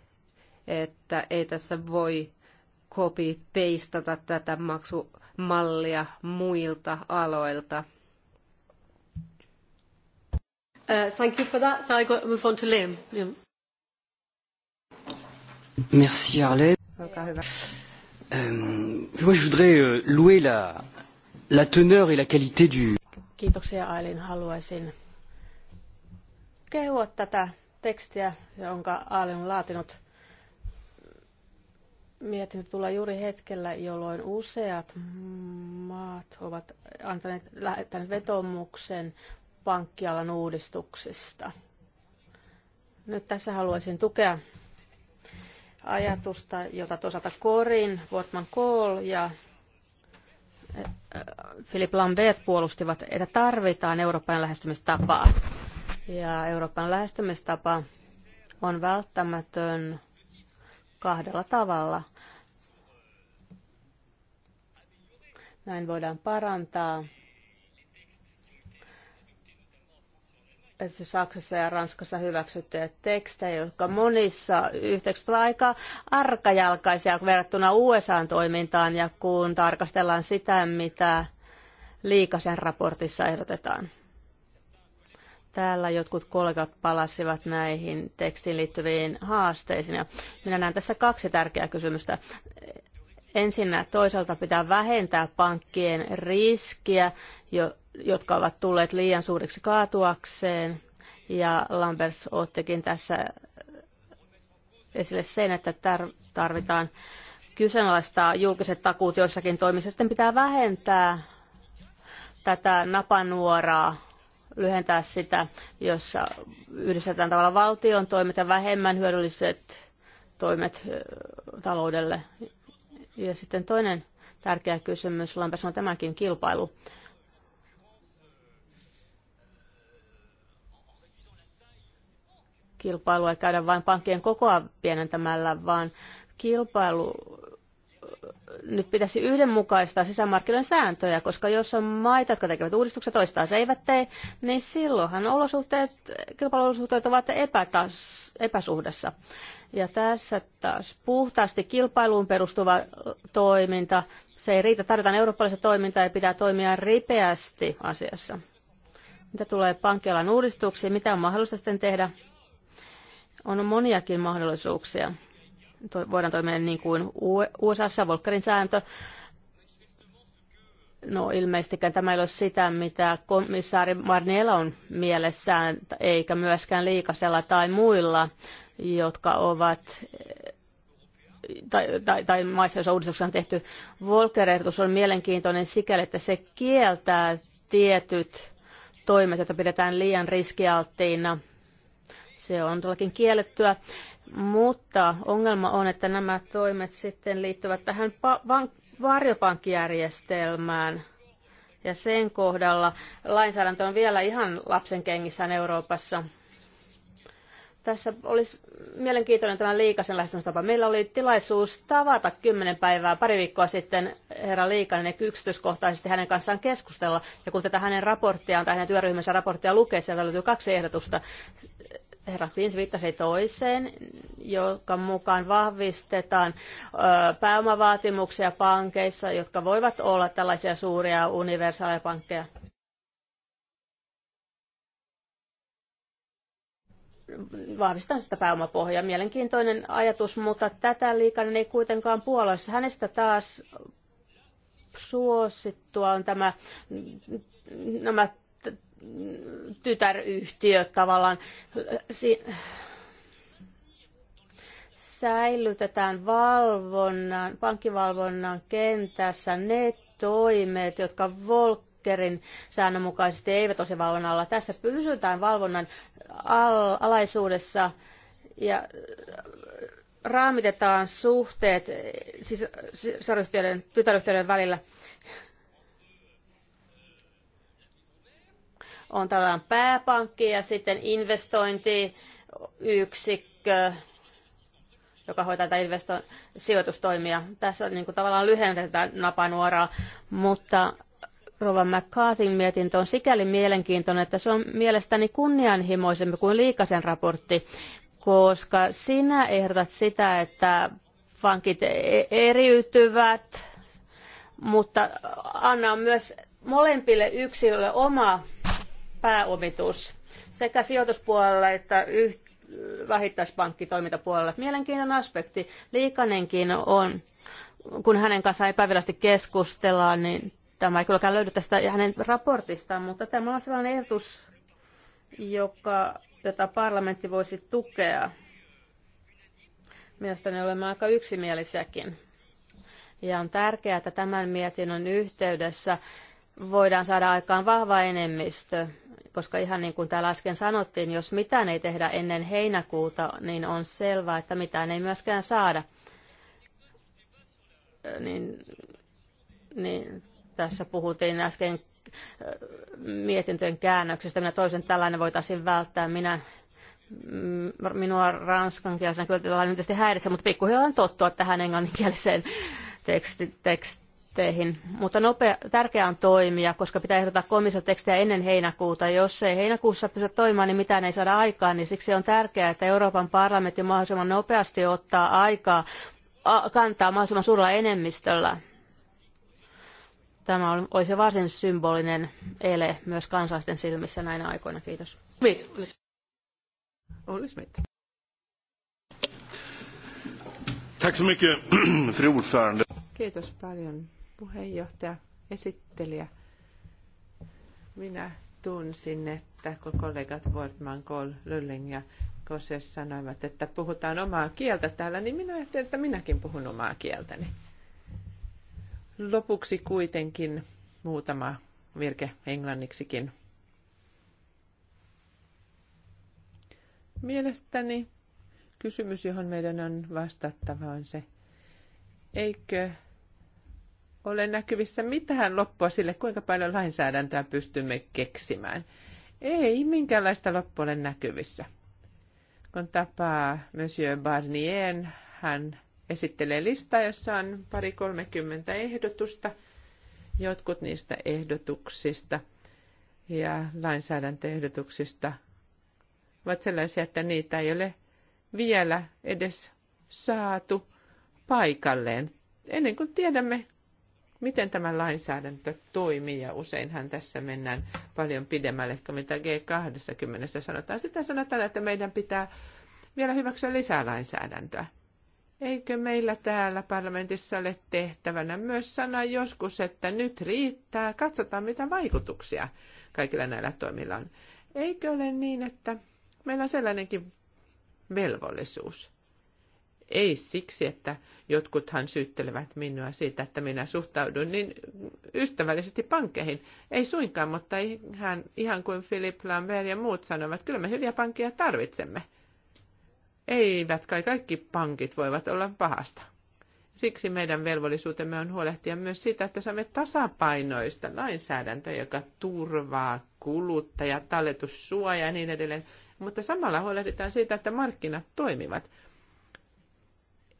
että ei tässä voi copy-peistata tätä maksumallia muilta aloilta. Uh, thank you for that. So I got move on to Liam. Yeah. Merci Arlette. Euh, moi, je voudrais euh, louer la, la teneur et la qualité du. Kiitoksia Ailin. Haluaisin kehua tätä tekstiä, jonka Ailin on laatinut. Mietintö tulee juuri hetkellä, jolloin useat maat ovat antaneet, lähettäneet vetomuksen pankkialan uudistuksista. Nyt tässä haluaisin tukea ajatusta, jota toisaalta Korin, Wortman Kohl ja äh, Philip Lambert puolustivat, että tarvitaan Euroopan lähestymistapaa. Ja Euroopan lähestymistapa on välttämätön kahdella tavalla. Näin voidaan parantaa Saksassa ja Ranskassa hyväksyttyjä tekstejä, jotka monissa yhteyksissä ovat aika arkajalkaisia verrattuna usa toimintaan ja kun tarkastellaan sitä, mitä Liikasen raportissa ehdotetaan. Täällä jotkut kollegat palasivat näihin tekstiin liittyviin haasteisiin. Ja minä näen tässä kaksi tärkeää kysymystä. Ensinnä toisaalta pitää vähentää pankkien riskiä, jotka ovat tulleet liian suuriksi kaatuakseen. Ja Lamberts ottikin tässä esille sen, että tarvitaan kyseenalaistaa julkiset takuut joissakin toimissa. Sitten pitää vähentää tätä napanuoraa lyhentää sitä, jossa yhdistetään tavalla valtion toimet ja vähemmän hyödylliset toimet taloudelle. Ja sitten toinen tärkeä kysymys, Lampas on tämäkin kilpailu. Kilpailu ei käydä vain pankkien kokoa pienentämällä, vaan kilpailu nyt pitäisi yhdenmukaistaa sisämarkkinoiden sääntöjä, koska jos on maita, jotka tekevät uudistuksia, toistaan se eivät tee, niin silloinhan olosuhteet, kilpailuolosuhteet ovat epätas, epäsuhdassa. Ja tässä taas puhtaasti kilpailuun perustuva toiminta, se ei riitä, tarvitaan eurooppalaista toimintaa ja pitää toimia ripeästi asiassa. Mitä tulee pankkialan uudistuksiin, mitä on mahdollista sitten tehdä? On moniakin mahdollisuuksia voidaan toimia niin kuin USA, Volkkarin sääntö. No ilmeisestikään tämä ei ole sitä, mitä komissaari Marniela on mielessään, eikä myöskään Liikasella tai muilla, jotka ovat tai, tai, tai maissa, joissa uudistuksessa on tehty. volker on mielenkiintoinen sikäli, että se kieltää tietyt toimet, joita pidetään liian riskialttiina. Se on todellakin kiellettyä. Mutta ongelma on, että nämä toimet sitten liittyvät tähän varjopankkijärjestelmään. Ja sen kohdalla lainsäädäntö on vielä ihan lapsen kengissään Euroopassa. Tässä olisi mielenkiintoinen tämä Liikasen lähestymistapa. Meillä oli tilaisuus tavata kymmenen päivää pari viikkoa sitten herra Liikanen ja yksityiskohtaisesti hänen kanssaan keskustella. Ja kun tätä hänen raporttiaan tai hänen työryhmänsä raporttia lukee, sieltä löytyy kaksi ehdotusta herra Klins viittasi toiseen, jonka mukaan vahvistetaan pääomavaatimuksia pankeissa, jotka voivat olla tällaisia suuria universaaleja pankkeja. Vahvistan sitä pääomapohjaa. Mielenkiintoinen ajatus, mutta tätä liikanen ei kuitenkaan puolueessa. Hänestä taas suosittua on tämä, nämä tytäryhtiöt tavallaan säilytetään valvonnan, pankkivalvonnan kentässä ne toimet, jotka volkerin säännönmukaisesti eivät ole valvonnan alla. Tässä pysytään valvonnan alaisuudessa ja äh, raamitetaan suhteet siis tytäryhtiöiden välillä. On tällainen pääpankki ja sitten investointiyksikkö, joka hoitaa tätä investo- sijoitustoimia. Tässä on niin kuin tavallaan lyhennetään napanuoraa, mutta Rova McCarthyn mietintö on sikäli mielenkiintoinen, että se on mielestäni kunnianhimoisempi kuin Liikasen raportti, koska sinä ehdotat sitä, että pankit e- eriytyvät, mutta anna myös molempille yksilöille oma pääomitus sekä sijoituspuolella että yh- vähittäispankkitoimintapuolella. Mielenkiintoinen aspekti. Liikanenkin on, kun hänen kanssaan epävirallisesti keskustellaan, niin tämä ei kylläkään löydy tästä hänen raportistaan, mutta tämä on sellainen ehdotus, joka, jota parlamentti voisi tukea. Mielestäni olemme aika yksimielisiäkin. Ja on tärkeää, että tämän mietinnön yhteydessä voidaan saada aikaan vahva enemmistö koska ihan niin kuin täällä äsken sanottiin, jos mitään ei tehdä ennen heinäkuuta, niin on selvää, että mitään ei myöskään saada. Niin, niin tässä puhuttiin äsken mietintöjen käännöksestä. Minä toisen tällainen voitaisiin välttää. Minä minua ranskan kielisenä kyllä tällainen tietysti häiritsee, mutta pikkuhiljaa on tottua tähän englanninkieliseen teksti, tekst, kommentteihin, mutta nopea, tärkeää on toimia, koska pitää ehdottaa komissa tekstiä ennen heinäkuuta. Jos ei heinäkuussa pysty toimimaan, niin mitään ei saada aikaan, niin siksi on tärkeää, että Euroopan parlamentti mahdollisimman nopeasti ottaa aikaa kantaa mahdollisimman suurella enemmistöllä. Tämä olisi varsin symbolinen ele myös kansalaisten silmissä näinä aikoina. Kiitos. Tack så mycket, fru ordförande. Kiitos paljon puheenjohtaja, esittelijä. Minä tunsin, että kun kollegat Wortman, Kohl, Lölling ja Kose sanoivat, että puhutaan omaa kieltä täällä, niin minä ajattelin, että minäkin puhun omaa kieltäni. Lopuksi kuitenkin muutama virke englanniksikin. Mielestäni kysymys, johon meidän on vastattava, on se, eikö ole näkyvissä mitään loppua sille, kuinka paljon lainsäädäntöä pystymme keksimään. Ei minkäänlaista loppua ole näkyvissä. Kun tapaa Monsieur Barnier, hän esittelee listaa, jossa on pari kolmekymmentä ehdotusta, jotkut niistä ehdotuksista ja lainsäädäntöehdotuksista ovat sellaisia, että niitä ei ole vielä edes saatu paikalleen ennen kuin tiedämme, miten tämä lainsäädäntö toimii, ja useinhan tässä mennään paljon pidemmälle kuin mitä G20 sanotaan. Sitä sanotaan, että meidän pitää vielä hyväksyä lisää lainsäädäntöä. Eikö meillä täällä parlamentissa ole tehtävänä myös sanoa joskus, että nyt riittää, katsotaan mitä vaikutuksia kaikilla näillä toimilla on. Eikö ole niin, että meillä on sellainenkin velvollisuus? Ei siksi, että jotkuthan syyttelevät minua siitä, että minä suhtaudun niin ystävällisesti pankkeihin. Ei suinkaan, mutta ihan, ihan kuin Philip Lambert ja muut sanovat, kyllä me hyviä pankkeja tarvitsemme. Eivät kai kaikki pankit voivat olla pahasta. Siksi meidän velvollisuutemme on huolehtia myös siitä, että saamme tasapainoista lainsäädäntöä, joka turvaa kuluttaja, talletussuoja ja niin edelleen. Mutta samalla huolehditaan siitä, että markkinat toimivat –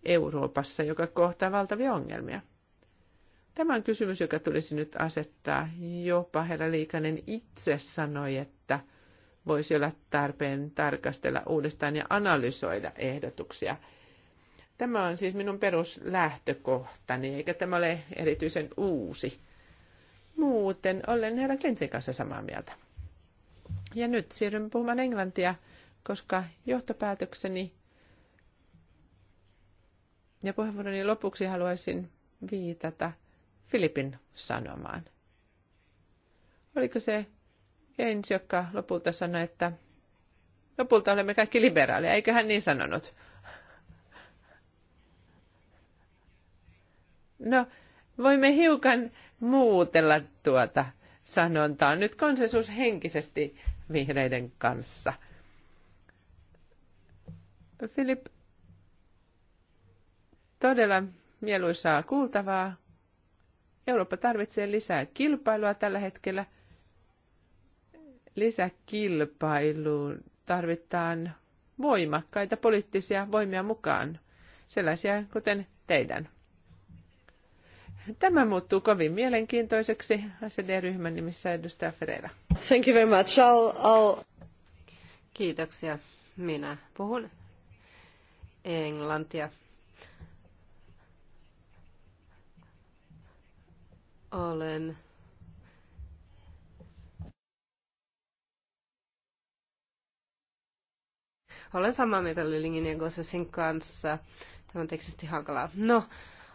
Euroopassa, joka kohtaa valtavia ongelmia. Tämä on kysymys, joka tulisi nyt asettaa. Jopa herra Liikanen itse sanoi, että voisi olla tarpeen tarkastella uudestaan ja analysoida ehdotuksia. Tämä on siis minun peruslähtökohtani, eikä tämä ole erityisen uusi. Muuten olen herra Klintin kanssa samaa mieltä. Ja nyt siirryn puhumaan englantia, koska johtopäätökseni ja puheenvuoroni lopuksi haluaisin viitata Filipin sanomaan. Oliko se Jens, joka lopulta sanoi, että lopulta olemme kaikki liberaaleja, eikö hän niin sanonut? No, voimme hiukan muutella tuota sanontaa. Nyt konsensus henkisesti vihreiden kanssa. Filip todella mieluisaa kuultavaa. Eurooppa tarvitsee lisää kilpailua tällä hetkellä. Lisäkilpailuun tarvitaan voimakkaita poliittisia voimia mukaan, sellaisia kuten teidän. Tämä muuttuu kovin mielenkiintoiseksi SED-ryhmän nimissä edustaja Ferreira. Thank you very much. I'll, I'll... Kiitoksia. Minä puhun englantia. olen olen samaa mieltä Lillingin ja Gossessin kanssa. Tämä on tekstisesti hankalaa. No,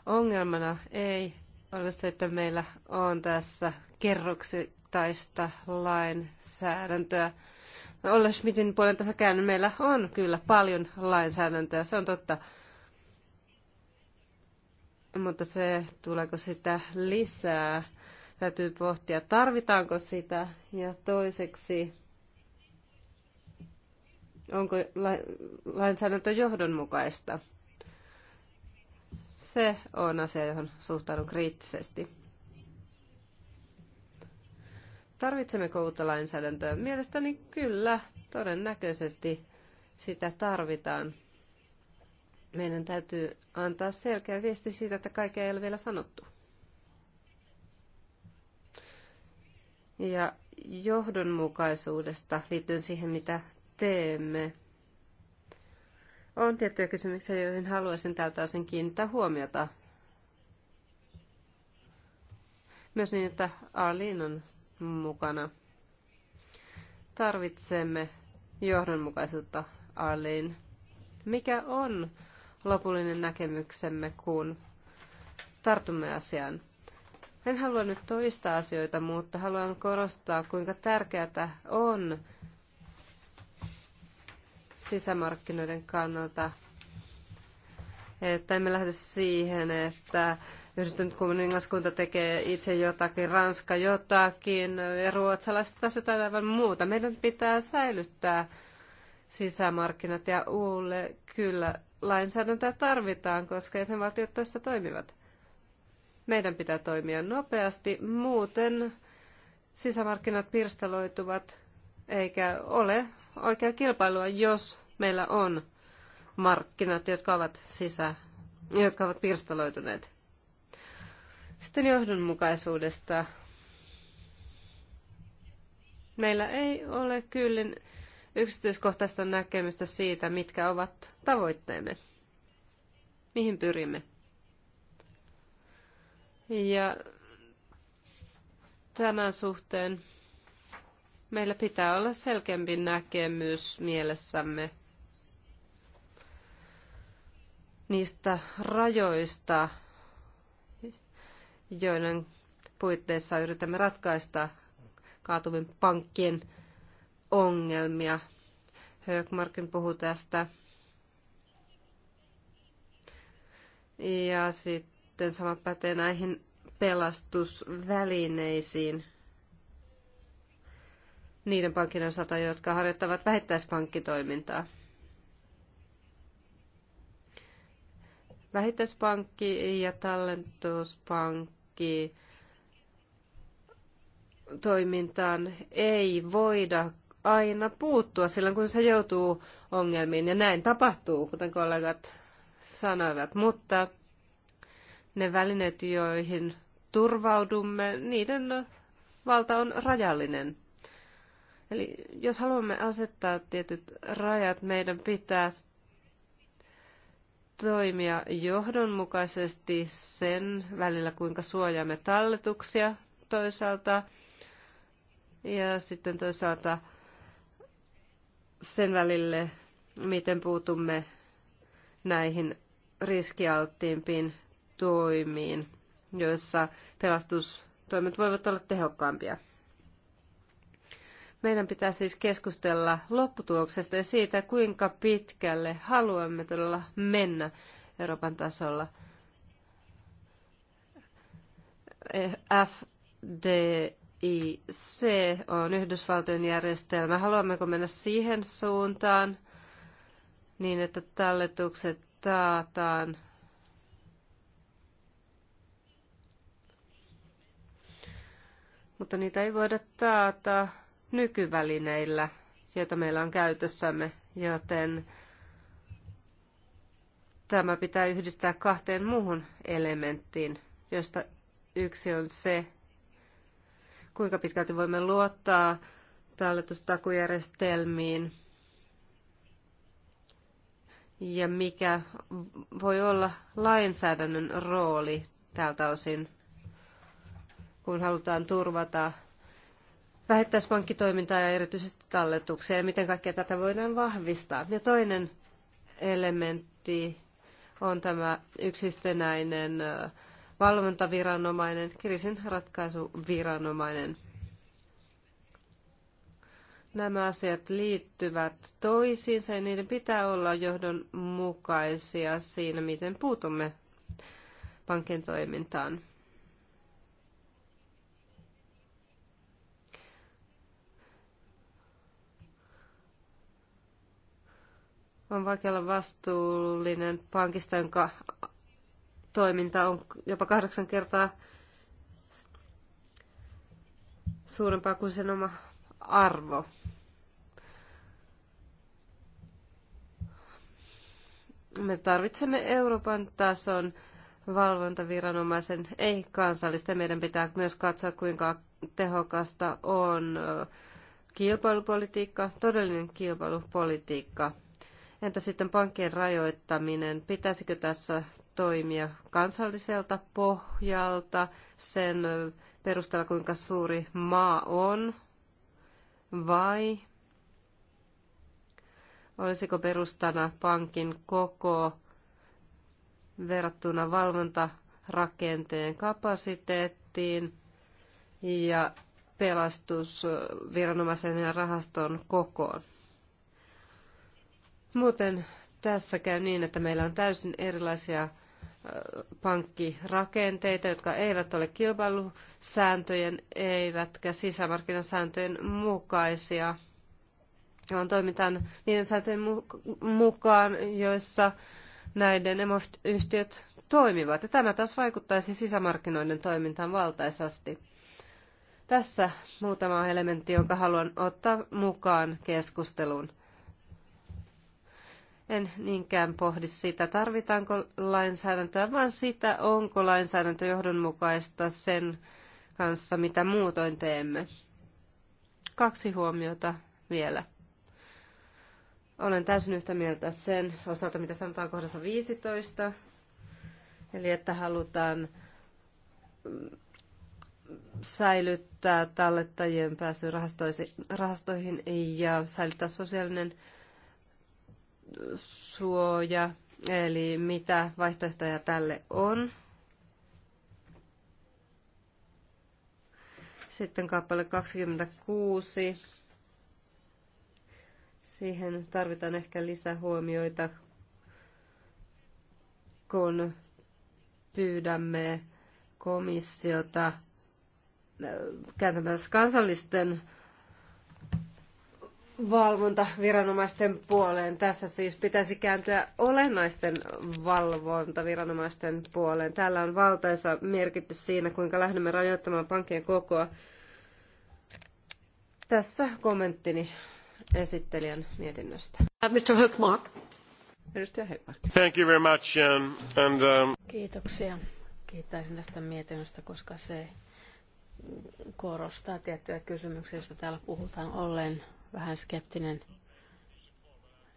ongelmana ei ole se, että meillä on tässä kerroksitaista lainsäädäntöä. No, Olle Schmidtin puolen tässä käynyt, meillä on kyllä paljon lainsäädäntöä, se on totta mutta se, tuleeko sitä lisää, täytyy pohtia, tarvitaanko sitä. Ja toiseksi, onko lainsäädäntö johdonmukaista. Se on asia, johon suhtaudun kriittisesti. Tarvitsemmeko uutta lainsäädäntöä? Mielestäni kyllä, todennäköisesti sitä tarvitaan meidän täytyy antaa selkeä viesti siitä, että kaikkea ei ole vielä sanottu. Ja johdonmukaisuudesta liittyen siihen, mitä teemme. On tiettyjä kysymyksiä, joihin haluaisin tältä osin kiinnittää huomiota. Myös niin, että Arlin on mukana. Tarvitsemme johdonmukaisuutta, Arlin. Mikä on lopullinen näkemyksemme, kun tartumme asiaan. En halua nyt toista asioita, mutta haluan korostaa, kuinka tärkeää on sisämarkkinoiden kannalta, että emme lähde siihen, että yhdistynyt kuningaskunta tekee itse jotakin, Ranska jotakin ja ruotsalaiset taas jotain aivan muuta. Meidän pitää säilyttää sisämarkkinat ja Uulle kyllä lainsäädäntöä tarvitaan, koska jäsenvaltiot tässä toimivat. Meidän pitää toimia nopeasti, muuten sisämarkkinat pirstaloituvat eikä ole oikea kilpailua, jos meillä on markkinat, jotka ovat, sisä, jotka ovat pirstaloituneet. Sitten johdonmukaisuudesta. Meillä ei ole kyllin yksityiskohtaista näkemystä siitä, mitkä ovat tavoitteemme, mihin pyrimme. Ja tämän suhteen meillä pitää olla selkeämpi näkemys mielessämme niistä rajoista, joiden puitteissa yritämme ratkaista kaatuvien pankkien ongelmia. Högmarkin puhuu tästä. Ja sitten sama pätee näihin pelastusvälineisiin niiden pankin osalta, jotka harjoittavat vähittäispankkitoimintaa. Vähittäispankki ja tallentuspankki toimintaan ei voida aina puuttua silloin, kun se joutuu ongelmiin. Ja näin tapahtuu, kuten kollegat sanoivat. Mutta ne välineet, joihin turvaudumme, niiden valta on rajallinen. Eli jos haluamme asettaa tietyt rajat, meidän pitää toimia johdonmukaisesti sen välillä, kuinka suojaamme talletuksia toisaalta ja sitten toisaalta sen välille, miten puutumme näihin riskialttiimpiin toimiin, joissa pelastustoimet voivat olla tehokkaampia. Meidän pitää siis keskustella lopputuloksesta ja siitä, kuinka pitkälle haluamme todella mennä Euroopan tasolla. Eh, FD IC on Yhdysvaltojen järjestelmä. Haluammeko mennä siihen suuntaan niin, että talletukset taataan mutta niitä ei voida taata nykyvälineillä, joita meillä on käytössämme, joten tämä pitää yhdistää kahteen muuhun elementtiin, josta yksi on se, kuinka pitkälti voimme luottaa talletustakujärjestelmiin ja mikä voi olla lainsäädännön rooli tältä osin, kun halutaan turvata vähittäispankkitoimintaa ja erityisesti talletuksia ja miten kaikkea tätä voidaan vahvistaa. Ja toinen elementti on tämä yksi yhtenäinen valvontaviranomainen, kriisinratkaisuviranomainen. Nämä asiat liittyvät toisiinsa ja niiden pitää olla johdonmukaisia siinä, miten puutumme pankin toimintaan. on vaikea olla vastuullinen pankista, jonka toiminta on jopa kahdeksan kertaa suurempaa kuin sen oma arvo. Me tarvitsemme Euroopan tason valvontaviranomaisen, ei kansallista. Meidän pitää myös katsoa, kuinka tehokasta on kilpailupolitiikka, todellinen kilpailupolitiikka. Entä sitten pankkien rajoittaminen? Pitäisikö tässä toimia kansalliselta pohjalta sen perusteella, kuinka suuri maa on, vai olisiko perustana pankin koko verrattuna valvontarakenteen kapasiteettiin ja pelastusviranomaisen ja rahaston kokoon. Muuten tässä käy niin, että meillä on täysin erilaisia pankkirakenteita, jotka eivät ole kilpailusääntöjen eivätkä sisämarkkinasääntöjen mukaisia, vaan toimitaan niiden sääntöjen mukaan, joissa näiden emoyhtiöt toimivat. Ja tämä taas vaikuttaisi sisämarkkinoiden toimintaan valtaisasti. Tässä muutama elementti, jonka haluan ottaa mukaan keskusteluun. En niinkään pohdi sitä, tarvitaanko lainsäädäntöä, vaan sitä, onko lainsäädäntö johdonmukaista sen kanssa, mitä muutoin teemme. Kaksi huomiota vielä. Olen täysin yhtä mieltä sen osalta, mitä sanotaan kohdassa 15, eli että halutaan mm, säilyttää tallettajien pääsy rahastoihin ja säilyttää sosiaalinen suoja, eli mitä vaihtoehtoja tälle on. Sitten kappale 26. Siihen tarvitaan ehkä lisähuomioita, kun pyydämme komissiota äh, kääntämässä kansallisten valvontaviranomaisten puoleen. Tässä siis pitäisi kääntyä olennaisten valvontaviranomaisten puoleen. Tällä on valtaisa merkitys siinä, kuinka lähdemme rajoittamaan pankkien kokoa. Tässä kommenttini esittelijän mietinnöstä. Uh, Mr. Höckmark. Edustaja Höckmark. Thank you very much. Um, and, um... Kiitoksia. Kiittäisin tästä mietinnöstä, koska se korostaa tiettyjä kysymyksiä, joista täällä puhutaan ollen vähän skeptinen.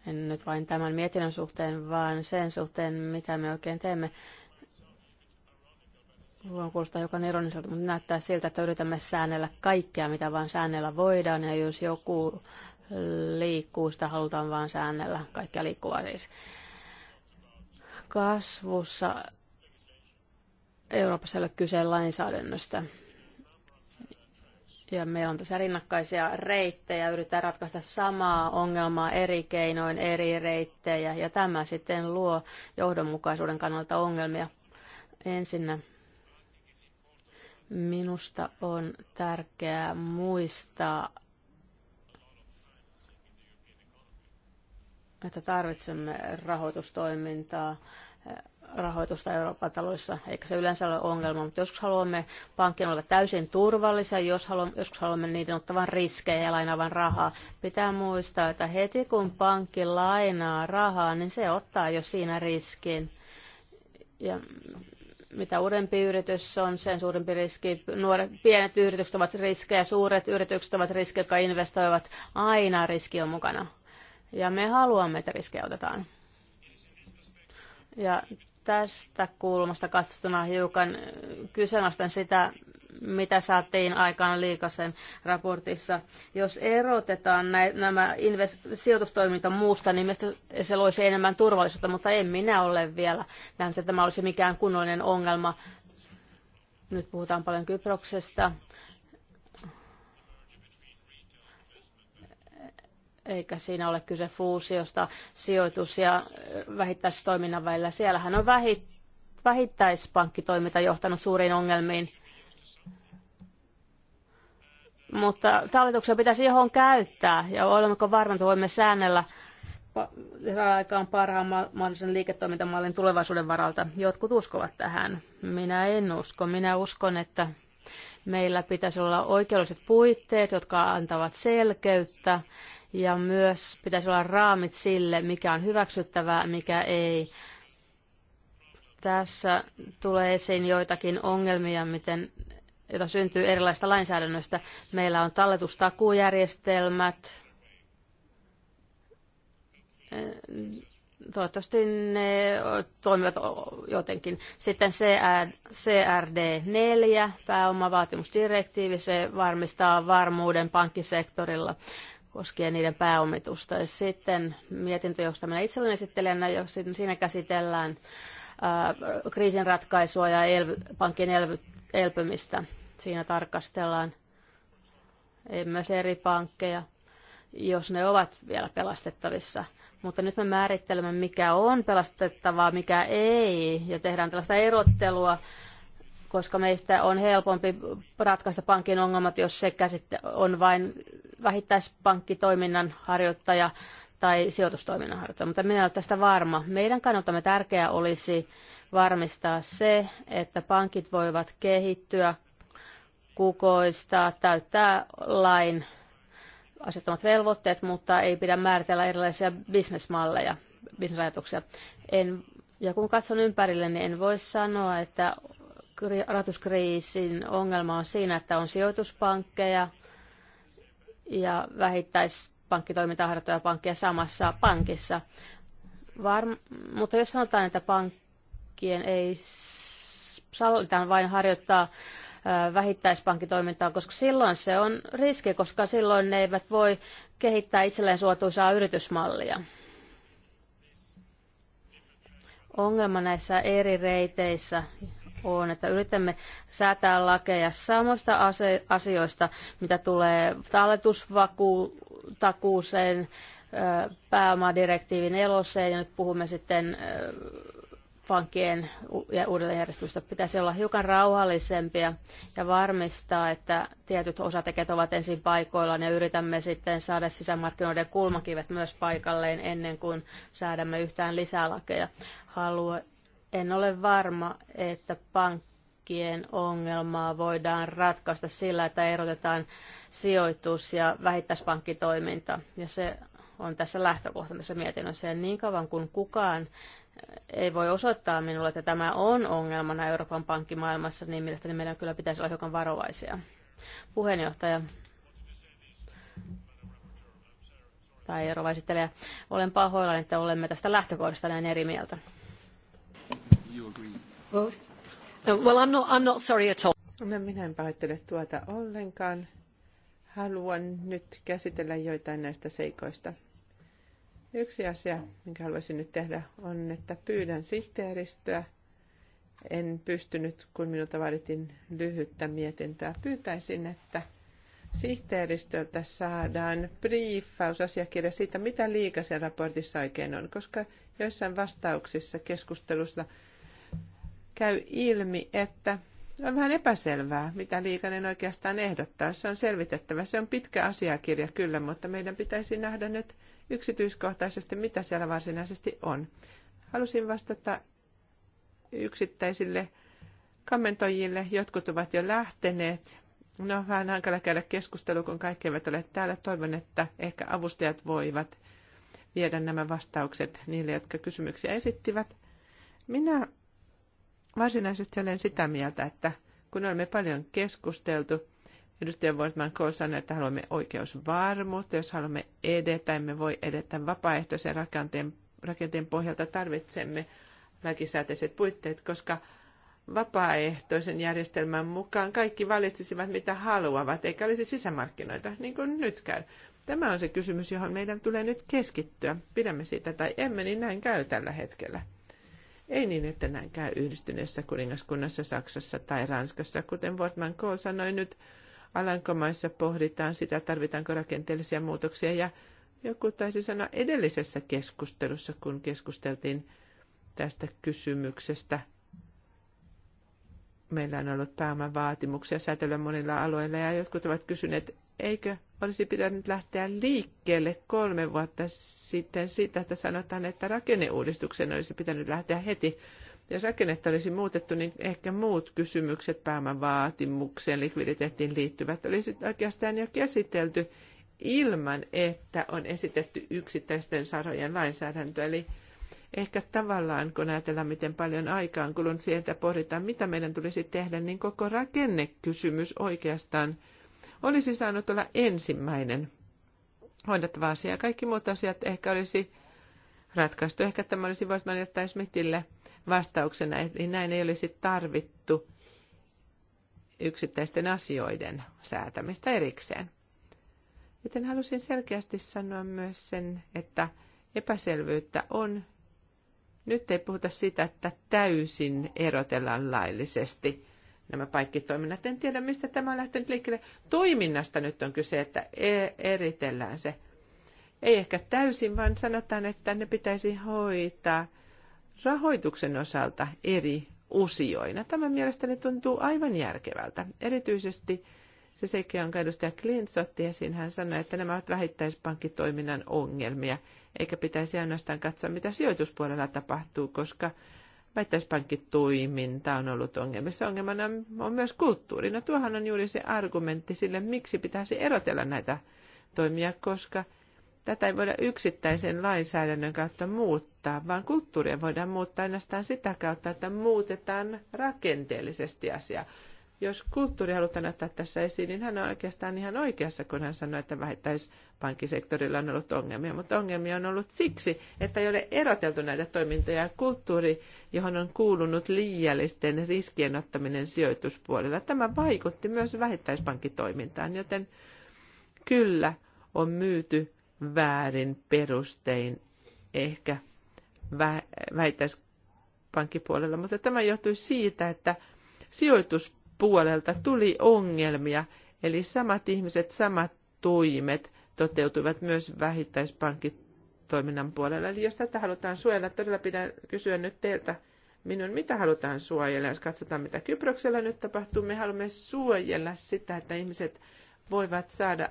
En nyt vain tämän mietinnön suhteen, vaan sen suhteen, mitä me oikein teemme. Voin kuulostaa hiukan ironiselta, mutta näyttää siltä, että yritämme säännellä kaikkea, mitä vain säännellä voidaan. Ja jos joku liikkuu, sitä halutaan vain säännellä. Kaikkea liikkuvaa siis. Kasvussa Euroopassa ei ole kyse lainsäädännöstä. Ja meillä on tässä rinnakkaisia reittejä, yritetään ratkaista samaa ongelmaa eri keinoin, eri reittejä, ja tämä sitten luo johdonmukaisuuden kannalta ongelmia. Ensinnä minusta on tärkeää muistaa, että tarvitsemme rahoitustoimintaa rahoitusta Euroopan taloudessa, eikä se yleensä ole ongelma, mutta joskus haluamme pankkien olla täysin turvallisia, jos haluamme, joskus haluamme niiden ottavan riskejä ja lainaavan rahaa. Pitää muistaa, että heti kun pankki lainaa rahaa, niin se ottaa jo siinä riskin. Ja mitä uudempi yritys on, sen suurempi riski. Nuoret, pienet yritykset ovat riskejä, suuret yritykset ovat riskejä, jotka investoivat. Aina riski on mukana. Ja me haluamme, että riskejä otetaan. Ja tästä kulmasta katsottuna hiukan kyseenalaistan sitä, mitä saatiin aikaan liikasen raportissa. Jos erotetaan nä- nämä invest- sijoitustoiminta muusta, niin se loisi enemmän turvallisuutta, mutta en minä ole vielä nähnyt, että tämä olisi mikään kunnollinen ongelma. Nyt puhutaan paljon Kyproksesta. eikä siinä ole kyse fuusiosta sijoitus- ja vähittäistoiminnan välillä. Siellähän on vähi, vähittäispankkitoiminta johtanut suuriin ongelmiin. Mutta talletuksia pitäisi johon käyttää ja olemmeko varma, että voimme säännellä saada aikaan parhaan mahdollisen liiketoimintamallin tulevaisuuden varalta. Jotkut uskovat tähän. Minä en usko. Minä uskon, että meillä pitäisi olla oikeudelliset puitteet, jotka antavat selkeyttä ja myös pitäisi olla raamit sille, mikä on hyväksyttävää, mikä ei. Tässä tulee esiin joitakin ongelmia, miten, joita syntyy erilaista lainsäädännöstä. Meillä on talletustakuujärjestelmät. Toivottavasti ne toimivat jotenkin. Sitten CRD4, pääomavaatimusdirektiivi, se varmistaa varmuuden pankkisektorilla koskien niiden pääomitusta. Ja sitten mietintö, josta minä olen esittelen, jos siinä käsitellään äh, kriisin ratkaisua ja elv- pankin elv- elpymistä. Siinä tarkastellaan myös eri pankkeja, jos ne ovat vielä pelastettavissa. Mutta nyt me määrittelemme, mikä on pelastettavaa, mikä ei, ja tehdään tällaista erottelua koska meistä on helpompi ratkaista pankin ongelmat, jos se käsitte on vain vähittäispankkitoiminnan harjoittaja tai sijoitustoiminnan harjoittaja, mutta minä olen tästä varma. Meidän kannaltamme tärkeää olisi varmistaa se, että pankit voivat kehittyä, kukoistaa, täyttää lain asettamat velvoitteet, mutta ei pidä määritellä erilaisia bisnesmalleja, bisnesajatuksia. En, ja kun katson ympärille, niin en voi sanoa, että rahoituskriisin ongelma on siinä, että on sijoituspankkeja ja vähittäispankkitoimintaa harjoittavia pankkeja samassa pankissa. Var, mutta jos sanotaan, että pankkien ei sallita vain harjoittaa vähittäispankkitoimintaa, koska silloin se on riski, koska silloin ne eivät voi kehittää itselleen suotuisaa yritysmallia. Ongelma näissä eri reiteissä on, että yritämme säätää lakeja samoista asioista, mitä tulee talletusvakuutakuuseen, pääomadirektiivin eloseen ja nyt puhumme sitten pankkien ja uudelleenjärjestelystä pitäisi olla hiukan rauhallisempia ja varmistaa, että tietyt osatekijät ovat ensin paikoillaan ja yritämme sitten saada sisämarkkinoiden kulmakivet myös paikalleen ennen kuin säädämme yhtään lisää lakeja. Halue, en ole varma, että pankkien ongelmaa voidaan ratkaista sillä, että erotetaan sijoitus- ja vähittäispankkitoiminta. Ja se on tässä lähtökohta tässä mietinnössä. Ja niin kauan kuin kukaan ei voi osoittaa minulle, että tämä on ongelmana Euroopan pankkimaailmassa, niin mielestäni meidän kyllä pitäisi olla hiukan varovaisia. Puheenjohtaja tai rouva olen pahoillani, että olemme tästä lähtökohdasta näin eri mieltä you agree? Vote? No, well, I'm not, I'm not sorry at all. No, minä en pahoittele tuota ollenkaan. Haluan nyt käsitellä joitain näistä seikoista. Yksi asia, minkä haluaisin nyt tehdä, on, että pyydän sihteeristöä. En pystynyt, kun minulta vaadittiin lyhyttä mietintöä. Pyytäisin, että sihteeristöltä saadaan briefausasiakirja siitä, mitä liikaisen raportissa oikein on, koska joissain vastauksissa keskustelussa käy ilmi, että on vähän epäselvää, mitä Liikanen oikeastaan ehdottaa. Se on selvitettävä. Se on pitkä asiakirja kyllä, mutta meidän pitäisi nähdä nyt yksityiskohtaisesti, mitä siellä varsinaisesti on. Halusin vastata yksittäisille kommentoijille. Jotkut ovat jo lähteneet. No, vähän hankala käydä keskustelu, kun kaikki eivät ole täällä. Toivon, että ehkä avustajat voivat viedä nämä vastaukset niille, jotka kysymyksiä esittivät. Minä Varsinaisesti olen sitä mieltä, että kun olemme paljon keskusteltu, edustaja Wortman Kohl sanoi, että haluamme oikeusvarmuutta, jos haluamme edetä, emme voi edetä vapaaehtoisen rakenteen, rakenteen pohjalta, tarvitsemme lakisääteiset puitteet, koska vapaaehtoisen järjestelmän mukaan kaikki valitsisivat mitä haluavat, eikä olisi sisämarkkinoita, niin kuin nyt käy. Tämä on se kysymys, johon meidän tulee nyt keskittyä. Pidämme siitä tai emme, niin näin käy tällä hetkellä. Ei niin, että näin käy yhdistyneessä kuningaskunnassa, Saksassa tai Ranskassa. Kuten Wortman K. sanoi, nyt Alankomaissa pohditaan sitä, tarvitaanko rakenteellisia muutoksia. Ja joku taisi sanoa edellisessä keskustelussa, kun keskusteltiin tästä kysymyksestä, meillä on ollut vaatimuksia säätelyä monilla alueilla ja jotkut ovat kysyneet, eikö olisi pitänyt lähteä liikkeelle kolme vuotta sitten siitä, että sanotaan, että rakenneuudistuksen olisi pitänyt lähteä heti. Jos rakennetta olisi muutettu, niin ehkä muut kysymykset pääoman vaatimukseen, likviditeettiin liittyvät, olisi oikeastaan jo käsitelty ilman, että on esitetty yksittäisten sarojen lainsäädäntö. Eli ehkä tavallaan, kun ajatellaan, miten paljon aikaa on kulunut sieltä pohditaan, mitä meidän tulisi tehdä, niin koko rakennekysymys oikeastaan – olisi saanut olla ensimmäinen hoidettava asia. Kaikki muut asiat ehkä olisi ratkaistu. Ehkä tämä olisi voinut menettää Smithille vastauksena, että näin ei olisi tarvittu yksittäisten asioiden säätämistä erikseen. Joten halusin selkeästi sanoa myös sen, että epäselvyyttä on. Nyt ei puhuta siitä, että täysin erotellaan laillisesti nämä kaikki toiminnat. En tiedä, mistä tämä on lähtenyt liikkeelle. Toiminnasta nyt on kyse, että e- eritellään se. Ei ehkä täysin, vaan sanotaan, että ne pitäisi hoitaa rahoituksen osalta eri osioina. Tämä mielestäni tuntuu aivan järkevältä. Erityisesti se seikka, jonka edustaja Klintz otti esiin, hän sanoi, että nämä ovat vähittäispankkitoiminnan ongelmia, eikä pitäisi ainoastaan katsoa, mitä sijoituspuolella tapahtuu, koska väittäispankkitoiminta on ollut ongelmissa. Ongelmana on myös kulttuuri. No tuohan on juuri se argumentti sille, miksi pitäisi erotella näitä toimia, koska tätä ei voida yksittäisen lainsäädännön kautta muuttaa, vaan kulttuuria voidaan muuttaa ainoastaan sitä kautta, että muutetaan rakenteellisesti asiaa. Jos kulttuuri halutaan ottaa tässä esiin, niin hän on oikeastaan ihan oikeassa, kun hän sanoi, että vähittäispankkisektorilla on ollut ongelmia. Mutta ongelmia on ollut siksi, että ei ole eroteltu näitä toimintoja. Kulttuuri, johon on kuulunut liiallisten riskien ottaminen sijoituspuolella, tämä vaikutti myös vähittäispankkitoimintaan, joten kyllä on myyty väärin perustein ehkä vähittäispankkipuolella. pankkipuolella, mutta tämä johtui siitä, että sijoituspuolella puolelta tuli ongelmia, eli samat ihmiset, samat toimet toteutuivat myös vähittäispankkitoiminnan puolella. Eli jos tätä halutaan suojella, todella pidän kysyä nyt teiltä, minun mitä halutaan suojella, jos katsotaan mitä Kyproksella nyt tapahtuu, me haluamme suojella sitä, että ihmiset voivat saada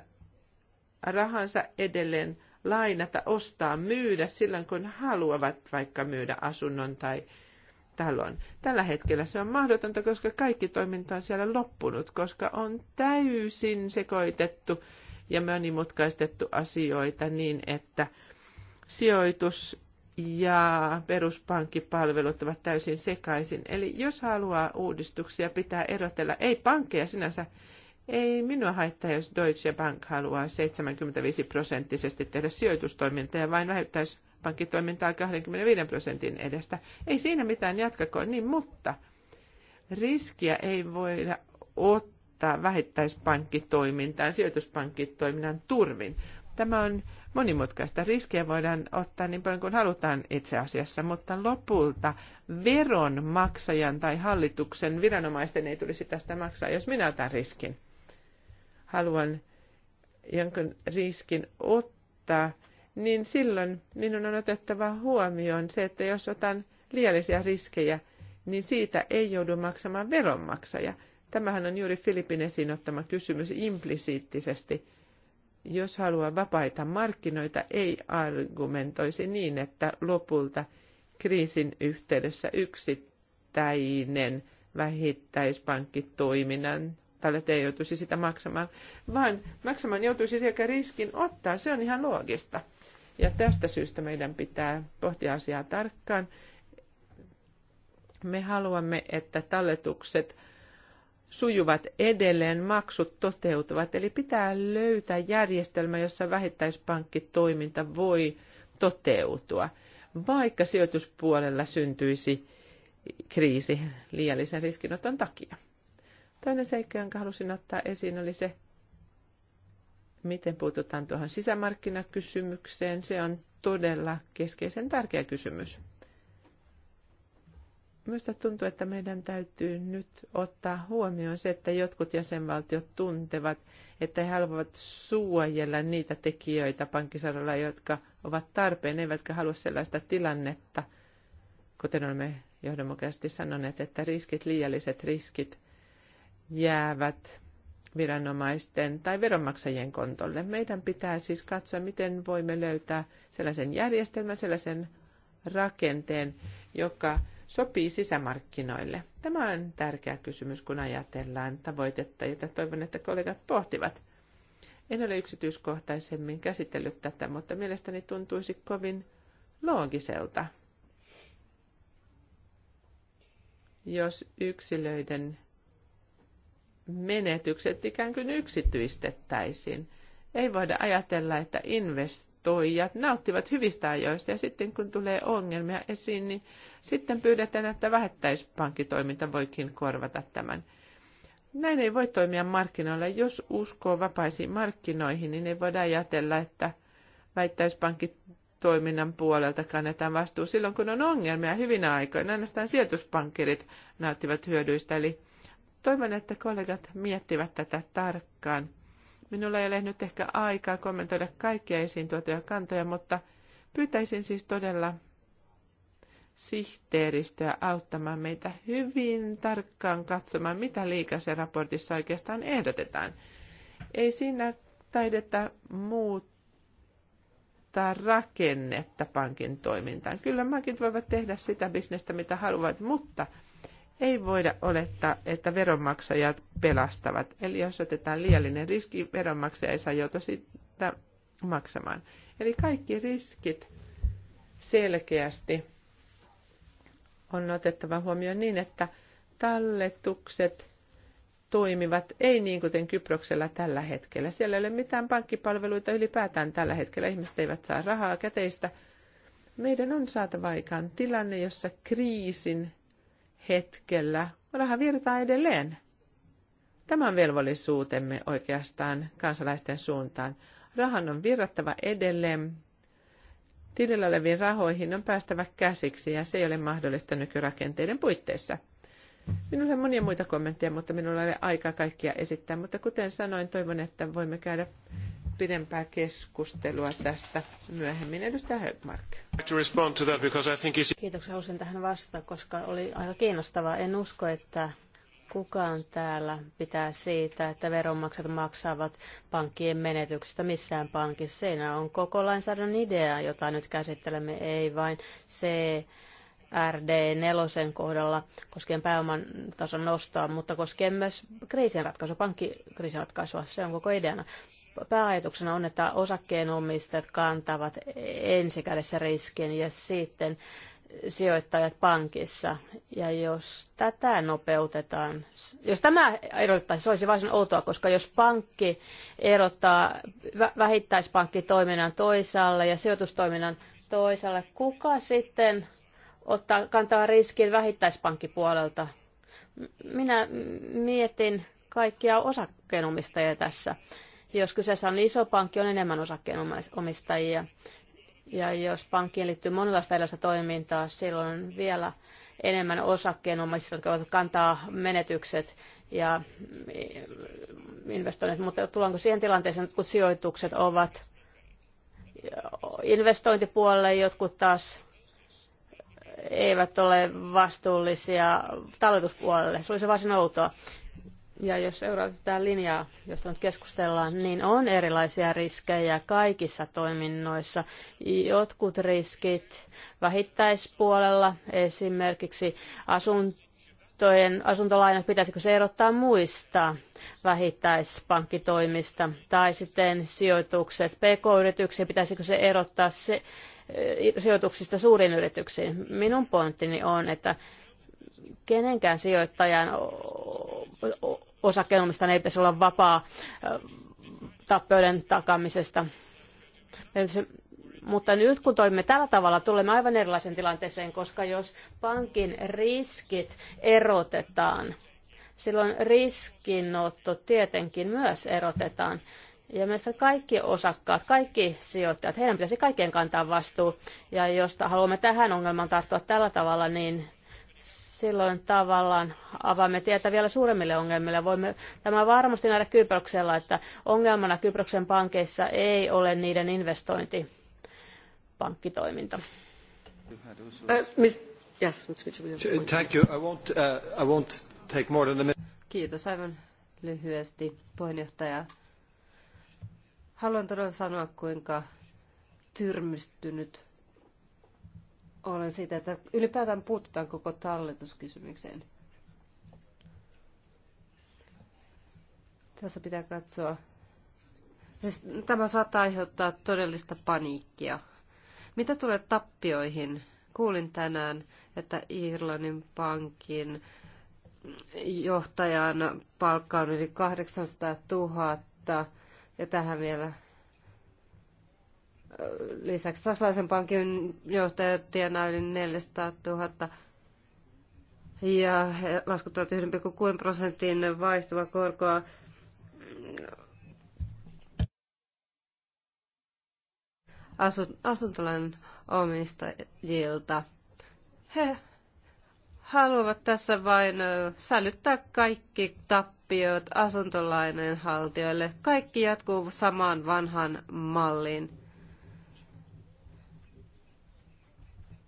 rahansa edelleen lainata, ostaa, myydä silloin kun haluavat vaikka myydä asunnon tai talon. Tällä hetkellä se on mahdotonta, koska kaikki toiminta on siellä loppunut, koska on täysin sekoitettu ja monimutkaistettu asioita niin, että sijoitus ja peruspankkipalvelut ovat täysin sekaisin. Eli jos haluaa uudistuksia, pitää erotella. Ei pankkeja sinänsä, ei minua haittaa, jos Deutsche Bank haluaa 75 prosenttisesti tehdä sijoitustoimintaa ja vain vähentäisi pankkitoimintaa 25 prosentin edestä. Ei siinä mitään, jatkakoon niin, mutta riskiä ei voida ottaa vähittäispankkitoimintaan, sijoituspankkitoiminnan turvin. Tämä on monimutkaista. Riskiä voidaan ottaa niin paljon kuin halutaan itse asiassa, mutta lopulta veronmaksajan tai hallituksen viranomaisten ei tulisi tästä maksaa, jos minä otan riskin. Haluan jonkun riskin ottaa niin silloin minun on otettava huomioon se, että jos otan liiallisia riskejä, niin siitä ei joudu maksamaan veronmaksaja. Tämähän on juuri Filipin esiin ottama kysymys implisiittisesti. Jos haluaa vapaita markkinoita, ei argumentoisi niin, että lopulta kriisin yhteydessä yksittäinen vähittäispankkitoiminnan tällöin ei joutuisi sitä maksamaan, vaan maksamaan joutuisi sekä riskin ottaa, se on ihan loogista. Ja tästä syystä meidän pitää pohtia asiaa tarkkaan. Me haluamme, että talletukset sujuvat edelleen, maksut toteutuvat. Eli pitää löytää järjestelmä, jossa vähittäispankkitoiminta voi toteutua, vaikka sijoituspuolella syntyisi kriisi liiallisen riskinoton takia. Toinen seikka, jonka halusin ottaa esiin, oli se, miten puututaan tuohon sisämarkkinakysymykseen. Se on todella keskeisen tärkeä kysymys. Minusta tuntuu, että meidän täytyy nyt ottaa huomioon se, että jotkut jäsenvaltiot tuntevat, että he haluavat suojella niitä tekijöitä pankkisaralla, jotka ovat tarpeen, eivätkä halua sellaista tilannetta, kuten olemme johdonmukaisesti sanoneet, että riskit, liialliset riskit jäävät viranomaisten tai veronmaksajien kontolle. Meidän pitää siis katsoa, miten voimme löytää sellaisen järjestelmän, sellaisen rakenteen, joka sopii sisämarkkinoille. Tämä on tärkeä kysymys, kun ajatellaan tavoitetta, jota toivon, että kollegat pohtivat. En ole yksityiskohtaisemmin käsitellyt tätä, mutta mielestäni tuntuisi kovin loogiselta, jos yksilöiden menetykset ikään kuin yksityistettäisiin. Ei voida ajatella, että investoijat nauttivat hyvistä ajoista ja sitten kun tulee ongelmia esiin, niin sitten pyydetään, että vähettäispankkitoiminta voikin korvata tämän. Näin ei voi toimia markkinoilla. Jos uskoo vapaisiin markkinoihin, niin ei voida ajatella, että väittäispankkitoiminnan puolelta kannetaan vastuu silloin, kun on ongelmia hyvinä aikoina. Ainoastaan sijoituspankkirit nauttivat hyödyistä, eli Toivon, että kollegat miettivät tätä tarkkaan. Minulla ei ole nyt ehkä aikaa kommentoida kaikkia esiin tuotuja kantoja, mutta pyytäisin siis todella sihteeristöä auttamaan meitä hyvin tarkkaan katsomaan, mitä liikaisen raportissa oikeastaan ehdotetaan. Ei siinä taideta muuttaa rakennetta pankin toimintaan. Kyllä pankit voivat tehdä sitä bisnestä, mitä haluavat, mutta – ei voida olettaa, että veronmaksajat pelastavat. Eli jos otetaan liiallinen riski, veronmaksaja ei saa joutua sitä maksamaan. Eli kaikki riskit selkeästi on otettava huomioon niin, että talletukset toimivat ei niin kuten Kyproksella tällä hetkellä. Siellä ei ole mitään pankkipalveluita ylipäätään tällä hetkellä. Ihmiset eivät saa rahaa käteistä. Meidän on saatava aikaan tilanne, jossa kriisin hetkellä raha virtaa edelleen. Tämän velvollisuutemme oikeastaan kansalaisten suuntaan. Rahan on virrattava edelleen. Tilillä oleviin rahoihin on päästävä käsiksi ja se ei ole mahdollista nykyrakenteiden puitteissa. Minulla on monia muita kommentteja, mutta minulla ei ole aikaa kaikkia esittää. Mutta kuten sanoin, toivon, että voimme käydä pidempää keskustelua tästä myöhemmin. Edustaja Högmark. Kiitoksia, halusin tähän vastata, koska oli aika kiinnostavaa. En usko, että kukaan täällä pitää siitä, että veronmaksajat maksavat pankkien menetyksistä missään pankissa. Siinä on koko lainsäädännön idea, jota nyt käsittelemme, ei vain se, RD4 kohdalla koskien pääoman tason nostoa, mutta koskien myös kriisinratkaisua, pankkikriisinratkaisua. Se on koko ideana pääajatuksena on, että osakkeenomistajat kantavat ensikädessä riskin ja sitten sijoittajat pankissa. Ja jos tätä nopeutetaan, jos tämä erottaisi, se olisi varsin outoa, koska jos pankki erottaa vähittäispankkitoiminnan toisaalle ja sijoitustoiminnan toisaalle, kuka sitten ottaa, kantaa riskin vähittäispankkipuolelta? Minä mietin kaikkia osakkeenomistajia tässä. Jos kyseessä on iso pankki, on enemmän osakkeenomistajia. Ja jos pankkiin liittyy monenlaista erilaista toimintaa, silloin on vielä enemmän osakkeenomistajia, jotka voivat kantaa menetykset ja mm, investoinnit. Mutta tullaanko siihen tilanteeseen, kun sijoitukset ovat investointipuolelle, jotkut taas eivät ole vastuullisia talletuspuolelle. Se olisi varsin outoa. Ja jos seurataan linjaa, josta nyt keskustellaan, niin on erilaisia riskejä kaikissa toiminnoissa. Jotkut riskit vähittäispuolella, esimerkiksi asuntojen, asuntolainat, pitäisikö se erottaa muista vähittäispankkitoimista, tai sitten sijoitukset pk-yrityksiin, pitäisikö se erottaa se, eh, sijoituksista suuriin yrityksiin. Minun pointtini on, että kenenkään sijoittajan osakkeenomistajan ei pitäisi olla vapaa tappioiden takamisesta. Mutta nyt kun toimimme tällä tavalla, tulemme aivan erilaisen tilanteeseen, koska jos pankin riskit erotetaan, silloin riskinotto tietenkin myös erotetaan. Ja meistä kaikki osakkaat, kaikki sijoittajat, heidän pitäisi kaikkien kantaa vastuu. Ja jos haluamme tähän ongelmaan tarttua tällä tavalla, niin silloin tavallaan avaamme tietä vielä suuremmille ongelmille. Voimme tämä varmasti nähdä Kyproksella, että ongelmana Kyproksen pankeissa ei ole niiden investointi uh, Thank you. Uh, I won't, take more than a minute. Kiitos aivan lyhyesti puheenjohtaja. Haluan todella sanoa, kuinka tyrmistynyt olen siitä, että ylipäätään puututaan koko talletuskysymykseen. Tässä pitää katsoa. Siis tämä saattaa aiheuttaa todellista paniikkia. Mitä tulee tappioihin? Kuulin tänään, että Irlannin pankin johtajan palkka on yli 800 000 ja tähän vielä Lisäksi Saksalaisen pankin johtaja tienaa yli 400 000 ja he laskuttavat 1,6 prosentin vaihtuvaa korkoa. asuntolan omistajilta. He haluavat tässä vain sälyttää kaikki tappiot asuntolainen haltijoille. Kaikki jatkuu samaan vanhan malliin.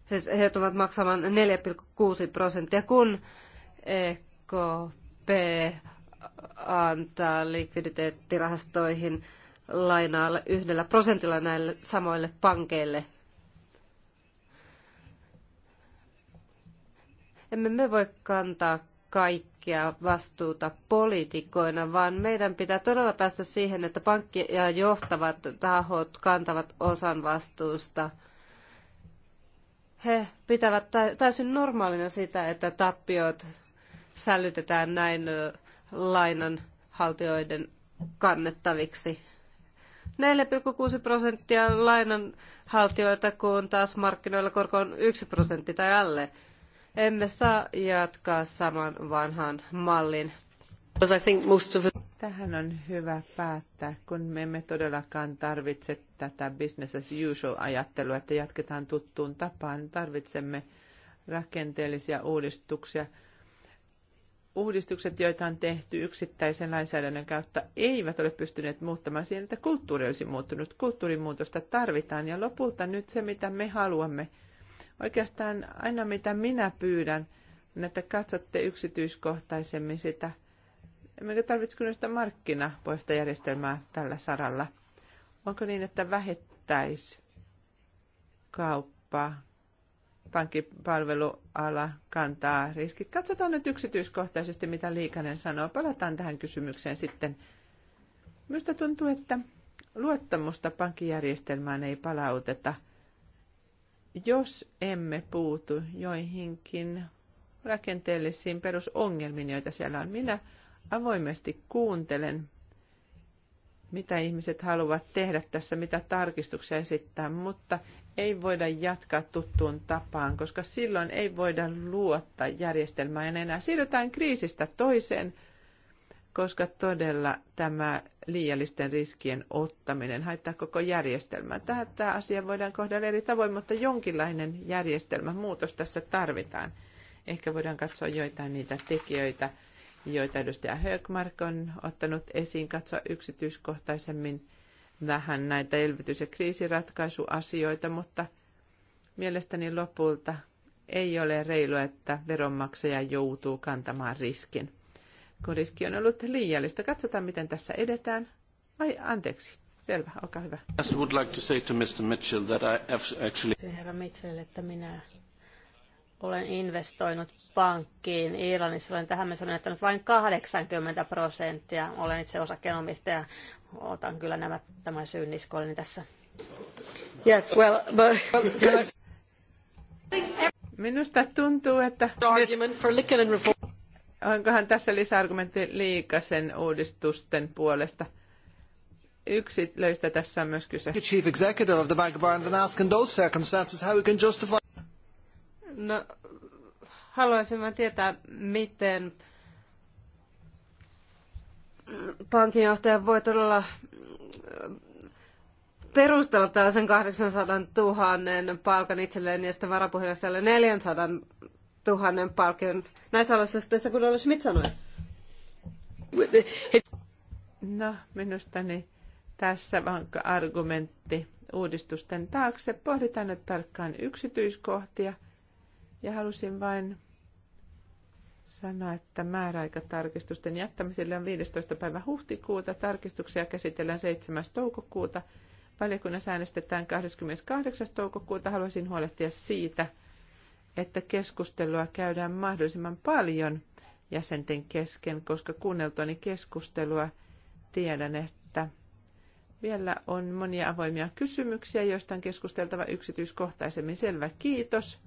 Siis he tulevat maksamaan 4,6 prosenttia, kun EKP antaa likviditeettirahastoihin lainaa yhdellä prosentilla näille samoille pankeille. Emme me voi kantaa kaikkea vastuuta poliitikoina, vaan meidän pitää todella päästä siihen, että ja johtavat tahot kantavat osan vastuusta – he pitävät täysin normaalina sitä, että tappiot sälytetään näin lainanhaltijoiden kannettaviksi. 4,6 prosenttia lainanhaltijoita, kun taas markkinoilla korko on 1 prosentti tai alle. Emme saa jatkaa saman vanhan mallin tähän on hyvä päättää, kun me emme todellakaan tarvitse tätä business as usual ajattelua, että jatketaan tuttuun tapaan. Tarvitsemme rakenteellisia uudistuksia. Uudistukset, joita on tehty yksittäisen lainsäädännön kautta, eivät ole pystyneet muuttamaan siihen, että kulttuuri olisi muuttunut. Kulttuurimuutosta tarvitaan ja lopulta nyt se, mitä me haluamme. Oikeastaan aina mitä minä pyydän, että katsotte yksityiskohtaisemmin sitä – Emmekö tarvitse sitä markkinapoista järjestelmää tällä saralla? Onko niin, että vähettäis kauppaa? Pankkipalveluala kantaa riskit. Katsotaan nyt yksityiskohtaisesti, mitä Liikanen sanoo. Palataan tähän kysymykseen sitten. Minusta tuntuu, että luottamusta pankkijärjestelmään ei palauteta, jos emme puutu joihinkin rakenteellisiin perusongelmiin, joita siellä on. Minä avoimesti kuuntelen, mitä ihmiset haluavat tehdä tässä, mitä tarkistuksia esittää, mutta ei voida jatkaa tuttuun tapaan, koska silloin ei voida luottaa järjestelmään enää. Siirrytään kriisistä toiseen, koska todella tämä liiallisten riskien ottaminen haittaa koko järjestelmää. Tätä asiaa voidaan kohdella eri tavoin, mutta jonkinlainen järjestelmämuutos muutos tässä tarvitaan. Ehkä voidaan katsoa joitain niitä tekijöitä, joita edustaja Högmark on ottanut esiin, katsoa yksityiskohtaisemmin vähän näitä elvytys- ja kriisiratkaisuasioita, mutta mielestäni lopulta ei ole reilua, että veronmaksaja joutuu kantamaan riskin. Kun riski on ollut liiallista, katsotaan miten tässä edetään. Ai, anteeksi. Selvä, olkaa hyvä. I would like to say to Mr. Mitchell that I actually... että minä olen investoinut pankkiin Irlannissa. Olen tähän mennessä menettänyt vain 80 prosenttia. Olen itse osakkeenomistaja. Otan kyllä nämä tämän syyn niskoilleni tässä. Yes, well, but... Minusta tuntuu, että... Onkohan tässä lisäargumentti liikasen uudistusten puolesta? Yksilöistä tässä on myös kyse. Chief Executive of the Bank of Ireland and asking those circumstances how we can justify No, haluaisin mä tietää, miten pankinjohtaja voi todella äh, perustella sen 800 000 palkan itselleen ja sitten varapuheenjohtajalle 400 000 palkan näissä olosuhteissa, kun olisi mit sanoi. No, niin tässä vankka argumentti uudistusten taakse. Pohditaan nyt tarkkaan yksityiskohtia – ja halusin vain sanoa, että määräaikatarkistusten jättämiselle on 15. päivä huhtikuuta. Tarkistuksia käsitellään 7. toukokuuta. Valiokunnassa äänestetään 28. toukokuuta. Haluaisin huolehtia siitä, että keskustelua käydään mahdollisimman paljon jäsenten kesken, koska kuunneltuani keskustelua tiedän, että vielä on monia avoimia kysymyksiä, joista on keskusteltava yksityiskohtaisemmin. Selvä, kiitos.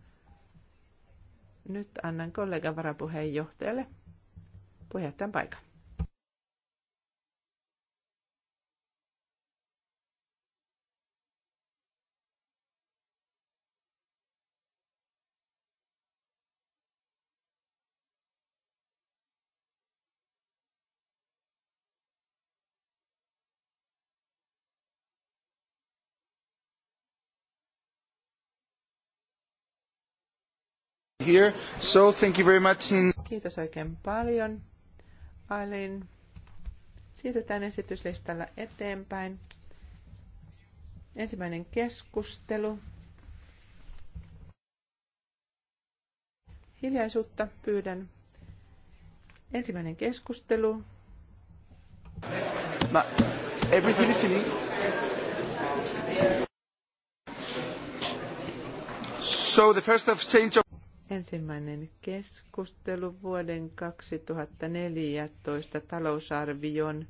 Nyt annan kollegan varapuheenjohtajalle puheenjohtajan paikan. here. So thank you very much. Kiitos oikein paljon, Aileen. Siirrytään esityslistalla eteenpäin. Ensimmäinen keskustelu. Hiljaisuutta pyydän. Ensimmäinen keskustelu. Ma, everything is in English. So the first exchange of ensimmäinen keskustelu vuoden 2014 talousarvion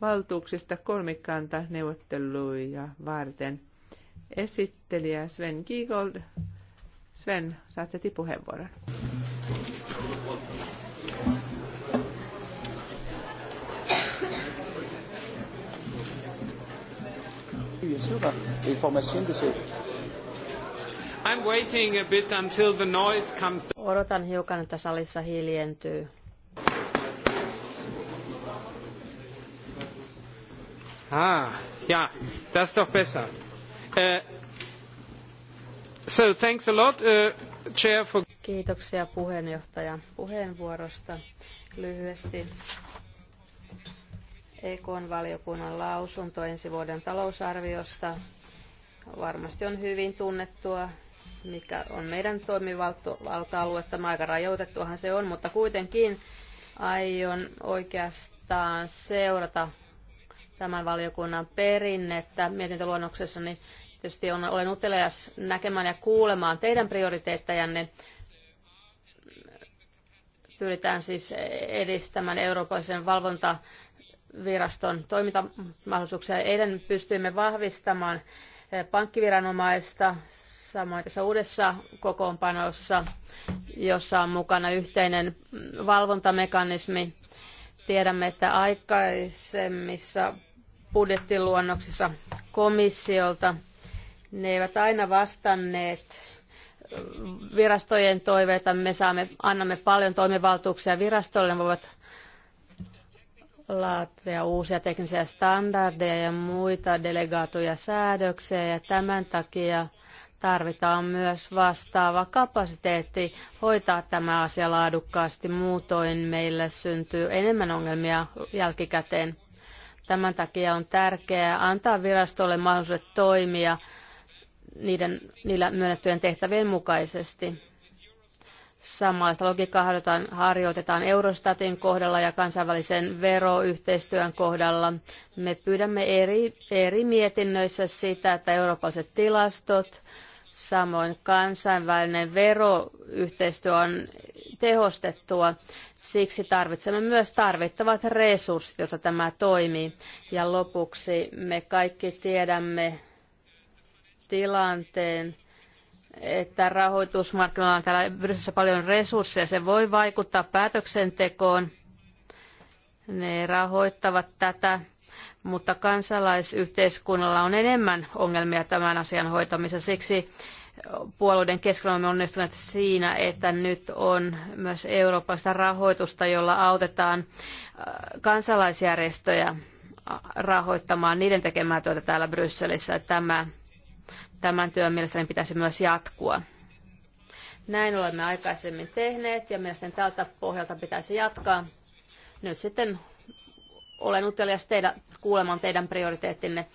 valtuuksista kolmikanta neuvotteluja varten. Esittelijä Sven Giegold. Sven, saatte puheenvuoron. bien sûr, l'information de ces I'm waiting a bit until the noise comes. Odotan hiukan, että salissa hiljentyy. Ah, ja, das ist doch besser. Uh, so thanks a lot, uh, Chair, for... Kiitoksia puheenjohtaja puheenvuorosta. Lyhyesti EKn valiokunnan lausunto ensi vuoden talousarviosta varmasti on hyvin tunnettua mikä on meidän toimivalta aluetta Aika rajoitettuahan se on, mutta kuitenkin aion oikeastaan seurata tämän valiokunnan perinnettä mietintöluonnoksessani. Tietysti olen utelias näkemään ja kuulemaan teidän prioriteettejanne. Pyritään siis edistämään Euroopan valvontaviraston toimintamahdollisuuksia. Eilen pystyimme vahvistamaan pankkiviranomaista Samoin tässä uudessa kokoonpanossa, jossa on mukana yhteinen valvontamekanismi, tiedämme, että aikaisemmissa budjettiluonnoksissa komissiolta ne eivät aina vastanneet virastojen toiveita. Me saamme, annamme paljon toimivaltuuksia virastoille, ne voivat laatia uusia teknisiä standardeja ja muita delegaatuja säädöksiä ja tämän takia tarvitaan myös vastaava kapasiteetti hoitaa tämä asia laadukkaasti. Muutoin meille syntyy enemmän ongelmia jälkikäteen. Tämän takia on tärkeää antaa virastolle mahdollisuudet toimia niiden, niillä myönnettyjen tehtävien mukaisesti. Samanlaista logiikkaa harjoitetaan, harjoitetaan Eurostatin kohdalla ja kansainvälisen veroyhteistyön kohdalla. Me pyydämme eri, eri mietinnöissä sitä, että eurooppalaiset tilastot, Samoin kansainvälinen veroyhteistyö on tehostettua. Siksi tarvitsemme myös tarvittavat resurssit, jotta tämä toimii. Ja lopuksi me kaikki tiedämme tilanteen, että rahoitusmarkkinoilla on täällä Brysselissä paljon resursseja. Se voi vaikuttaa päätöksentekoon. Ne rahoittavat tätä mutta kansalaisyhteiskunnalla on enemmän ongelmia tämän asian hoitamisessa. Siksi puolueiden keskellä on onnistuneet siinä, että nyt on myös Euroopassa rahoitusta, jolla autetaan äh, kansalaisjärjestöjä äh, rahoittamaan niiden tekemää työtä täällä Brysselissä. Tämä, tämän työn mielestäni pitäisi myös jatkua. Näin olemme aikaisemmin tehneet ja mielestäni tältä pohjalta pitäisi jatkaa. Nyt sitten olen utelias teidän, kuulemaan teidän prioriteettinne.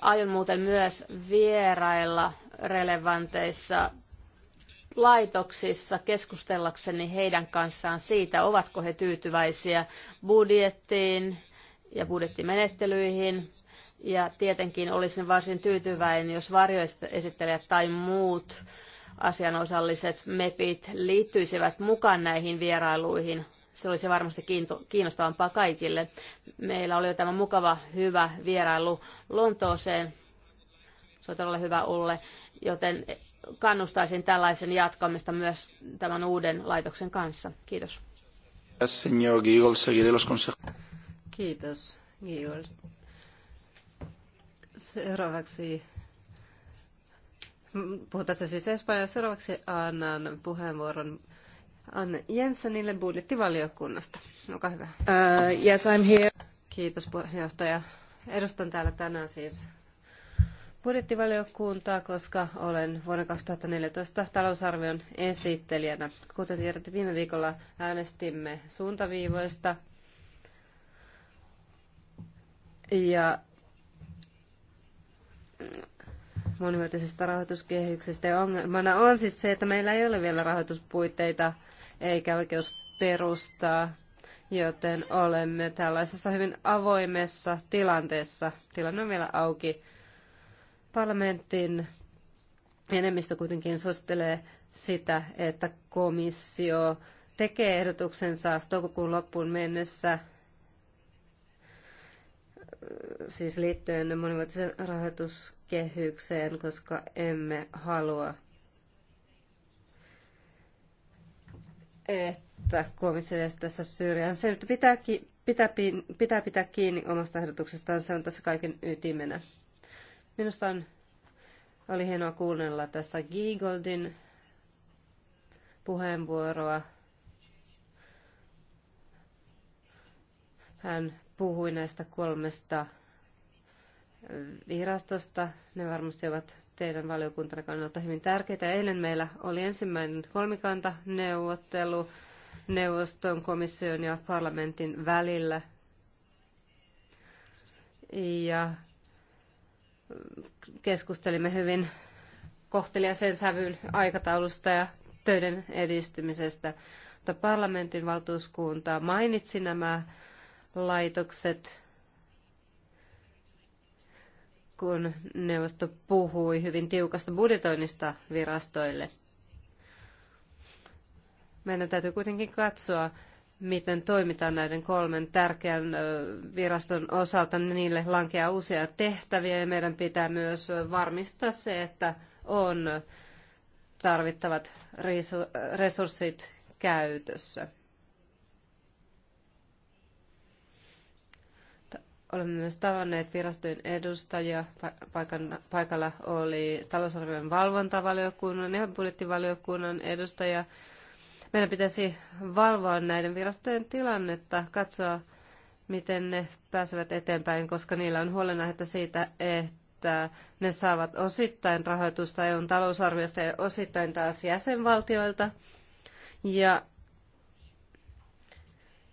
Aion muuten myös vierailla relevanteissa laitoksissa keskustellakseni heidän kanssaan siitä, ovatko he tyytyväisiä budjettiin ja budjettimenettelyihin. Ja tietenkin olisin varsin tyytyväinen, jos varjoesittelijät tai muut asianosalliset MEPit liittyisivät mukaan näihin vierailuihin se olisi varmasti kiinnostavampaa kaikille. Meillä oli jo tämä mukava, hyvä vierailu Lontooseen. Se on todella hyvä Ulle, joten kannustaisin tällaisen jatkamista myös tämän uuden laitoksen kanssa. Kiitos. Kiitos, Giegel. Seuraavaksi puhutaan siis Espanjassa. Seuraavaksi annan puheenvuoron Anne Jensenille budjettivaliokunnasta. Olkaa hyvä. Uh, yes, I'm here. Kiitos puheenjohtaja. Edustan täällä tänään siis budjettivaliokuntaa, koska olen vuoden 2014 talousarvion esittelijänä. Kuten tiedätte, viime viikolla äänestimme suuntaviivoista ja monivuotisesta rahoituskehyksestä. Ja ongelmana on siis se, että meillä ei ole vielä rahoituspuitteita – eikä oikeus perustaa, joten olemme tällaisessa hyvin avoimessa tilanteessa. Tilanne on vielä auki. Parlamentin enemmistö kuitenkin suosittelee sitä, että komissio tekee ehdotuksensa toukokuun loppuun mennessä siis liittyen monivuotiseen rahoituskehykseen, koska emme halua että komission tässä syrjään, se nyt pitää, pitää, pitää pitää kiinni omasta ehdotuksestaan, se on tässä kaiken ytimenä. Minusta on, oli hienoa kuunnella tässä Giegoldin puheenvuoroa. Hän puhui näistä kolmesta virastosta. Ne varmasti ovat teidän valiokuntanne kannalta hyvin tärkeitä. Eilen meillä oli ensimmäinen neuvottelu neuvoston, komission ja parlamentin välillä. Ja keskustelimme hyvin kohteliaisen sävyn aikataulusta ja töiden edistymisestä. Mutta parlamentin valtuuskunta mainitsi nämä laitokset kun neuvosto puhui hyvin tiukasta budjetoinnista virastoille. Meidän täytyy kuitenkin katsoa, miten toimitaan näiden kolmen tärkeän viraston osalta. Niille lankeaa useita tehtäviä ja meidän pitää myös varmistaa se, että on tarvittavat resurssit käytössä. Olemme myös tavanneet virastojen edustajia. Paikan, paikalla oli talousarvion valvontavaliokunnan ja budjettivaliokunnan edustaja. Meidän pitäisi valvoa näiden virastojen tilannetta, katsoa miten ne pääsevät eteenpäin, koska niillä on huolenaiheita siitä, että ne saavat osittain rahoitusta EUn talousarviosta ja osittain taas jäsenvaltioilta. Ja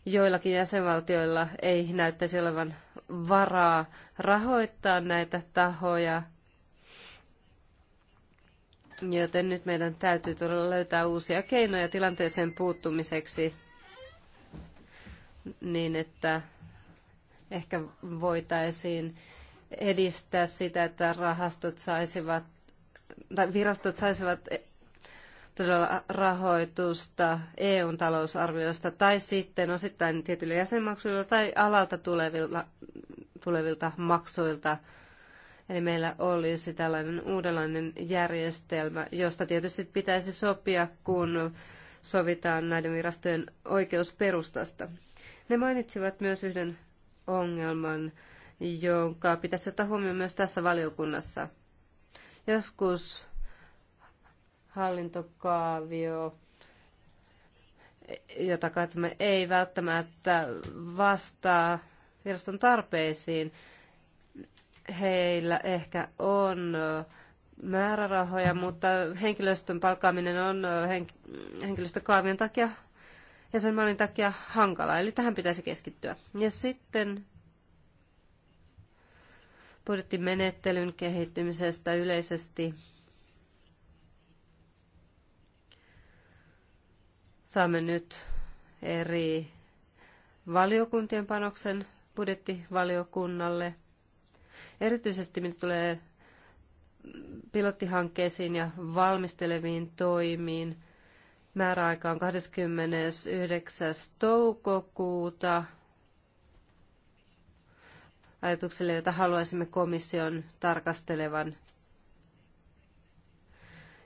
joillakin jäsenvaltioilla ei näyttäisi olevan varaa rahoittaa näitä tahoja, joten nyt meidän täytyy todella löytää uusia keinoja tilanteeseen puuttumiseksi niin, että ehkä voitaisiin edistää sitä, että rahastot saisivat tai virastot saisivat todella rahoitusta EUn talousarviosta tai sitten osittain tietyillä jäsenmaksuilla tai alalta tulevilta, tulevilta maksuilta. Eli meillä olisi tällainen uudenlainen järjestelmä, josta tietysti pitäisi sopia, kun sovitaan näiden virastojen oikeusperustasta. Ne mainitsivat myös yhden ongelman, jonka pitäisi ottaa huomioon myös tässä valiokunnassa. Joskus hallintokaavio, jota katsomme, ei välttämättä vastaa viraston tarpeisiin. Heillä ehkä on määrärahoja, mutta henkilöstön palkaaminen on henkilöstökaavien takia ja sen mallin takia hankala, eli tähän pitäisi keskittyä. Ja sitten budjettimenettelyn kehittymisestä yleisesti Saamme nyt eri valiokuntien panoksen budjettivaliokunnalle. Erityisesti mitä tulee pilottihankkeisiin ja valmisteleviin toimiin. Määräaika on 29. toukokuuta ajatukselle, jota haluaisimme komission tarkastelevan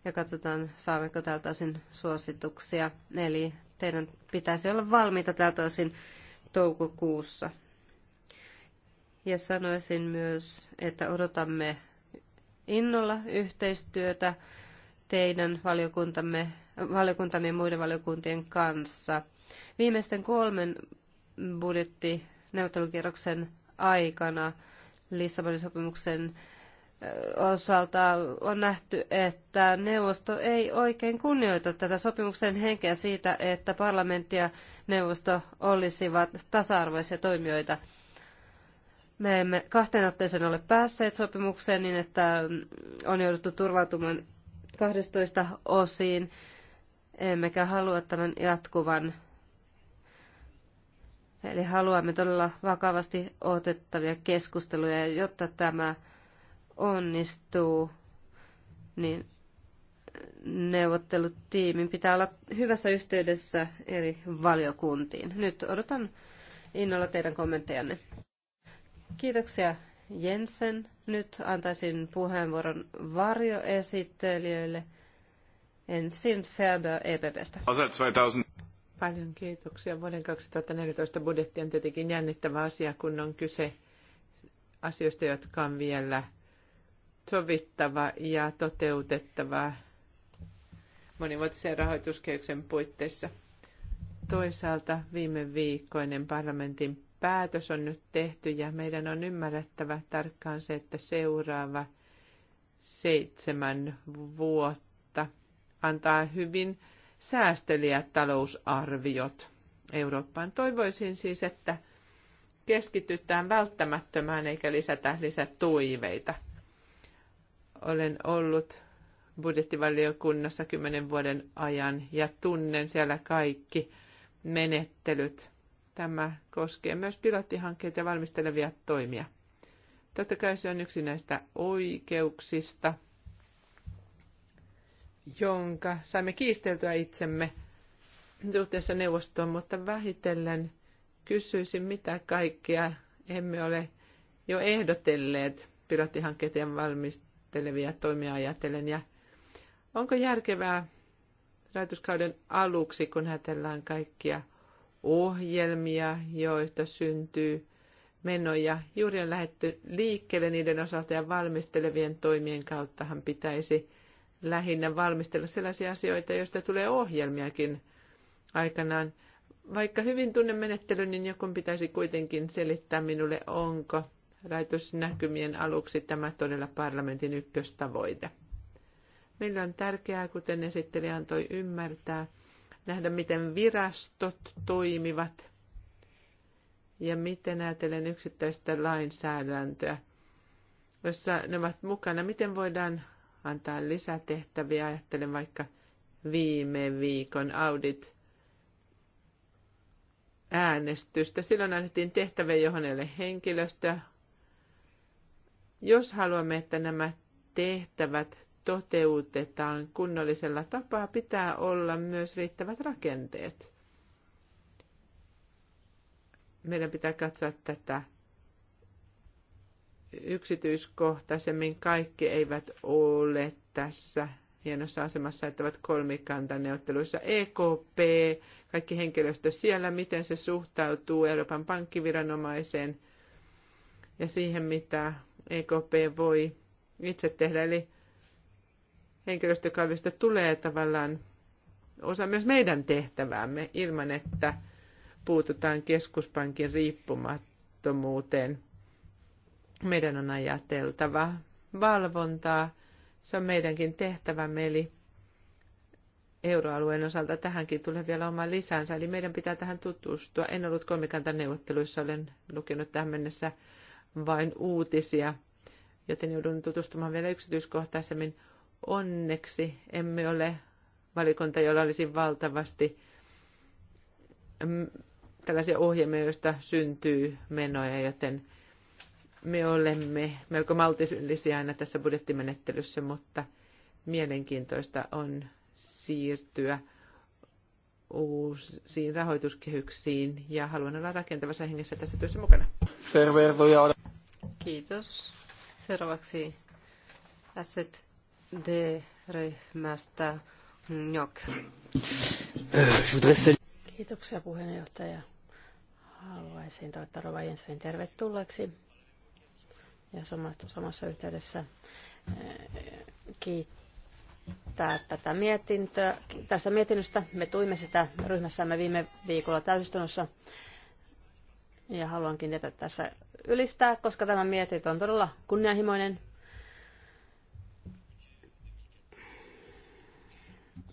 ja katsotaan saammeko tältä osin suosituksia. Eli teidän pitäisi olla valmiita tältä osin toukokuussa. Ja sanoisin myös, että odotamme innolla yhteistyötä teidän valiokuntamme, valiokuntamme ja muiden valiokuntien kanssa. Viimeisten kolmen budjettineuvottelukierroksen aikana Lissabonin sopimuksen osalta on nähty, että neuvosto ei oikein kunnioita tätä sopimuksen henkeä siitä, että parlamentti ja neuvosto olisivat tasa-arvoisia toimijoita. Me emme kahteen otteeseen ole päässeet sopimukseen niin, että on jouduttu turvautumaan 12 osiin, emmekä halua tämän jatkuvan. Eli haluamme todella vakavasti otettavia keskusteluja, jotta tämä onnistuu, niin neuvottelutiimin pitää olla hyvässä yhteydessä eri valiokuntiin. Nyt odotan innolla teidän kommenttejanne. Kiitoksia Jensen. Nyt antaisin puheenvuoron varjoesittelijöille. Ensin Färber EPPstä. Paljon kiitoksia. Vuoden 2014 budjetti on tietenkin jännittävä asia, kun on kyse asioista, jotka on vielä – sovittava ja toteutettava monivuotisen rahoituskehyksen puitteissa. Toisaalta viime viikkoinen parlamentin päätös on nyt tehty ja meidän on ymmärrettävä tarkkaan se, että seuraava seitsemän vuotta antaa hyvin säästeliät talousarviot Eurooppaan. Toivoisin siis, että keskitytään välttämättömään eikä lisätä lisätuiveita. Olen ollut budjettivaliokunnassa kymmenen vuoden ajan ja tunnen siellä kaikki menettelyt. Tämä koskee myös pilottihankkeita ja valmistelevia toimia. Totta kai se on yksi näistä oikeuksista, jonka saimme kiisteltyä itsemme suhteessa neuvostoon, mutta vähitellen kysyisin, mitä kaikkea emme ole jo ehdotelleet pilottihankkeiden valmistelua ajattelevia toimia ajatellen. Ja onko järkevää rajoituskauden aluksi, kun ajatellaan kaikkia ohjelmia, joista syntyy menoja. Juuri on lähetty liikkeelle niiden osalta ja valmistelevien toimien kauttahan pitäisi lähinnä valmistella sellaisia asioita, joista tulee ohjelmiakin aikanaan. Vaikka hyvin tunnen menettelyn, niin joku pitäisi kuitenkin selittää minulle, onko rahoitusnäkymien aluksi tämä todella parlamentin ykköstavoite. Meillä on tärkeää, kuten esittelijä antoi ymmärtää, nähdä miten virastot toimivat ja miten ajatellen yksittäistä lainsäädäntöä, jossa ne ovat mukana, miten voidaan antaa lisätehtäviä, ajattelen vaikka viime viikon audit äänestystä. Silloin annettiin tehtäviä, johon ei ole henkilöstöä, jos haluamme, että nämä tehtävät toteutetaan kunnollisella tapaa, pitää olla myös riittävät rakenteet. Meidän pitää katsoa tätä yksityiskohtaisemmin. Kaikki eivät ole tässä hienossa asemassa, että ovat kolmikantaneuvotteluissa. EKP, kaikki henkilöstö siellä, miten se suhtautuu Euroopan pankkiviranomaiseen ja siihen, mitä EKP voi itse tehdä. Eli henkilöstökaavista tulee tavallaan osa myös meidän tehtäväämme ilman, että puututaan keskuspankin riippumattomuuteen. Meidän on ajateltava valvontaa. Se on meidänkin tehtävämme, eli euroalueen osalta tähänkin tulee vielä oma lisänsä, eli meidän pitää tähän tutustua. En ollut kolmikantaneuvotteluissa, olen lukenut tähän mennessä vain uutisia, joten joudun tutustumaan vielä yksityiskohtaisemmin. Onneksi emme ole valikonta, jolla olisi valtavasti mm, tällaisia ohjelmia, joista syntyy menoja, joten me olemme melko maltillisia aina tässä budjettimenettelyssä, mutta mielenkiintoista on siirtyä uusiin rahoituskehyksiin ja haluan olla rakentavassa hengessä tässä työssä mukana. Tervetuloa. Kiitos. Seuraavaksi Asset D-ryhmästä Njok. Kiitoksia puheenjohtaja. Haluaisin toivottaa Rova Jensen tervetulleeksi ja samassa yhteydessä eh, kiittää tätä mietintöä. Tästä mietinnöstä me tuimme sitä ryhmässämme viime viikolla täysistunnossa. Ja haluankin jätä tässä ylistää, koska tämä mietit on todella kunnianhimoinen.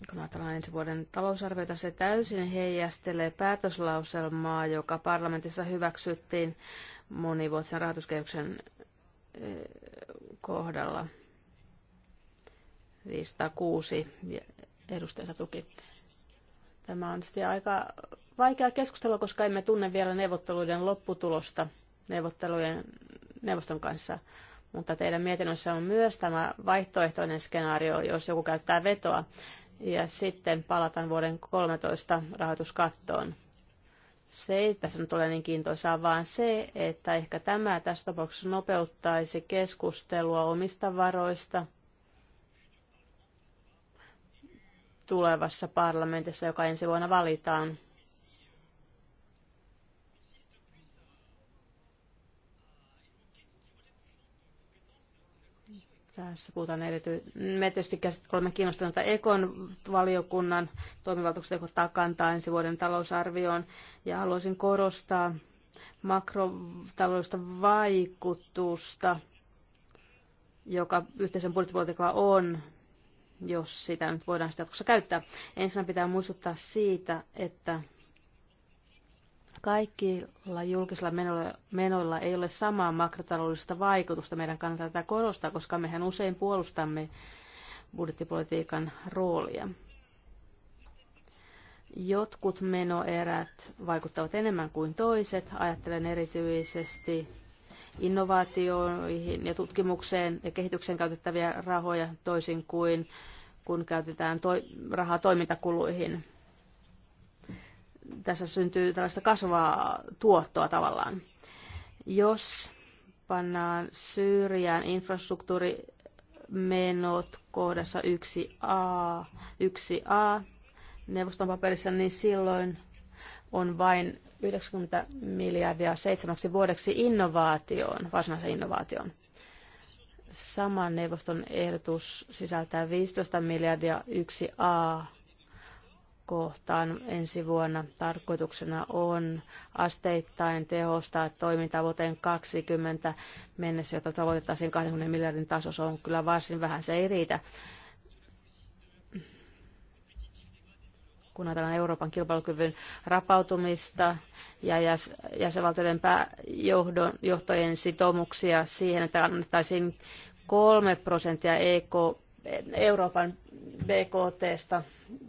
kun ajatellaan ensi vuoden talousarviota, se täysin heijastelee päätöslauselmaa, joka parlamentissa hyväksyttiin monivuotisen rahoituskehyksen e, kohdalla. 506 edustajansa tuki. Tämä on sitten aika vaikea keskustella, koska emme tunne vielä neuvotteluiden lopputulosta neuvottelujen neuvoston kanssa. Mutta teidän mietinnössä on myös tämä vaihtoehtoinen skenaario, jos joku käyttää vetoa, ja sitten palataan vuoden 13 rahoituskattoon. Se ei tässä nyt ole niin kiintoisaa, vaan se, että ehkä tämä tässä tapauksessa nopeuttaisi keskustelua omista varoista tulevassa parlamentissa, joka ensi vuonna valitaan. Tässä puhutaan erityisesti. Me tietysti olemme kiinnostuneita Ekon valiokunnan toimivaltuuksista, joka takantaa ensi vuoden talousarvioon. Ja haluaisin korostaa makrotaloudellista vaikutusta, joka yhteisen budjettipolitiikalla on, jos sitä nyt voidaan sitä jatkossa käyttää. Ensin pitää muistuttaa siitä, että Kaikilla julkisilla menoilla, menoilla ei ole samaa makrotaloudellista vaikutusta. Meidän kannattaa tätä korostaa, koska mehän usein puolustamme budjettipolitiikan roolia. Jotkut menoerät vaikuttavat enemmän kuin toiset. Ajattelen erityisesti innovaatioihin ja tutkimukseen ja kehitykseen käytettäviä rahoja toisin kuin kun käytetään toi, rahaa toimintakuluihin tässä syntyy tällaista kasvavaa tuottoa tavallaan. Jos pannaan syrjään infrastruktuurimenot kohdassa 1a, 1a neuvoston paperissa, niin silloin on vain 90 miljardia seitsemäksi vuodeksi innovaatioon, varsinaiseen innovaatioon. Sama neuvoston ehdotus sisältää 15 miljardia 1a kohtaan ensi vuonna. Tarkoituksena on asteittain tehostaa toimintaa vuoteen 20 mennessä, jota tavoitettaisiin 20 miljardin taso. Se on kyllä varsin vähän, se ei riitä. kun ajatellaan Euroopan kilpailukyvyn rapautumista ja jäsenvaltioiden pääjohdon, johtojen sitoumuksia siihen, että annettaisiin kolme prosenttia EK, Euroopan BKTstä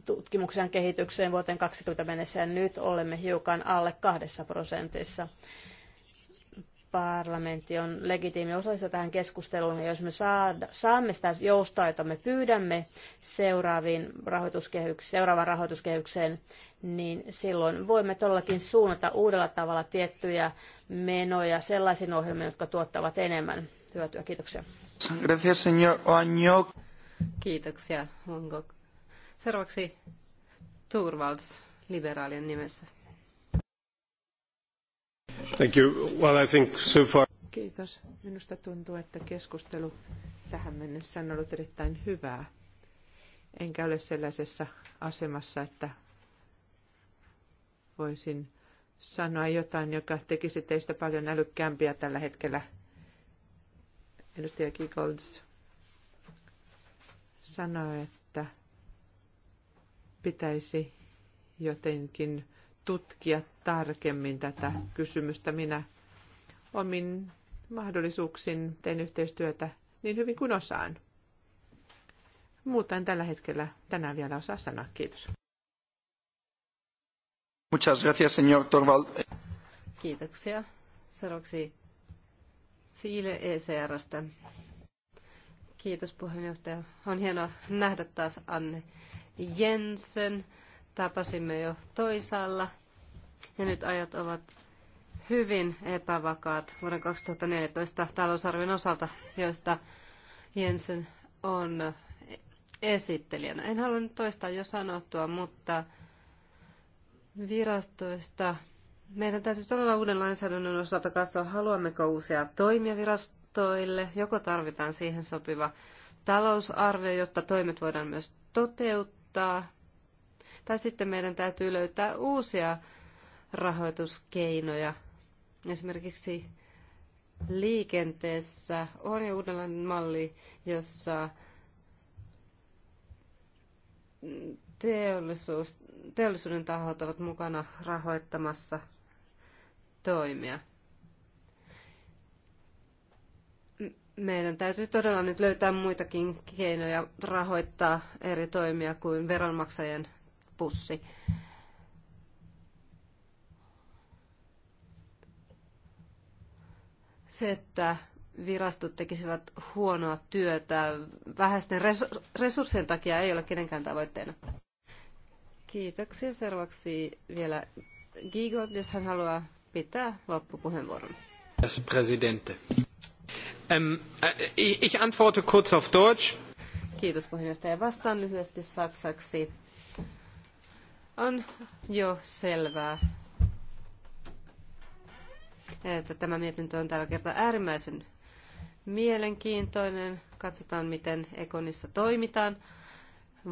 tutkimuksen kehitykseen vuoteen 2020 mennessä ja nyt olemme hiukan alle kahdessa prosentissa. Parlamentti on legitiimi osallistua tähän keskusteluun ja jos me saada, saamme sitä joustaa, jota me pyydämme seuraaviin rahoituskehykseen, seuraavaan rahoituskehykseen, niin silloin voimme todellakin suunnata uudella tavalla tiettyjä menoja sellaisiin ohjelmiin, jotka tuottavat enemmän hyötyä. Kiitoksia. Gracias, señor Kiitoksia, Onko. Seuraavaksi Turvalds liberaalien nimessä. Thank you. Well, I think so far... Kiitos. Minusta tuntuu, että keskustelu tähän mennessä on ollut erittäin hyvää. Enkä ole sellaisessa asemassa, että voisin sanoa jotain, joka tekisi teistä paljon älykkäämpiä tällä hetkellä. Edustaja Kigolds sanoi, että pitäisi jotenkin tutkia tarkemmin tätä kysymystä. Minä omin mahdollisuuksin teen yhteistyötä niin hyvin kuin osaan. Muuta en tällä hetkellä tänään vielä osaa sanoa. Kiitos. Muchas gracias, señor Torvald. Kiitoksia. Seuraavaksi Siile ECRstä. Kiitos puheenjohtaja. On hienoa nähdä taas Anne Jensen. Tapasimme jo toisaalla ja nyt ajat ovat hyvin epävakaat vuoden 2014 talousarvion osalta, joista Jensen on esittelijänä. En halua nyt toistaa jo sanottua, mutta virastoista meidän täytyy todella uuden lainsäädännön osalta katsoa, haluammeko uusia toimia virastoja kontoille. Joko tarvitaan siihen sopiva talousarvio, jotta toimet voidaan myös toteuttaa, tai sitten meidän täytyy löytää uusia rahoituskeinoja. Esimerkiksi liikenteessä on jo uudenlainen malli, jossa teollisuus, teollisuuden tahot ovat mukana rahoittamassa toimia. meidän täytyy todella nyt löytää muitakin keinoja rahoittaa eri toimia kuin veronmaksajien pussi. Se, että virastot tekisivät huonoa työtä vähäisten resurssien takia ei ole kenenkään tavoitteena. Kiitoksia. Seuraavaksi vielä Gigo, jos hän haluaa pitää loppupuheenvuoron. Presidente. Ähm, äh, ich antworte kurz auf Deutsch. Kiitos puheenjohtaja. Vastaan lyhyesti saksaksi. On jo selvää, että tämä mietintö on tällä kertaa äärimmäisen mielenkiintoinen. Katsotaan, miten Ekonissa toimitaan.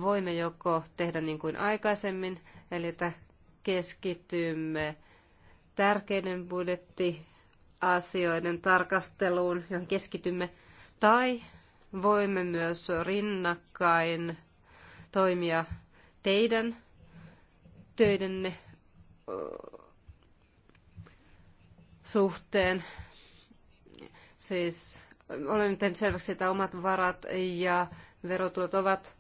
Voimme joko tehdä niin kuin aikaisemmin, eli että keskitymme tärkeiden asioiden tarkasteluun, johon keskitymme, tai voimme myös rinnakkain toimia teidän töidenne suhteen. Siis olen tehnyt selväksi, että omat varat ja verotulot ovat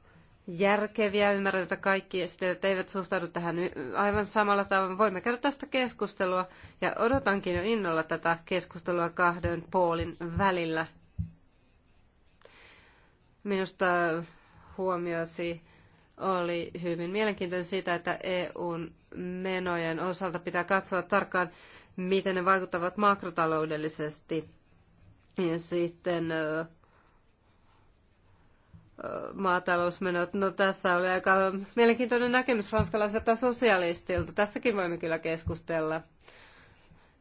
järkeviä. Ymmärrän, että kaikki esittelijät eivät suhtaudu tähän aivan samalla tavalla. Voimme käydä tästä keskustelua ja odotankin jo innolla tätä keskustelua kahden puolin välillä. Minusta huomiosi oli hyvin mielenkiintoinen siitä, että EUn menojen osalta pitää katsoa tarkkaan, miten ne vaikuttavat makrotaloudellisesti. Ja sitten maatalousmenot. No tässä oli aika mielenkiintoinen näkemys ranskalaiselta sosialistilta. Tästäkin voimme kyllä keskustella.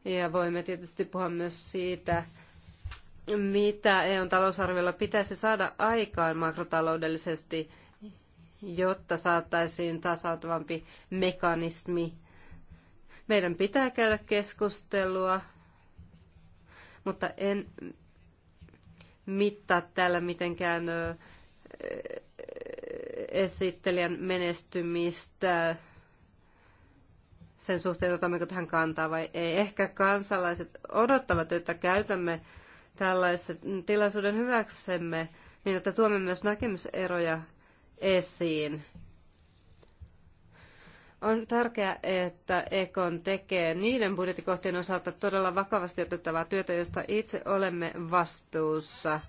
Ja voimme tietysti puhua myös siitä, mitä EUn talousarviolla pitäisi saada aikaan makrotaloudellisesti, jotta saattaisiin tasautuvampi mekanismi. Meidän pitää käydä keskustelua, mutta en mittaa täällä mitenkään esittelijän menestymistä sen suhteen, otammeko tähän kantaa vai ei. Ehkä kansalaiset odottavat, että käytämme tällaisen tilaisuuden hyväksemme niin, että tuomme myös näkemyseroja esiin. On tärkeää, että Ekon tekee niiden budjettikohtien osalta todella vakavasti otettavaa työtä, josta itse olemme vastuussa –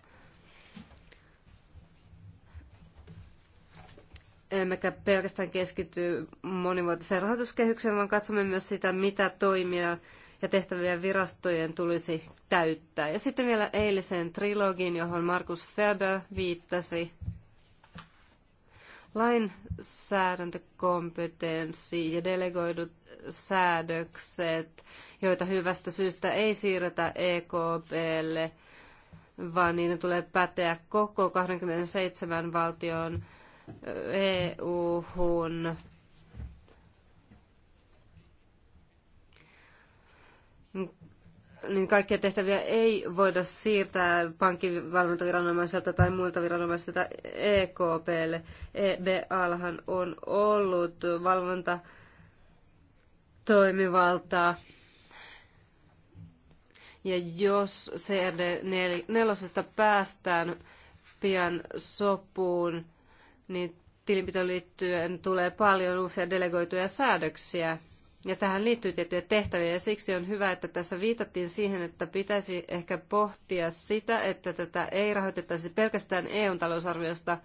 emmekä pelkästään keskity monivuotiseen rahoituskehykseen, vaan katsomme myös sitä, mitä toimia ja tehtäviä virastojen tulisi täyttää. Ja sitten vielä eiliseen trilogiin, johon Markus Feber viittasi. Lainsäädäntökompetenssi ja delegoidut säädökset, joita hyvästä syystä ei siirretä EKPlle, vaan niiden tulee päteä koko 27 valtion eu Niin kaikkia tehtäviä ei voida siirtää pankkivalvontaviranomaiselta tai muilta viranomaisilta EKPlle. EBAllahan on ollut valvonta toimivaltaa. Ja jos CRD 4 päästään pian sopuun, niin tilinpitoon liittyen tulee paljon uusia delegoituja säädöksiä. Ja tähän liittyy tiettyjä tehtäviä ja siksi on hyvä, että tässä viitattiin siihen, että pitäisi ehkä pohtia sitä, että tätä ei rahoitettaisi pelkästään eu talousarviosta.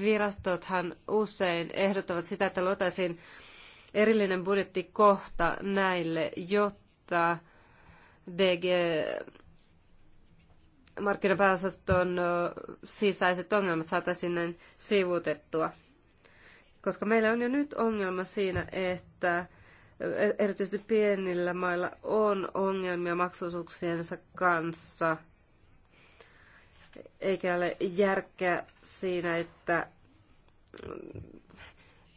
Virastothan usein ehdottavat sitä, että luotaisiin erillinen budjettikohta näille, jotta DG markkinapääosaston sisäiset ongelmat saataisiin näin sivutettua. Koska meillä on jo nyt ongelma siinä, että erityisesti pienillä mailla on ongelmia maksuosuuksiensa kanssa, eikä ole järkeä siinä, että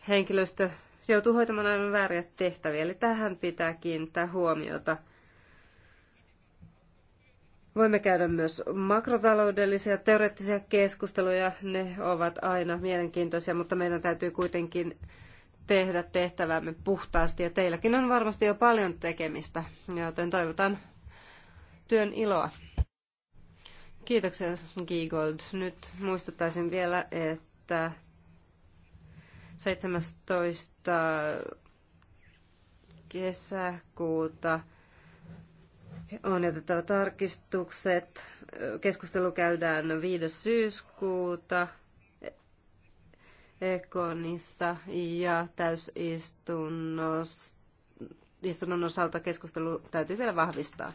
henkilöstö joutuu hoitamaan aivan vääriä tehtäviä. Eli tähän pitää kiinnittää huomiota – Voimme käydä myös makrotaloudellisia teoreettisia keskusteluja. Ne ovat aina mielenkiintoisia, mutta meidän täytyy kuitenkin tehdä tehtävämme puhtaasti. Ja teilläkin on varmasti jo paljon tekemistä, joten toivotan työn iloa. Kiitoksia, Giegold. Nyt muistuttaisin vielä, että 17. kesäkuuta on jätettävä tarkistukset. Keskustelu käydään 5. syyskuuta Ekonissa ja täysistunnon osalta keskustelu täytyy vielä vahvistaa.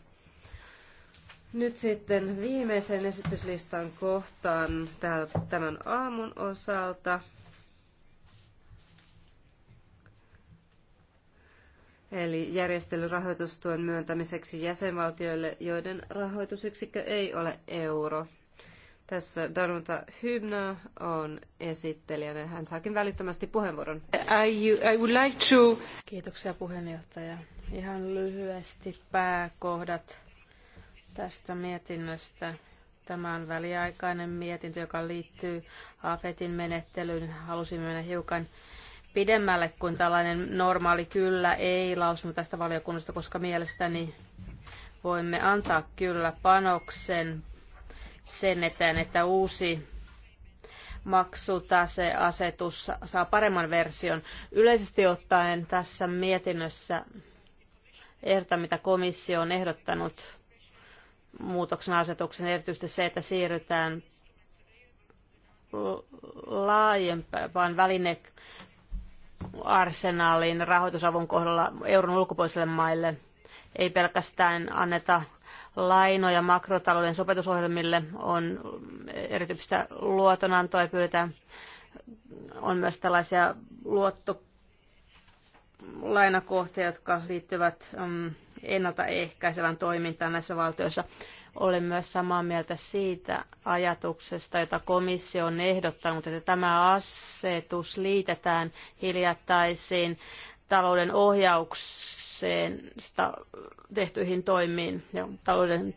Nyt sitten viimeisen esityslistan kohtaan tämän aamun osalta. eli järjestely rahoitustuen myöntämiseksi jäsenvaltioille, joiden rahoitusyksikkö ei ole euro. Tässä Danuta Hybner on esittelijänä. Hän saakin välittömästi puheenvuoron. I, I would like to... Kiitoksia puheenjohtaja. Ihan lyhyesti pääkohdat tästä mietinnöstä. Tämä on väliaikainen mietintö, joka liittyy AFETin menettelyyn. Halusimme mennä hiukan pidemmälle kuin tällainen normaali kyllä ei lausunut tästä valiokunnasta, koska mielestäni voimme antaa kyllä panoksen sen eteen, että uusi maksutaseasetus saa paremman version. Yleisesti ottaen tässä mietinnössä ehdota, mitä komissio on ehdottanut muutoksen asetuksen, erityisesti se, että siirrytään laajempaan väline Arsenaalin rahoitusavun kohdalla euron ulkopuolisille maille. Ei pelkästään anneta lainoja makrotalouden sopetusohjelmille, on erityistä luotonantoa ja pyritään, on myös tällaisia luottolainakohtia, jotka liittyvät um, mm, ennaltaehkäisevän toimintaan näissä valtioissa. Olen myös samaa mieltä siitä ajatuksesta, jota komissio on ehdottanut, että tämä asetus liitetään hiljattaisiin talouden ohjaukseen tehtyihin toimiin ja talouden,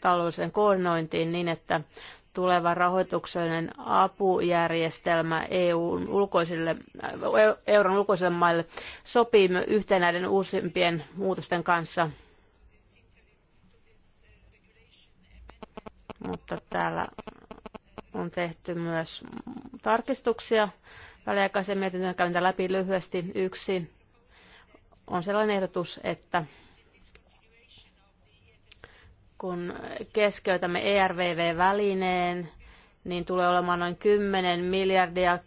taloudelliseen koordinointiin niin, että tuleva rahoituksellinen apujärjestelmä EUn ulkoisille, euron ulkoisille maille sopii yhtenäiden uusimpien muutosten kanssa mutta täällä on tehty myös tarkistuksia. Väliaikaisen mietinnön käyn läpi lyhyesti. Yksi on sellainen ehdotus, että kun keskeytämme ERVV-välineen, niin tulee olemaan noin 10 miljardia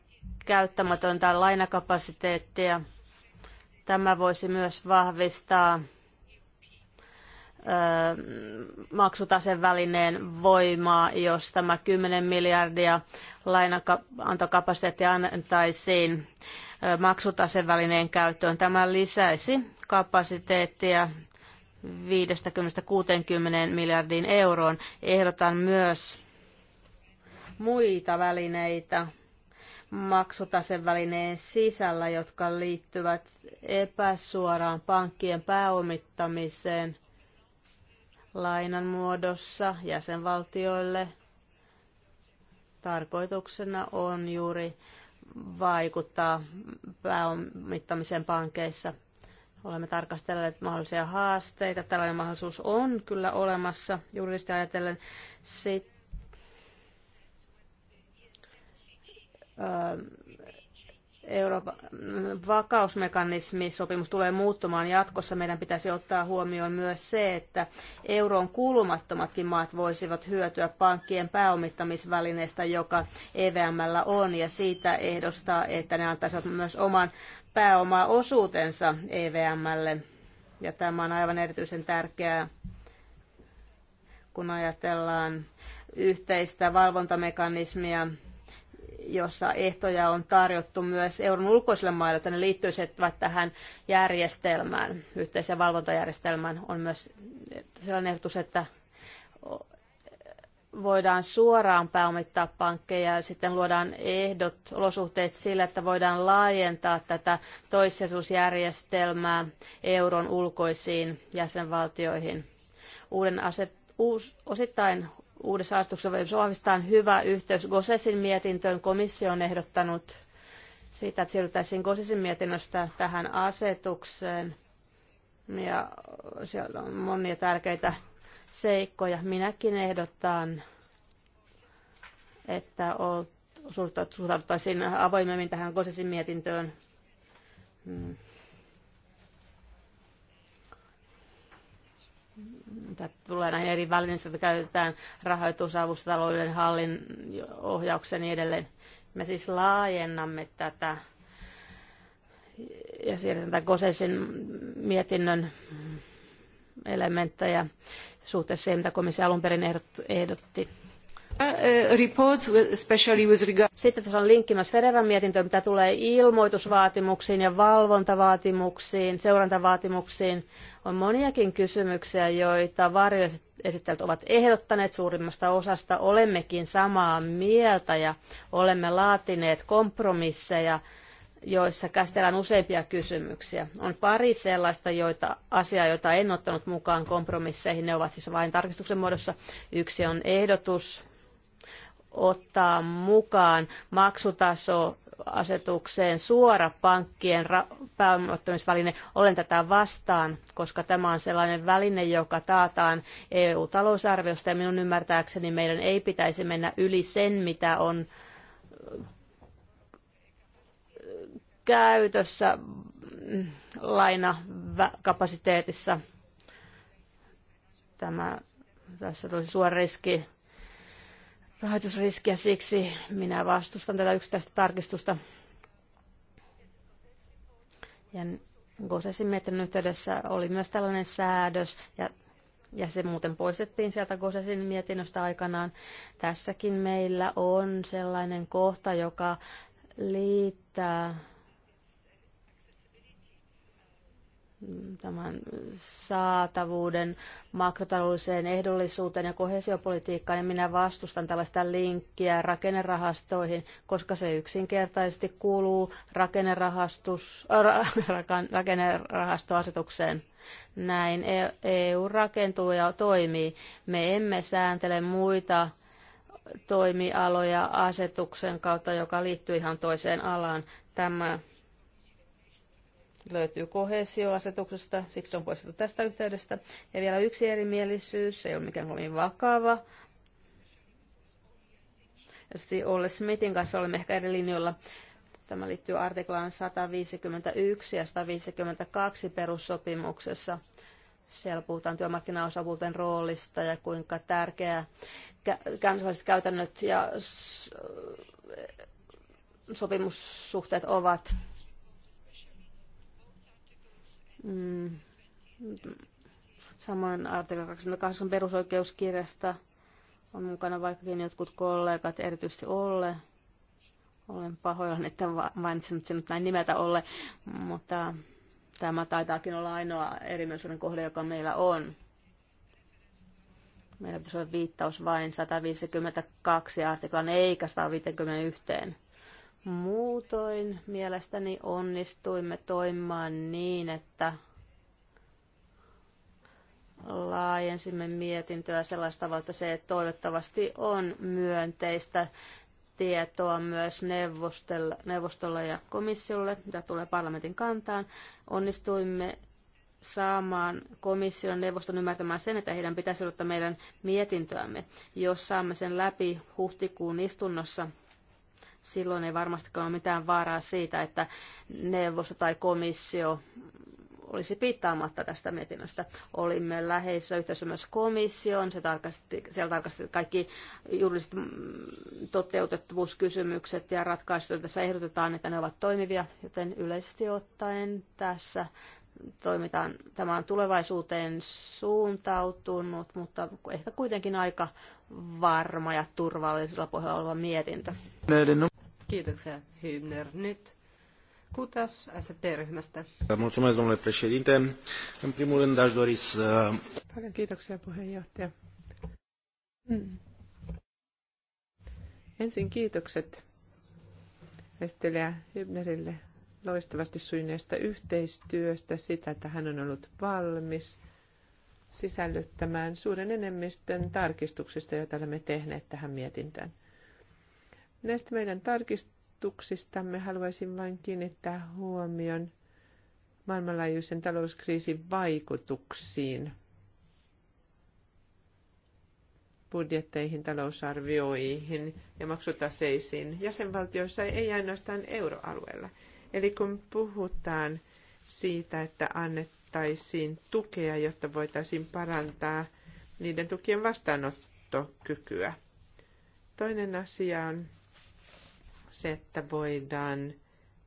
käyttämätöntä lainakapasiteettia. Tämä voisi myös vahvistaa välineen voimaa, jos tämä 10 miljardia lainantokapasiteettia antaisiin välineen käyttöön. Tämä lisäisi kapasiteettia 50-60 miljardiin euroon. Ehdotan myös muita välineitä välineen sisällä, jotka liittyvät epäsuoraan pankkien pääomittamiseen lainan muodossa jäsenvaltioille. Tarkoituksena on juuri vaikuttaa pääomittamisen pankeissa. Olemme tarkastelleet mahdollisia haasteita. Tällainen mahdollisuus on kyllä olemassa juridisesti ajatellen. Sitten Euroopan mm, vakausmekanismisopimus tulee muuttumaan jatkossa, meidän pitäisi ottaa huomioon myös se, että euroon kuulumattomatkin maat voisivat hyötyä pankkien pääomittamisvälineestä, joka EVMllä on, ja siitä ehdostaa, että ne antaisivat myös oman pääomaosuutensa EVMlle. Ja tämä on aivan erityisen tärkeää, kun ajatellaan yhteistä valvontamekanismia jossa ehtoja on tarjottu myös euron ulkoisille maille, että ne liittyisivät tähän järjestelmään, yhteiseen valvontajärjestelmään. On myös sellainen ehdotus, että voidaan suoraan pääomittaa pankkeja ja sitten luodaan ehdot, olosuhteet sille, että voidaan laajentaa tätä toissijaisuusjärjestelmää euron ulkoisiin jäsenvaltioihin. Uuden aset, uus, osittain uudessa asetuksessa vahvistetaan hyvä yhteys Gosesin mietintöön. Komissio on ehdottanut siitä, että siirryttäisiin Gosesin mietinnöstä tähän asetukseen. Ja siellä on monia tärkeitä seikkoja. Minäkin ehdotan, että suhtauduttaisiin avoimemmin tähän Gosesin mietintöön. Mm. mitä tulee näihin eri välineisiin, joita käytetään rahoitusavusta, talouden hallin ohjauksen ja niin edelleen. Me siis laajennamme tätä ja siirretään tämän Kosesin mietinnön elementtejä suhteessa siihen, mitä komissio alun perin ehdotti. Uh, uh, Sitten tässä on linkki myös Ferreran mietintöön, mitä tulee ilmoitusvaatimuksiin ja valvontavaatimuksiin, seurantavaatimuksiin. On moniakin kysymyksiä, joita varjoesittelijät ovat ehdottaneet suurimmasta osasta. Olemmekin samaa mieltä ja olemme laatineet kompromisseja joissa käsitellään useimpia kysymyksiä. On pari sellaista joita, asiaa, joita en ottanut mukaan kompromisseihin. Ne ovat siis vain tarkistuksen muodossa. Yksi on ehdotus ottaa mukaan maksutaso asetukseen suora pankkien pääomittamisväline. Olen tätä vastaan, koska tämä on sellainen väline, joka taataan EU-talousarviosta ja minun ymmärtääkseni meidän ei pitäisi mennä yli sen, mitä on käytössä mm, lainakapasiteetissa. Tämä, tässä tuli suora riski rahoitusriskiä, siksi minä vastustan tätä yksittäistä tarkistusta. Ja Gosesin mietinnön yhteydessä oli myös tällainen säädös, ja, ja se muuten poistettiin sieltä Gosesin mietinnöstä aikanaan. Tässäkin meillä on sellainen kohta, joka liittää tämän saatavuuden, makrotaloudelliseen ehdollisuuteen ja kohesiopolitiikkaan, niin minä vastustan tällaista linkkiä rakennerahastoihin, koska se yksinkertaisesti kuuluu rakennerahastus, äh, rakennerahastoasetukseen. Näin EU e rakentuu ja toimii. Me emme sääntele muita toimialoja asetuksen kautta, joka liittyy ihan toiseen alaan. Tämä löytyy kohesioasetuksesta, siksi se on poistettu tästä yhteydestä. Ja vielä yksi erimielisyys, se ei ole mikään kovin vakava. Tietysti Olle Smithin kanssa olemme ehkä eri linjoilla. Tämä liittyy artiklaan 151 ja 152 perussopimuksessa. Siellä puhutaan työmarkkinaosapuolten roolista ja kuinka tärkeää kansalliset käytännöt ja sopimussuhteet ovat Mm. samoin artikla 28 perusoikeuskirjasta on mukana vaikkakin jotkut kollegat, erityisesti Olle. Olen pahoillani, että mainitsin sen nyt näin nimeltä Olle, mutta tämä taitaakin olla ainoa erimielisyyden kohde, joka meillä on. Meillä pitäisi olla viittaus vain 152 artiklan eikä 151. Muutoin mielestäni onnistuimme toimimaan niin, että laajensimme mietintöä sellaista tavalla, että se toivottavasti on myönteistä tietoa myös neuvostolle ja komissiolle, mitä tulee parlamentin kantaan. Onnistuimme saamaan komission neuvoston ymmärtämään sen, että heidän pitäisi ottaa meidän mietintöämme. Jos saamme sen läpi huhtikuun istunnossa, silloin ei varmastikaan ole mitään vaaraa siitä, että neuvosto tai komissio olisi piittaamatta tästä mietinnöstä. Olimme läheisessä yhteydessä myös komissioon, se tarkasti, siellä tarkasti kaikki juridiset mm, toteutettavuuskysymykset ja ratkaisut, tässä ehdotetaan, että ne ovat toimivia, joten yleisesti ottaen tässä toimitaan, tämä on tulevaisuuteen suuntautunut, mutta ehkä kuitenkin aika varma ja turvallisella pohjalla oleva mietintö. Kiitoksia, Hymner. Nyt Kutas ST-ryhmästä. Mulțumesc, domnule președinte. În primul rând aș dori să... Paljon kiitoksia, puheenjohtaja. Ensin kiitokset Estelijä Hybnerille loistavasti sujuneesta yhteistyöstä, sitä, että hän on ollut valmis sisällyttämään suuren enemmistön tarkistuksista, joita olemme tehneet tähän mietintöön. Näistä meidän tarkistuksistamme haluaisin vain kiinnittää huomion maailmanlaajuisen talouskriisin vaikutuksiin budjetteihin, talousarvioihin ja maksutaseisiin jäsenvaltioissa ei ainoastaan euroalueella. Eli kun puhutaan siitä, että annettaisiin tukea, jotta voitaisiin parantaa niiden tukien vastaanottokykyä. Toinen asia on se, että voidaan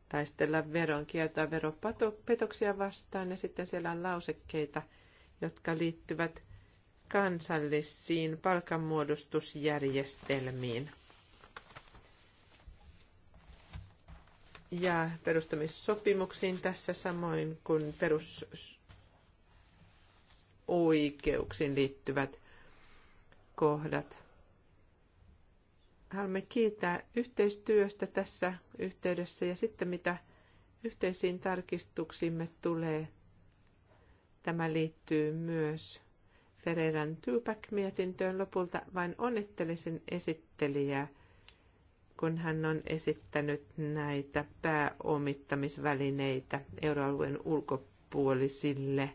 taistella veronkiertoa veropetoksia vastaan ja sitten siellä on lausekkeita, jotka liittyvät kansallisiin palkanmuodostusjärjestelmiin. Ja perustamissopimuksiin tässä samoin kuin perusoikeuksiin liittyvät kohdat haluamme kiittää yhteistyöstä tässä yhteydessä ja sitten mitä yhteisiin tarkistuksimme tulee. Tämä liittyy myös Ferreiran Tupac-mietintöön. Lopulta vain onnittelisin esittelijää, kun hän on esittänyt näitä pääomittamisvälineitä euroalueen ulkopuolisille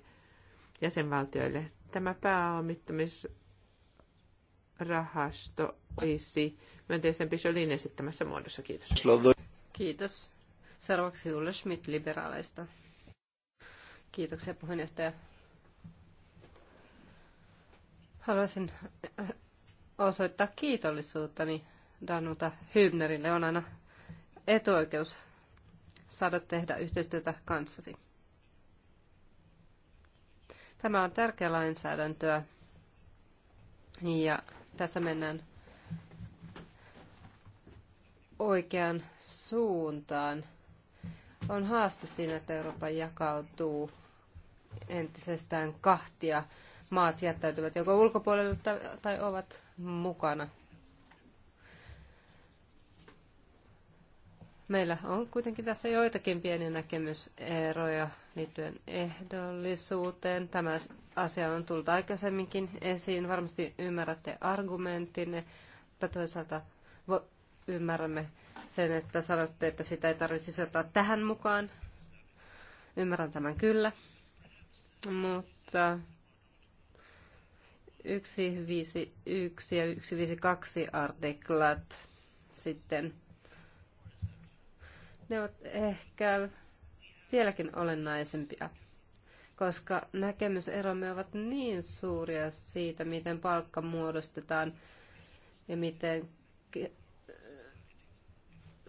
jäsenvaltioille. Tämä pääomittamisrahasto olisi myönteisempi Jolin esittämässä muodossa. Kiitos. Kiitos. Seuraavaksi Ulle Schmidt liberaaleista. Kiitoksia puheenjohtaja. Haluaisin äh, osoittaa kiitollisuuttani Danuta Hybnerille. On aina etuoikeus saada tehdä yhteistyötä kanssasi. Tämä on tärkeä lainsäädäntöä ja tässä mennään oikeaan suuntaan. On haaste siinä, että Eurooppa jakautuu entisestään kahtia. Maat jättäytyvät joko ulkopuolelle tai ovat mukana. Meillä on kuitenkin tässä joitakin pieniä näkemyseroja liittyen ehdollisuuteen. Tämä asia on tullut aikaisemminkin esiin. Varmasti ymmärrätte argumenttinne, mutta toisaalta Ymmärrämme sen, että sanotte, että sitä ei tarvitsisi ottaa tähän mukaan. Ymmärrän tämän kyllä. Mutta 151 ja 152 artiklat sitten. Ne ovat ehkä vieläkin olennaisempia, koska näkemyseromme ovat niin suuria siitä, miten palkka muodostetaan ja miten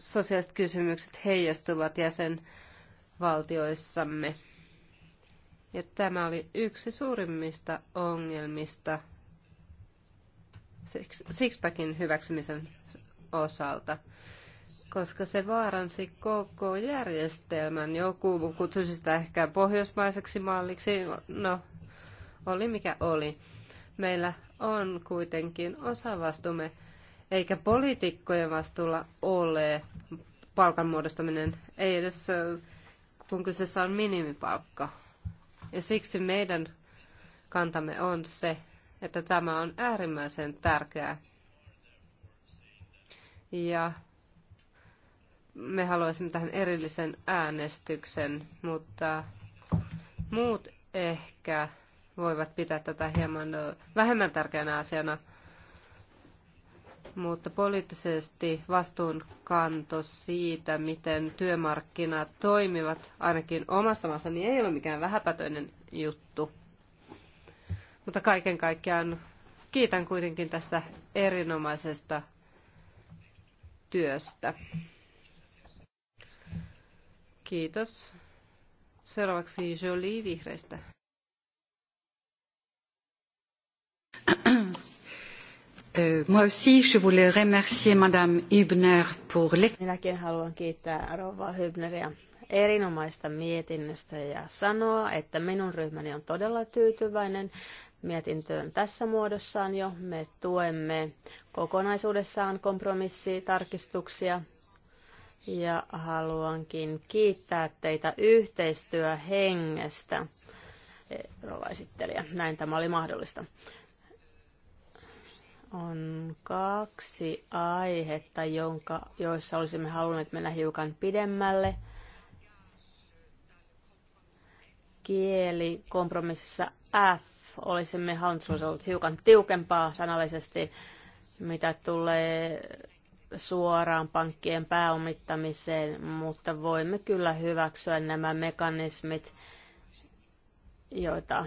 sosiaaliset kysymykset heijastuvat jäsenvaltioissamme. Ja tämä oli yksi suurimmista ongelmista Sixpackin hyväksymisen osalta, koska se vaaransi koko järjestelmän. Joku kutsuisi sitä ehkä pohjoismaiseksi malliksi, no oli mikä oli. Meillä on kuitenkin osavastumme eikä poliitikkojen vastuulla ole palkan muodostaminen, ei edes kun kyseessä on minimipalkka. Ja siksi meidän kantamme on se, että tämä on äärimmäisen tärkeää. Ja me haluaisimme tähän erillisen äänestyksen, mutta muut ehkä voivat pitää tätä hieman vähemmän tärkeänä asiana – mutta poliittisesti vastuunkanto siitä, miten työmarkkinat toimivat ainakin omassa maassa, niin ei ole mikään vähäpätöinen juttu. Mutta kaiken kaikkiaan kiitän kuitenkin tästä erinomaisesta työstä. Kiitos. Seuraavaksi Jolie Vihreistä. Euh, moi aussi, je voulais remercier Madame Hübner pour Minäkin haluan kiittää Rova Hübneria erinomaista mietinnöstä ja sanoa, että minun ryhmäni on todella tyytyväinen mietintöön tässä muodossaan jo. Me tuemme kokonaisuudessaan kompromissitarkistuksia ja haluankin kiittää teitä yhteistyöhengestä, rouva esittelijä. Näin tämä oli mahdollista on kaksi aihetta, jonka, joissa olisimme halunneet mennä hiukan pidemmälle. Kieli kompromississa F olisimme halunneet, että olisi ollut hiukan tiukempaa sanallisesti, mitä tulee suoraan pankkien pääomittamiseen, mutta voimme kyllä hyväksyä nämä mekanismit, joita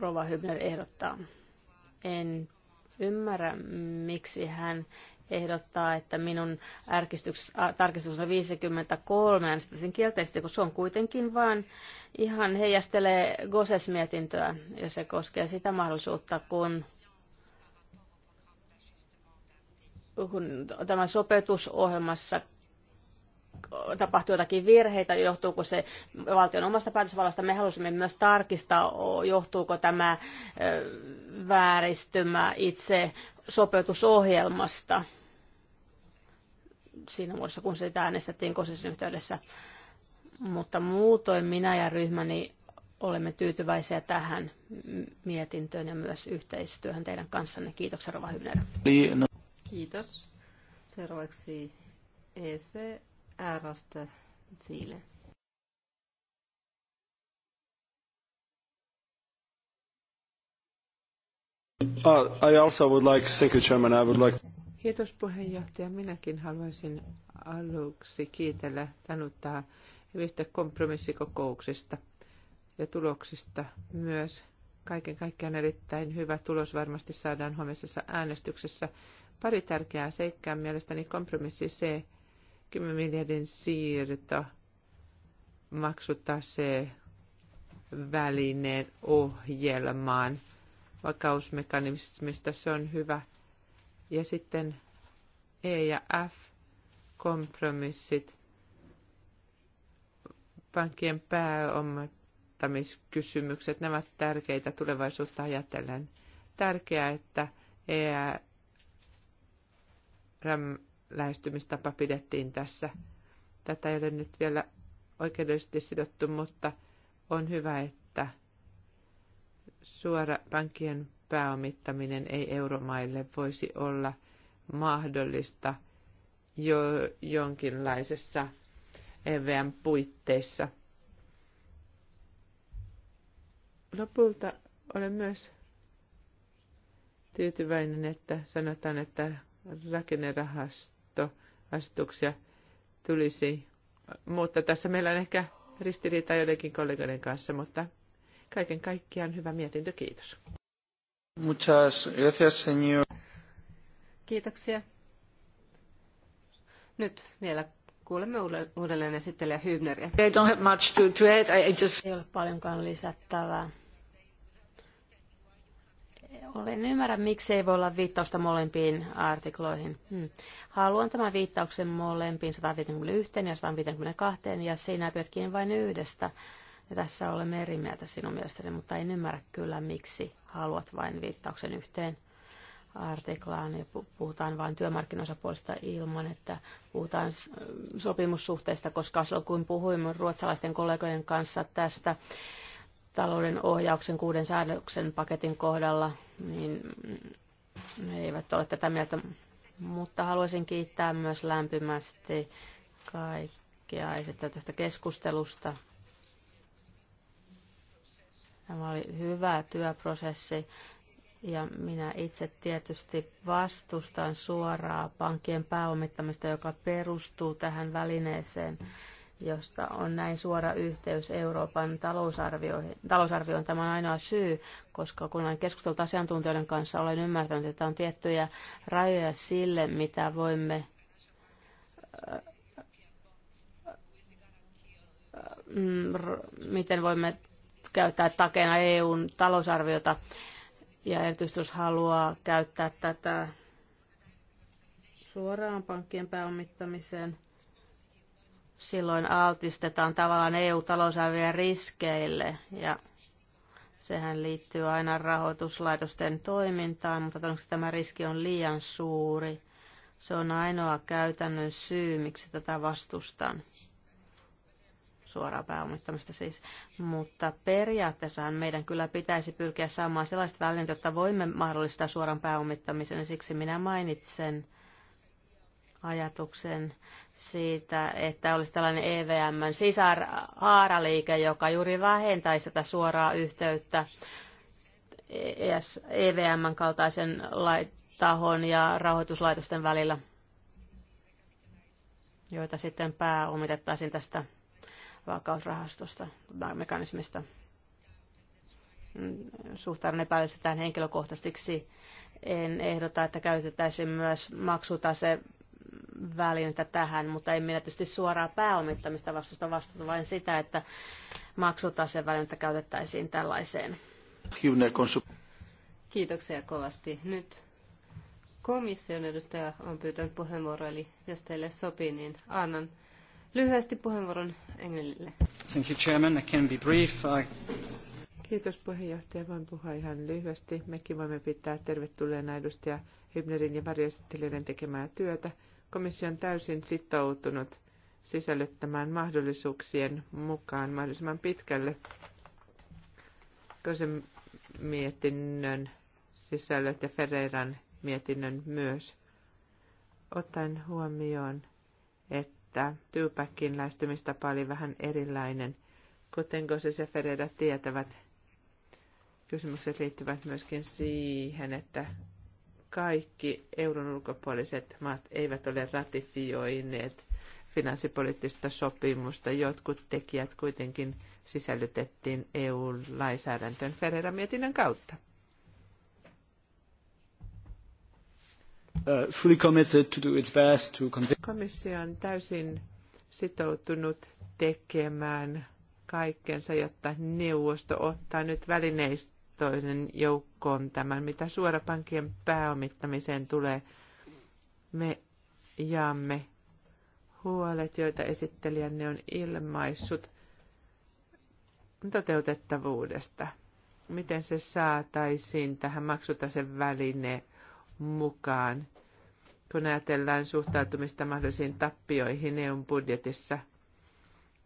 Rova Hybner ehdottaa. En ymmärrä, miksi hän ehdottaa, että minun tarkistuksena 53 äänestäisin kielteisesti, kun se on kuitenkin vain ihan heijastelee GOSES-mietintöä, ja se koskee sitä mahdollisuutta, kun kun tämä sopeutusohjelmassa tapahtuu jotakin virheitä, johtuuko se valtion omasta päätösvallasta. Me halusimme myös tarkistaa, johtuuko tämä vääristymä itse sopeutusohjelmasta siinä muodossa, kun sitä äänestettiin kosin yhteydessä. Mutta muutoin minä ja ryhmäni olemme tyytyväisiä tähän mietintöön ja myös yhteistyöhön teidän kanssanne. Kiitoksia, Rova Hybner. No- Kiitos. Seuraavaksi EC äraste Chile. Uh, I also would like, thank you Chairman, I would like... Kiitos puheenjohtaja. Minäkin haluaisin aluksi kiitellä Danuttaa hyvistä kompromissikokouksista ja tuloksista myös. Kaiken kaikkiaan erittäin hyvä tulos varmasti saadaan huomisessa äänestyksessä. Pari tärkeää seikkaa mielestäni kompromissi C 10 miljardin siirto maksutaseen välineen ohjelmaan vakausmekanismista. Se on hyvä. Ja sitten E ja F kompromissit pankkien pääomattamiskysymykset, nämä ovat tärkeitä tulevaisuutta ajatellen. Tärkeää, että ERM lähestymistapa pidettiin tässä. Tätä ei ole nyt vielä oikeudellisesti sidottu, mutta on hyvä, että suora pankkien pääomittaminen ei euromaille voisi olla mahdollista jo jonkinlaisessa EVM puitteissa. Lopulta olen myös tyytyväinen, että sanotaan, että rakennerahasto asetuksia tulisi. Mutta tässä meillä on ehkä ristiriita joidenkin kollegoiden kanssa, mutta kaiken kaikkiaan hyvä mietintö. Kiitos. Muchas gracias, señor. Kiitoksia. Nyt vielä kuulemme uudelleen esittelijä Hübneriä. Ei ole paljonkaan lisättävää. Olen ymmärrä, miksi ei voi olla viittausta molempiin artikloihin. Hmm. Haluan tämän viittauksen molempiin 151 ja 152, ja siinä pyrkiin vain yhdestä. Ja tässä olemme eri mieltä sinun mielestäsi, mutta en ymmärrä kyllä, miksi haluat vain viittauksen yhteen artiklaan ja puhutaan vain työmarkkinosapuolista ilman, että puhutaan sopimussuhteista, koska silloin kun puhuimme ruotsalaisten kollegojen kanssa tästä talouden ohjauksen kuuden säädöksen paketin kohdalla, niin ne eivät ole tätä mieltä, mutta haluaisin kiittää myös lämpimästi kaikkia esittää tästä keskustelusta. Tämä oli hyvä työprosessi ja minä itse tietysti vastustan suoraa pankkien pääomittamista, joka perustuu tähän välineeseen. Mm josta on näin suora yhteys Euroopan talousarvioihin. talousarvioon. Tämä on ainoa syy, koska kun olen keskustellut asiantuntijoiden kanssa, olen ymmärtänyt, että on tiettyjä rajoja sille, mitä voimme miten voimme käyttää takena EUn talousarviota. Ja erityisesti jos haluaa käyttää tätä suoraan pankkien pääomittamiseen – silloin altistetaan tavallaan EU-talousarvien riskeille ja sehän liittyy aina rahoituslaitosten toimintaan, mutta todennäköisesti tämä riski on liian suuri. Se on ainoa käytännön syy, miksi tätä vastustan. Suoraa pääomittamista siis. Mutta periaatteessa meidän kyllä pitäisi pyrkiä saamaan sellaiset välineet, jotta voimme mahdollistaa suoran pääomittamisen. Ja siksi minä mainitsen ajatuksen siitä, että olisi tällainen EVMn sisarhaaraliike, joka juuri vähentäisi tätä suoraa yhteyttä EVMn e kaltaisen tahon ja rahoituslaitosten välillä, joita sitten pääomitettaisiin tästä vakausrahastosta, mekanismista. Suhtaudun epäilystä tähän henkilökohtaisiksi en ehdota, että käytettäisiin myös maksutase välinettä tähän, mutta ei minä tietysti suoraa pääomittamista vastusta vastata, vain sitä, että maksutaseen välinettä käytettäisiin tällaiseen. Kiitoksia kovasti. Nyt komission edustaja on pyytänyt puheenvuoroa, eli jos teille sopii, niin annan lyhyesti puheenvuoron Englille. Thank you, Chairman. I can be brief. I... Kiitos puheenjohtaja. Voin puhua ihan lyhyesti. Mekin voimme pitää tervetulleena edustaja Hybnerin ja varjoesittelijöiden tekemää työtä. Komissio on täysin sitoutunut sisällyttämään mahdollisuuksien mukaan mahdollisimman pitkälle Kosen mietinnön sisällöt ja Ferreiran mietinnön myös, ottaen huomioon, että Tyypäkin lähestymistapa oli vähän erilainen. Kuten se ja Ferreira tietävät, kysymykset liittyvät myöskin siihen, että kaikki euron ulkopuoliset maat eivät ole ratifioineet finanssipoliittista sopimusta. Jotkut tekijät kuitenkin sisällytettiin EU-lainsäädäntöön Ferreira-mietinnön kautta. Uh, fully committed to do its best to Komissio on täysin sitoutunut tekemään kaikkensa, jotta neuvosto ottaa nyt välineistä vapaaehtoinen joukkoon tämän, mitä suorapankkien pääomittamiseen tulee. Me jaamme huolet, joita esittelijänne on ilmaissut toteutettavuudesta. Miten se saataisiin tähän maksutasen väline mukaan, kun ajatellaan suhtautumista mahdollisiin tappioihin EUn budjetissa?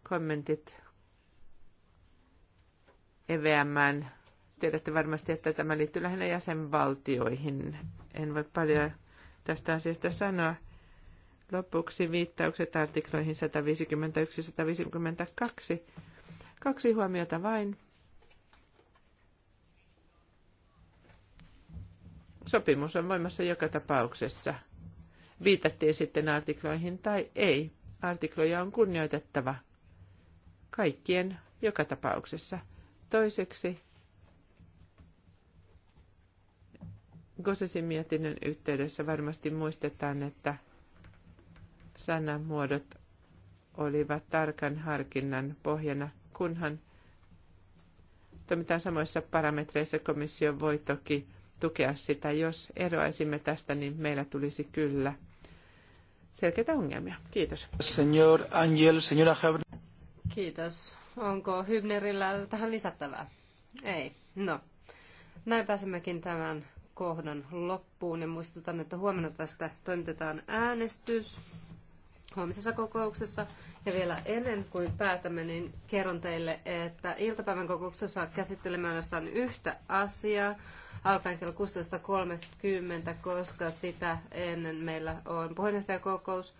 Kommentit EVMn Tiedätte varmasti, että tämä liittyy lähinnä jäsenvaltioihin. En voi paljon tästä asiasta sanoa. Lopuksi viittaukset artikloihin 151-152. Kaksi huomiota vain. Sopimus on voimassa joka tapauksessa. Viitattiin sitten artikloihin tai ei. Artikloja on kunnioitettava. Kaikkien joka tapauksessa. Toiseksi Gosesin mietinnön yhteydessä varmasti muistetaan, että sanamuodot olivat tarkan harkinnan pohjana, kunhan toimitaan samoissa parametreissa. Komissio voi toki tukea sitä. Jos eroaisimme tästä, niin meillä tulisi kyllä selkeitä ongelmia. Kiitos. Señor Angel, señora Haber. Kiitos. Onko Hybnerillä tähän lisättävää? Ei. No, näin pääsemmekin tämän kohdan loppuun ja muistutan, että huomenna tästä toimitetaan äänestys huomisessa kokouksessa. Ja vielä ennen kuin päätämme, niin kerron teille, että iltapäivän kokouksessa käsittelemme ainoastaan yhtä asiaa alkaen kello 16.30, koska sitä ennen meillä on puheenjohtajakokous.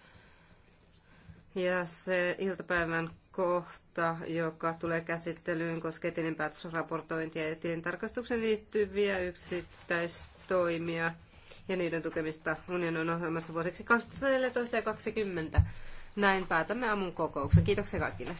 Ja se iltapäivän kohta, joka tulee käsittelyyn, koskee tilinpäätösraportointia ja tilintarkastuksen liittyviä yksittäistoimia ja niiden tukemista unionin ohjelmassa vuosiksi 2014 ja 2020. Näin päätämme aamun kokouksen. Kiitoksia kaikille.